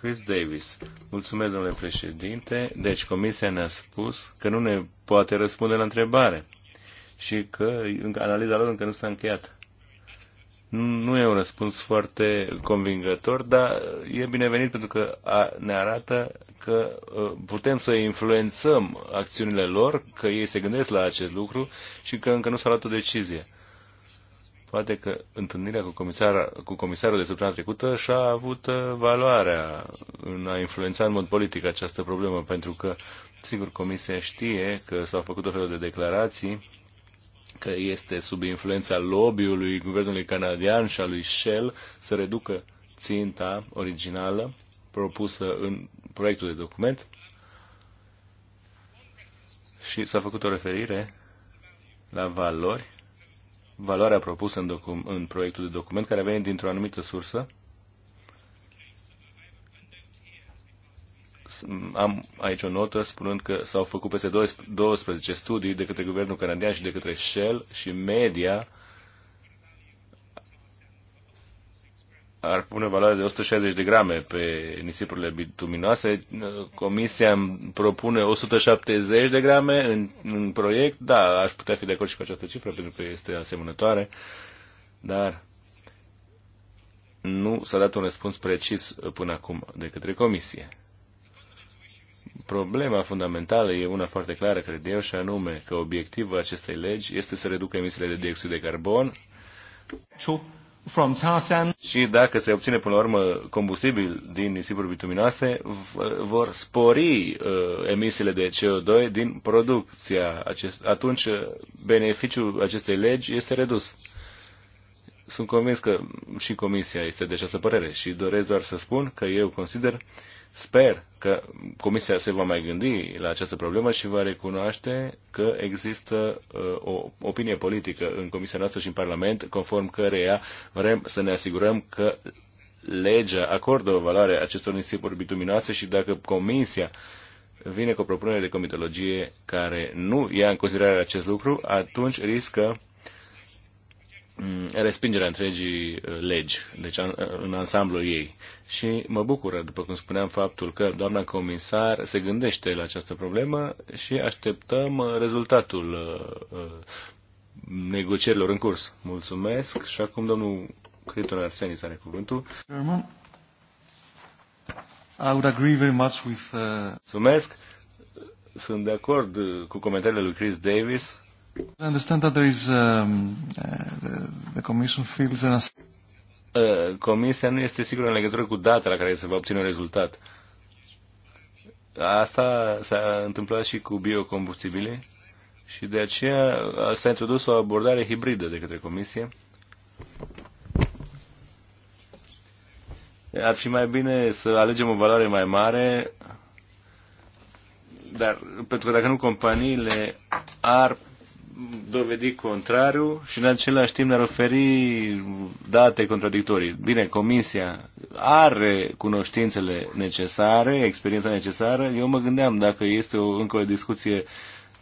Chris Davis. Mulțumesc, domnule președinte. Deci, comisia ne-a spus că nu ne poate răspunde la întrebare și că analiza lor încă nu s-a încheiat. Nu, e un răspuns foarte convingător, dar e binevenit pentru că ne arată că uh, putem să influențăm acțiunile lor, că ei se gândesc la acest lucru și că încă nu s-a luat o decizie poate că întâlnirea cu, comisar, cu comisarul de săptămâna trecută și-a avut uh, valoarea în a influența în mod politic această problemă, pentru că, sigur, comisia știe că s-au făcut o fel de declarații că este sub influența lobby-ului guvernului canadian și a lui Shell să reducă ținta originală propusă în proiectul de document și s-a făcut o referire la valori valoarea propusă în, docu- în proiectul de document care vine dintr-o anumită sursă. Am aici o notă spunând că s-au făcut peste 12 studii de către guvernul canadian și de către Shell și media uh, ar pune valoare de 160 de grame pe nisipurile bituminoase. Comisia îmi propune 170 de grame în, în proiect. Da, aș putea fi de acord și cu această cifră pentru că este asemănătoare, dar nu s-a dat un răspuns precis până acum de către Comisie. Problema fundamentală e una foarte clară, cred eu, și anume că obiectivul acestei legi este să reducă emisiile de dioxid de carbon from tar sand. Și dacă se obține până la urmă combustibil din nisipuri bituminoase, vor spori uh, emisiile de CO2 din producția. Acest, atunci uh, beneficiul acestei legi este redus. Sunt convins că și Comisia este de această părere și doresc doar să spun că eu consider uh, Sper că Comisia se va mai gândi la această problemă și va recunoaște că există uh, o opinie politică în Comisia noastră și în Parlament, conform căreia vrem să ne asigurăm că legea acordă o valoare acestor nisipuri bituminoase și dacă Comisia vine cu o propunere de comitologie care nu ia în considerare acest lucru, atunci riscă Mm, respingerea întregii uh, legi, deci uh, în ansamblul ei. Și mă bucură, după cum spuneam, faptul că doamna comisar se gândește la această problemă și așteptăm uh, rezultatul negocierilor în curs. Mulțumesc și acum domnul Criton Arsenis are cuvântul. German. I would agree very much with, uh... Mulțumesc. Sunt de acord cu comentariile lui Chris Davis I understand that there is, um, uh, the, the commission feels an... Uh, comisia nu este sigură în legătură cu data la care se va obține un rezultat. Asta s-a întâmplat și cu biocombustibile și de aceea uh, s-a introdus o abordare hibridă de către Comisie. Ar fi mai bine să alegem o valoare mai mare, dar pentru că dacă nu companiile ar dovedi contrariu și în același timp ne-ar oferi date contradictorii. Bine, Comisia are cunoștințele necesare, experiența necesară. Eu mă gândeam dacă este o, încă o discuție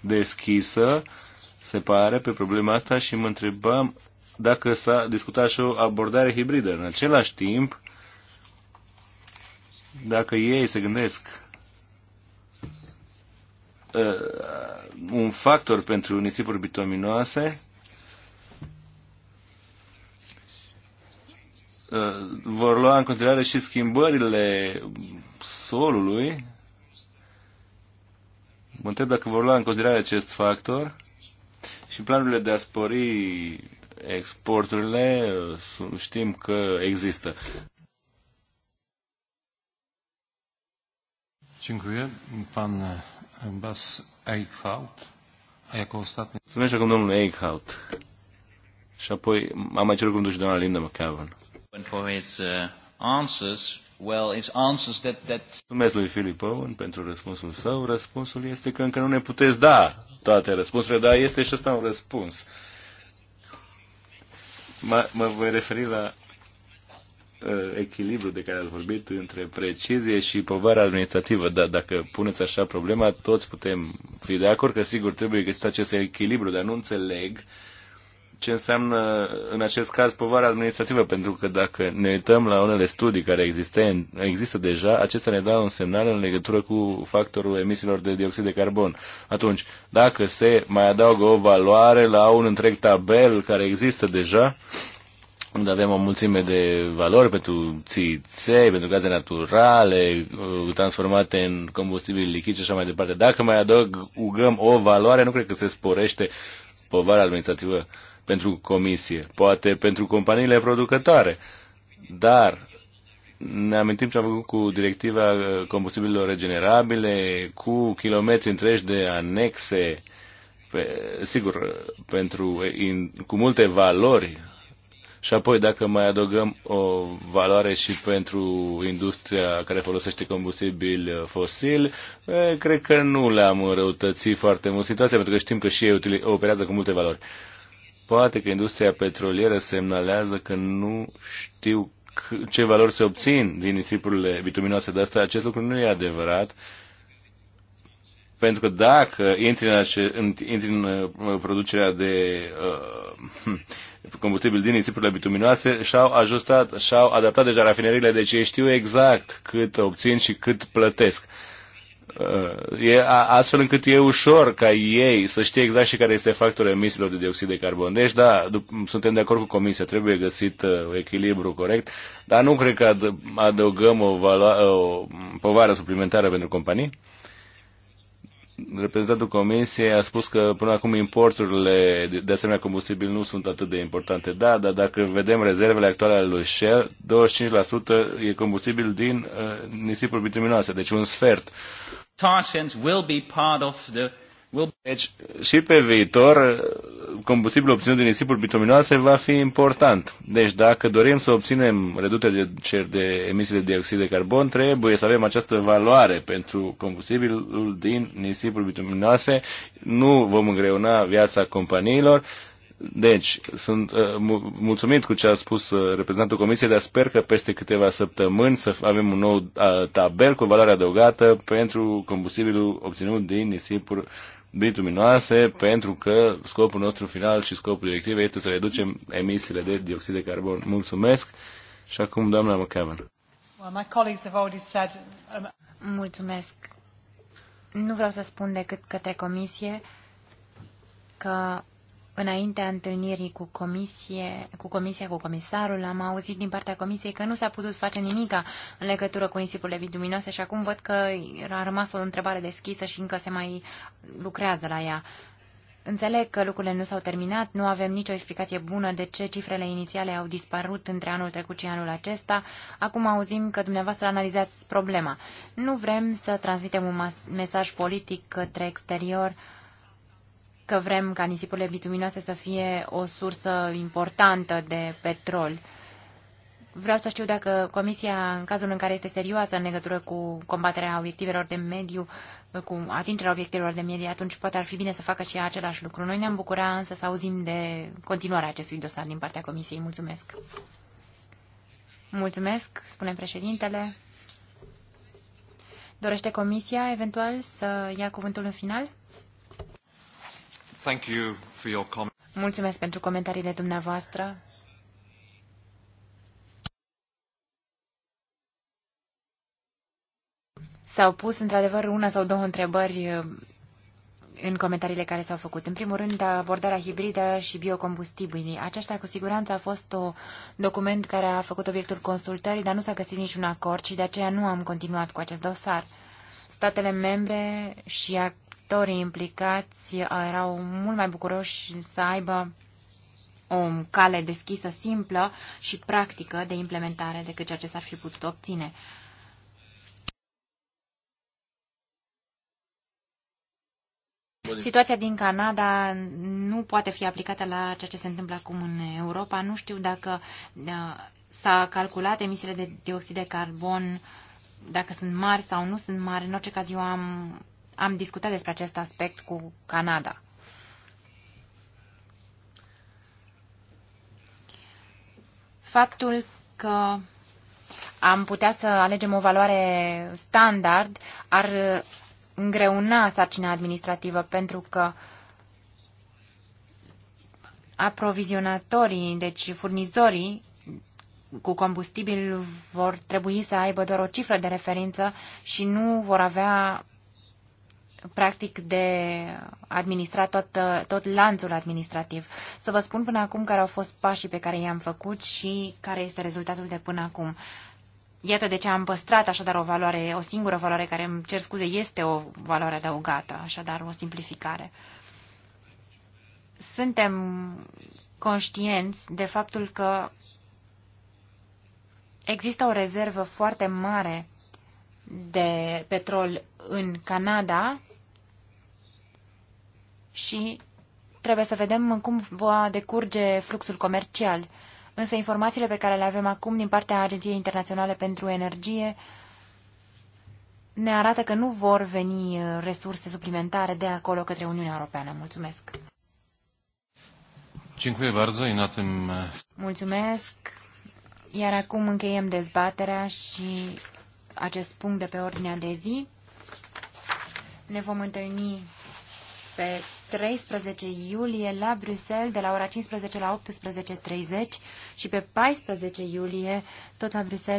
deschisă, se pare, pe problema asta și mă întrebam dacă s-a discutat și o abordare hibridă. În același timp, dacă ei se gândesc Uh, un factor pentru nisipuri bituminoase uh, vor lua în continuare și schimbările solului. Mă întreb dacă vor lua în considerare acest factor și planurile de a spori exporturile uh, știm că există. Dziękuję. Pan Bas Eichhout. Jako ostatni... Mulțumesc acum domnul Eichhout. Și apoi am mai cerut cuvântul și doamna Linda McCavan. For his uh, answers, well, his answers that, that... Mulțumesc lui Philip Owen pentru răspunsul său. Răspunsul este că încă nu ne puteți da toate răspunsurile, dar este și ăsta un răspuns. Mă, mă voi referi la Uh, echilibru de care ați vorbit între precizie și povara administrativă. Dar dacă puneți așa problema, toți putem fi de acord că sigur trebuie găsit acest echilibru, dar nu înțeleg ce înseamnă în acest caz povara administrativă, pentru că dacă ne uităm la unele studii care existe, există deja, acestea ne dau un semnal în legătură cu factorul emisiilor de dioxid de carbon. Atunci, dacă se mai adaugă o valoare la un întreg tabel care există deja, uh, unde avem o mulțime de valori pentru țiței, pentru gaze naturale, uh, transformate în combustibili lichizi și așa mai departe. Dacă mai adăugăm o valoare, nu cred că se sporește povara administrativă pentru comisie, poate pentru companiile producătoare. Dar ne amintim ce am făcut cu directiva uh, combustibililor regenerabile, cu kilometri întregi de anexe, pe, sigur, uh, pentru, in, cu multe valori și apoi, dacă mai adăugăm o valoare și pentru industria care folosește combustibil fosil, e, cred că nu le-am răutățit foarte mult situația, pentru că știm că și ei operează cu multe valori. Poate că industria petrolieră semnalează că nu știu ce valori se obțin din nisipurile bituminoase, dar asta, acest lucru nu e adevărat pentru că dacă intri în, ace, intri în uh, producerea de uh, combustibil din nisipurile bituminoase, și-au ajustat, și-au adaptat deja rafinerile, deci ei știu exact cât obțin și cât plătesc. Uh, e astfel încât e ușor ca ei să știe exact și care este factorul emisiilor de dioxid de carbon. Deci, da, suntem de acord cu Comisia, trebuie găsit un uh, echilibru corect, dar nu cred că adăugăm o, valo- o povară suplimentară pentru companii reprezentantul Comisiei a spus că până acum importurile de asemenea combustibil nu sunt atât de importante. Da, dar dacă vedem rezervele actuale ale lui Shell, 25% e combustibil din uh, nisipuri bituminoase, deci un sfert. Deci și pe viitor combustibilul obținut din nisipuri bituminoase va fi important. Deci dacă dorim să obținem reducere de, de emisii de dioxid de carbon, trebuie să avem această valoare pentru combustibilul din nisipuri bituminoase. Nu vom îngreuna viața companiilor. Deci, sunt uh, mulțumit cu ce a spus uh, reprezentantul Comisiei, dar sper că peste câteva săptămâni să avem un nou uh, tabel cu valoare adăugată pentru combustibilul obținut din nisipuri bituminoase pentru că scopul nostru final și scopul directiv este să reducem emisiile de dioxid de carbon. Mulțumesc și acum doamna McCammon. Um, Mulțumesc. Nu vreau să spun decât către comisie că Înaintea întâlnirii cu, comisie, cu comisia, cu comisarul, am auzit din partea comisiei că nu s-a putut face nimica în legătură cu nisipurile bituminoase și acum văd că a rămas o întrebare deschisă și încă se mai lucrează la ea. Înțeleg că lucrurile nu s-au terminat, nu avem nicio explicație bună de ce cifrele inițiale au dispărut între anul trecut și anul acesta. Acum auzim că dumneavoastră analizați problema. Nu vrem să transmitem un mesaj politic către exterior uh, că vrem ca nisipurile bituminoase să fie o sursă importantă de petrol. Vreau să știu dacă Comisia, în cazul în care este serioasă în legătură cu combaterea obiectivelor de mediu, cu atingerea obiectivelor de mediu, atunci poate ar fi bine să facă și ea același lucru. Noi ne-am bucurat însă să auzim de continuarea acestui dosar din partea Comisiei. Mulțumesc! Mulțumesc, spune președintele. Dorește Comisia, eventual, să ia cuvântul în final? Thank you for your Mulțumesc pentru comentariile dumneavoastră. S-au pus, într-adevăr, una sau două întrebări uh, în comentariile care s-au făcut. În primul rând, abordarea hibridă și biocombustibilii. Aceasta, cu siguranță, a fost un document care a făcut obiectul consultării, dar nu s-a găsit niciun acord și de aceea nu am continuat cu acest dosar. Statele membre și actorii implicați erau mult mai bucuroși să aibă o cale deschisă, simplă și practică de implementare decât ceea ce s-ar fi putut obține. Situația din Canada nu poate fi aplicată la ceea ce se întâmplă acum în Europa. Nu știu dacă da, s-a calculat emisiile de dioxid de carbon, dacă sunt mari sau nu sunt mari. În orice caz, eu am am discutat despre acest aspect cu Canada. Faptul că am putea să alegem o valoare standard ar îngreuna sarcina administrativă pentru că aprovizionatorii, deci furnizorii cu combustibil vor trebui să aibă doar o cifră de referință și nu vor avea practic de administrat tot, tot lanțul administrativ. Să vă spun până acum care au fost pașii pe care i-am făcut și care este rezultatul de până acum. Iată de ce am păstrat așadar o valoare, o singură valoare care îmi cer scuze, este o valoare adăugată, așadar o simplificare. Suntem conștienți de faptul că există o rezervă foarte mare de petrol în Canada și trebuie să vedem cum va decurge fluxul comercial. Însă informațiile pe care le avem acum din partea Agenției Internaționale pentru Energie ne arată că nu vor veni uh, resurse suplimentare de acolo către Uniunea Europeană. Mulțumesc! Mulțumesc! Iar acum încheiem dezbaterea și acest punct de pe ordinea de zi. Ne vom întâlni pe 13 iulie la Bruxelles de la ora 15 la 18.30 și pe 14 iulie tot la Bruxelles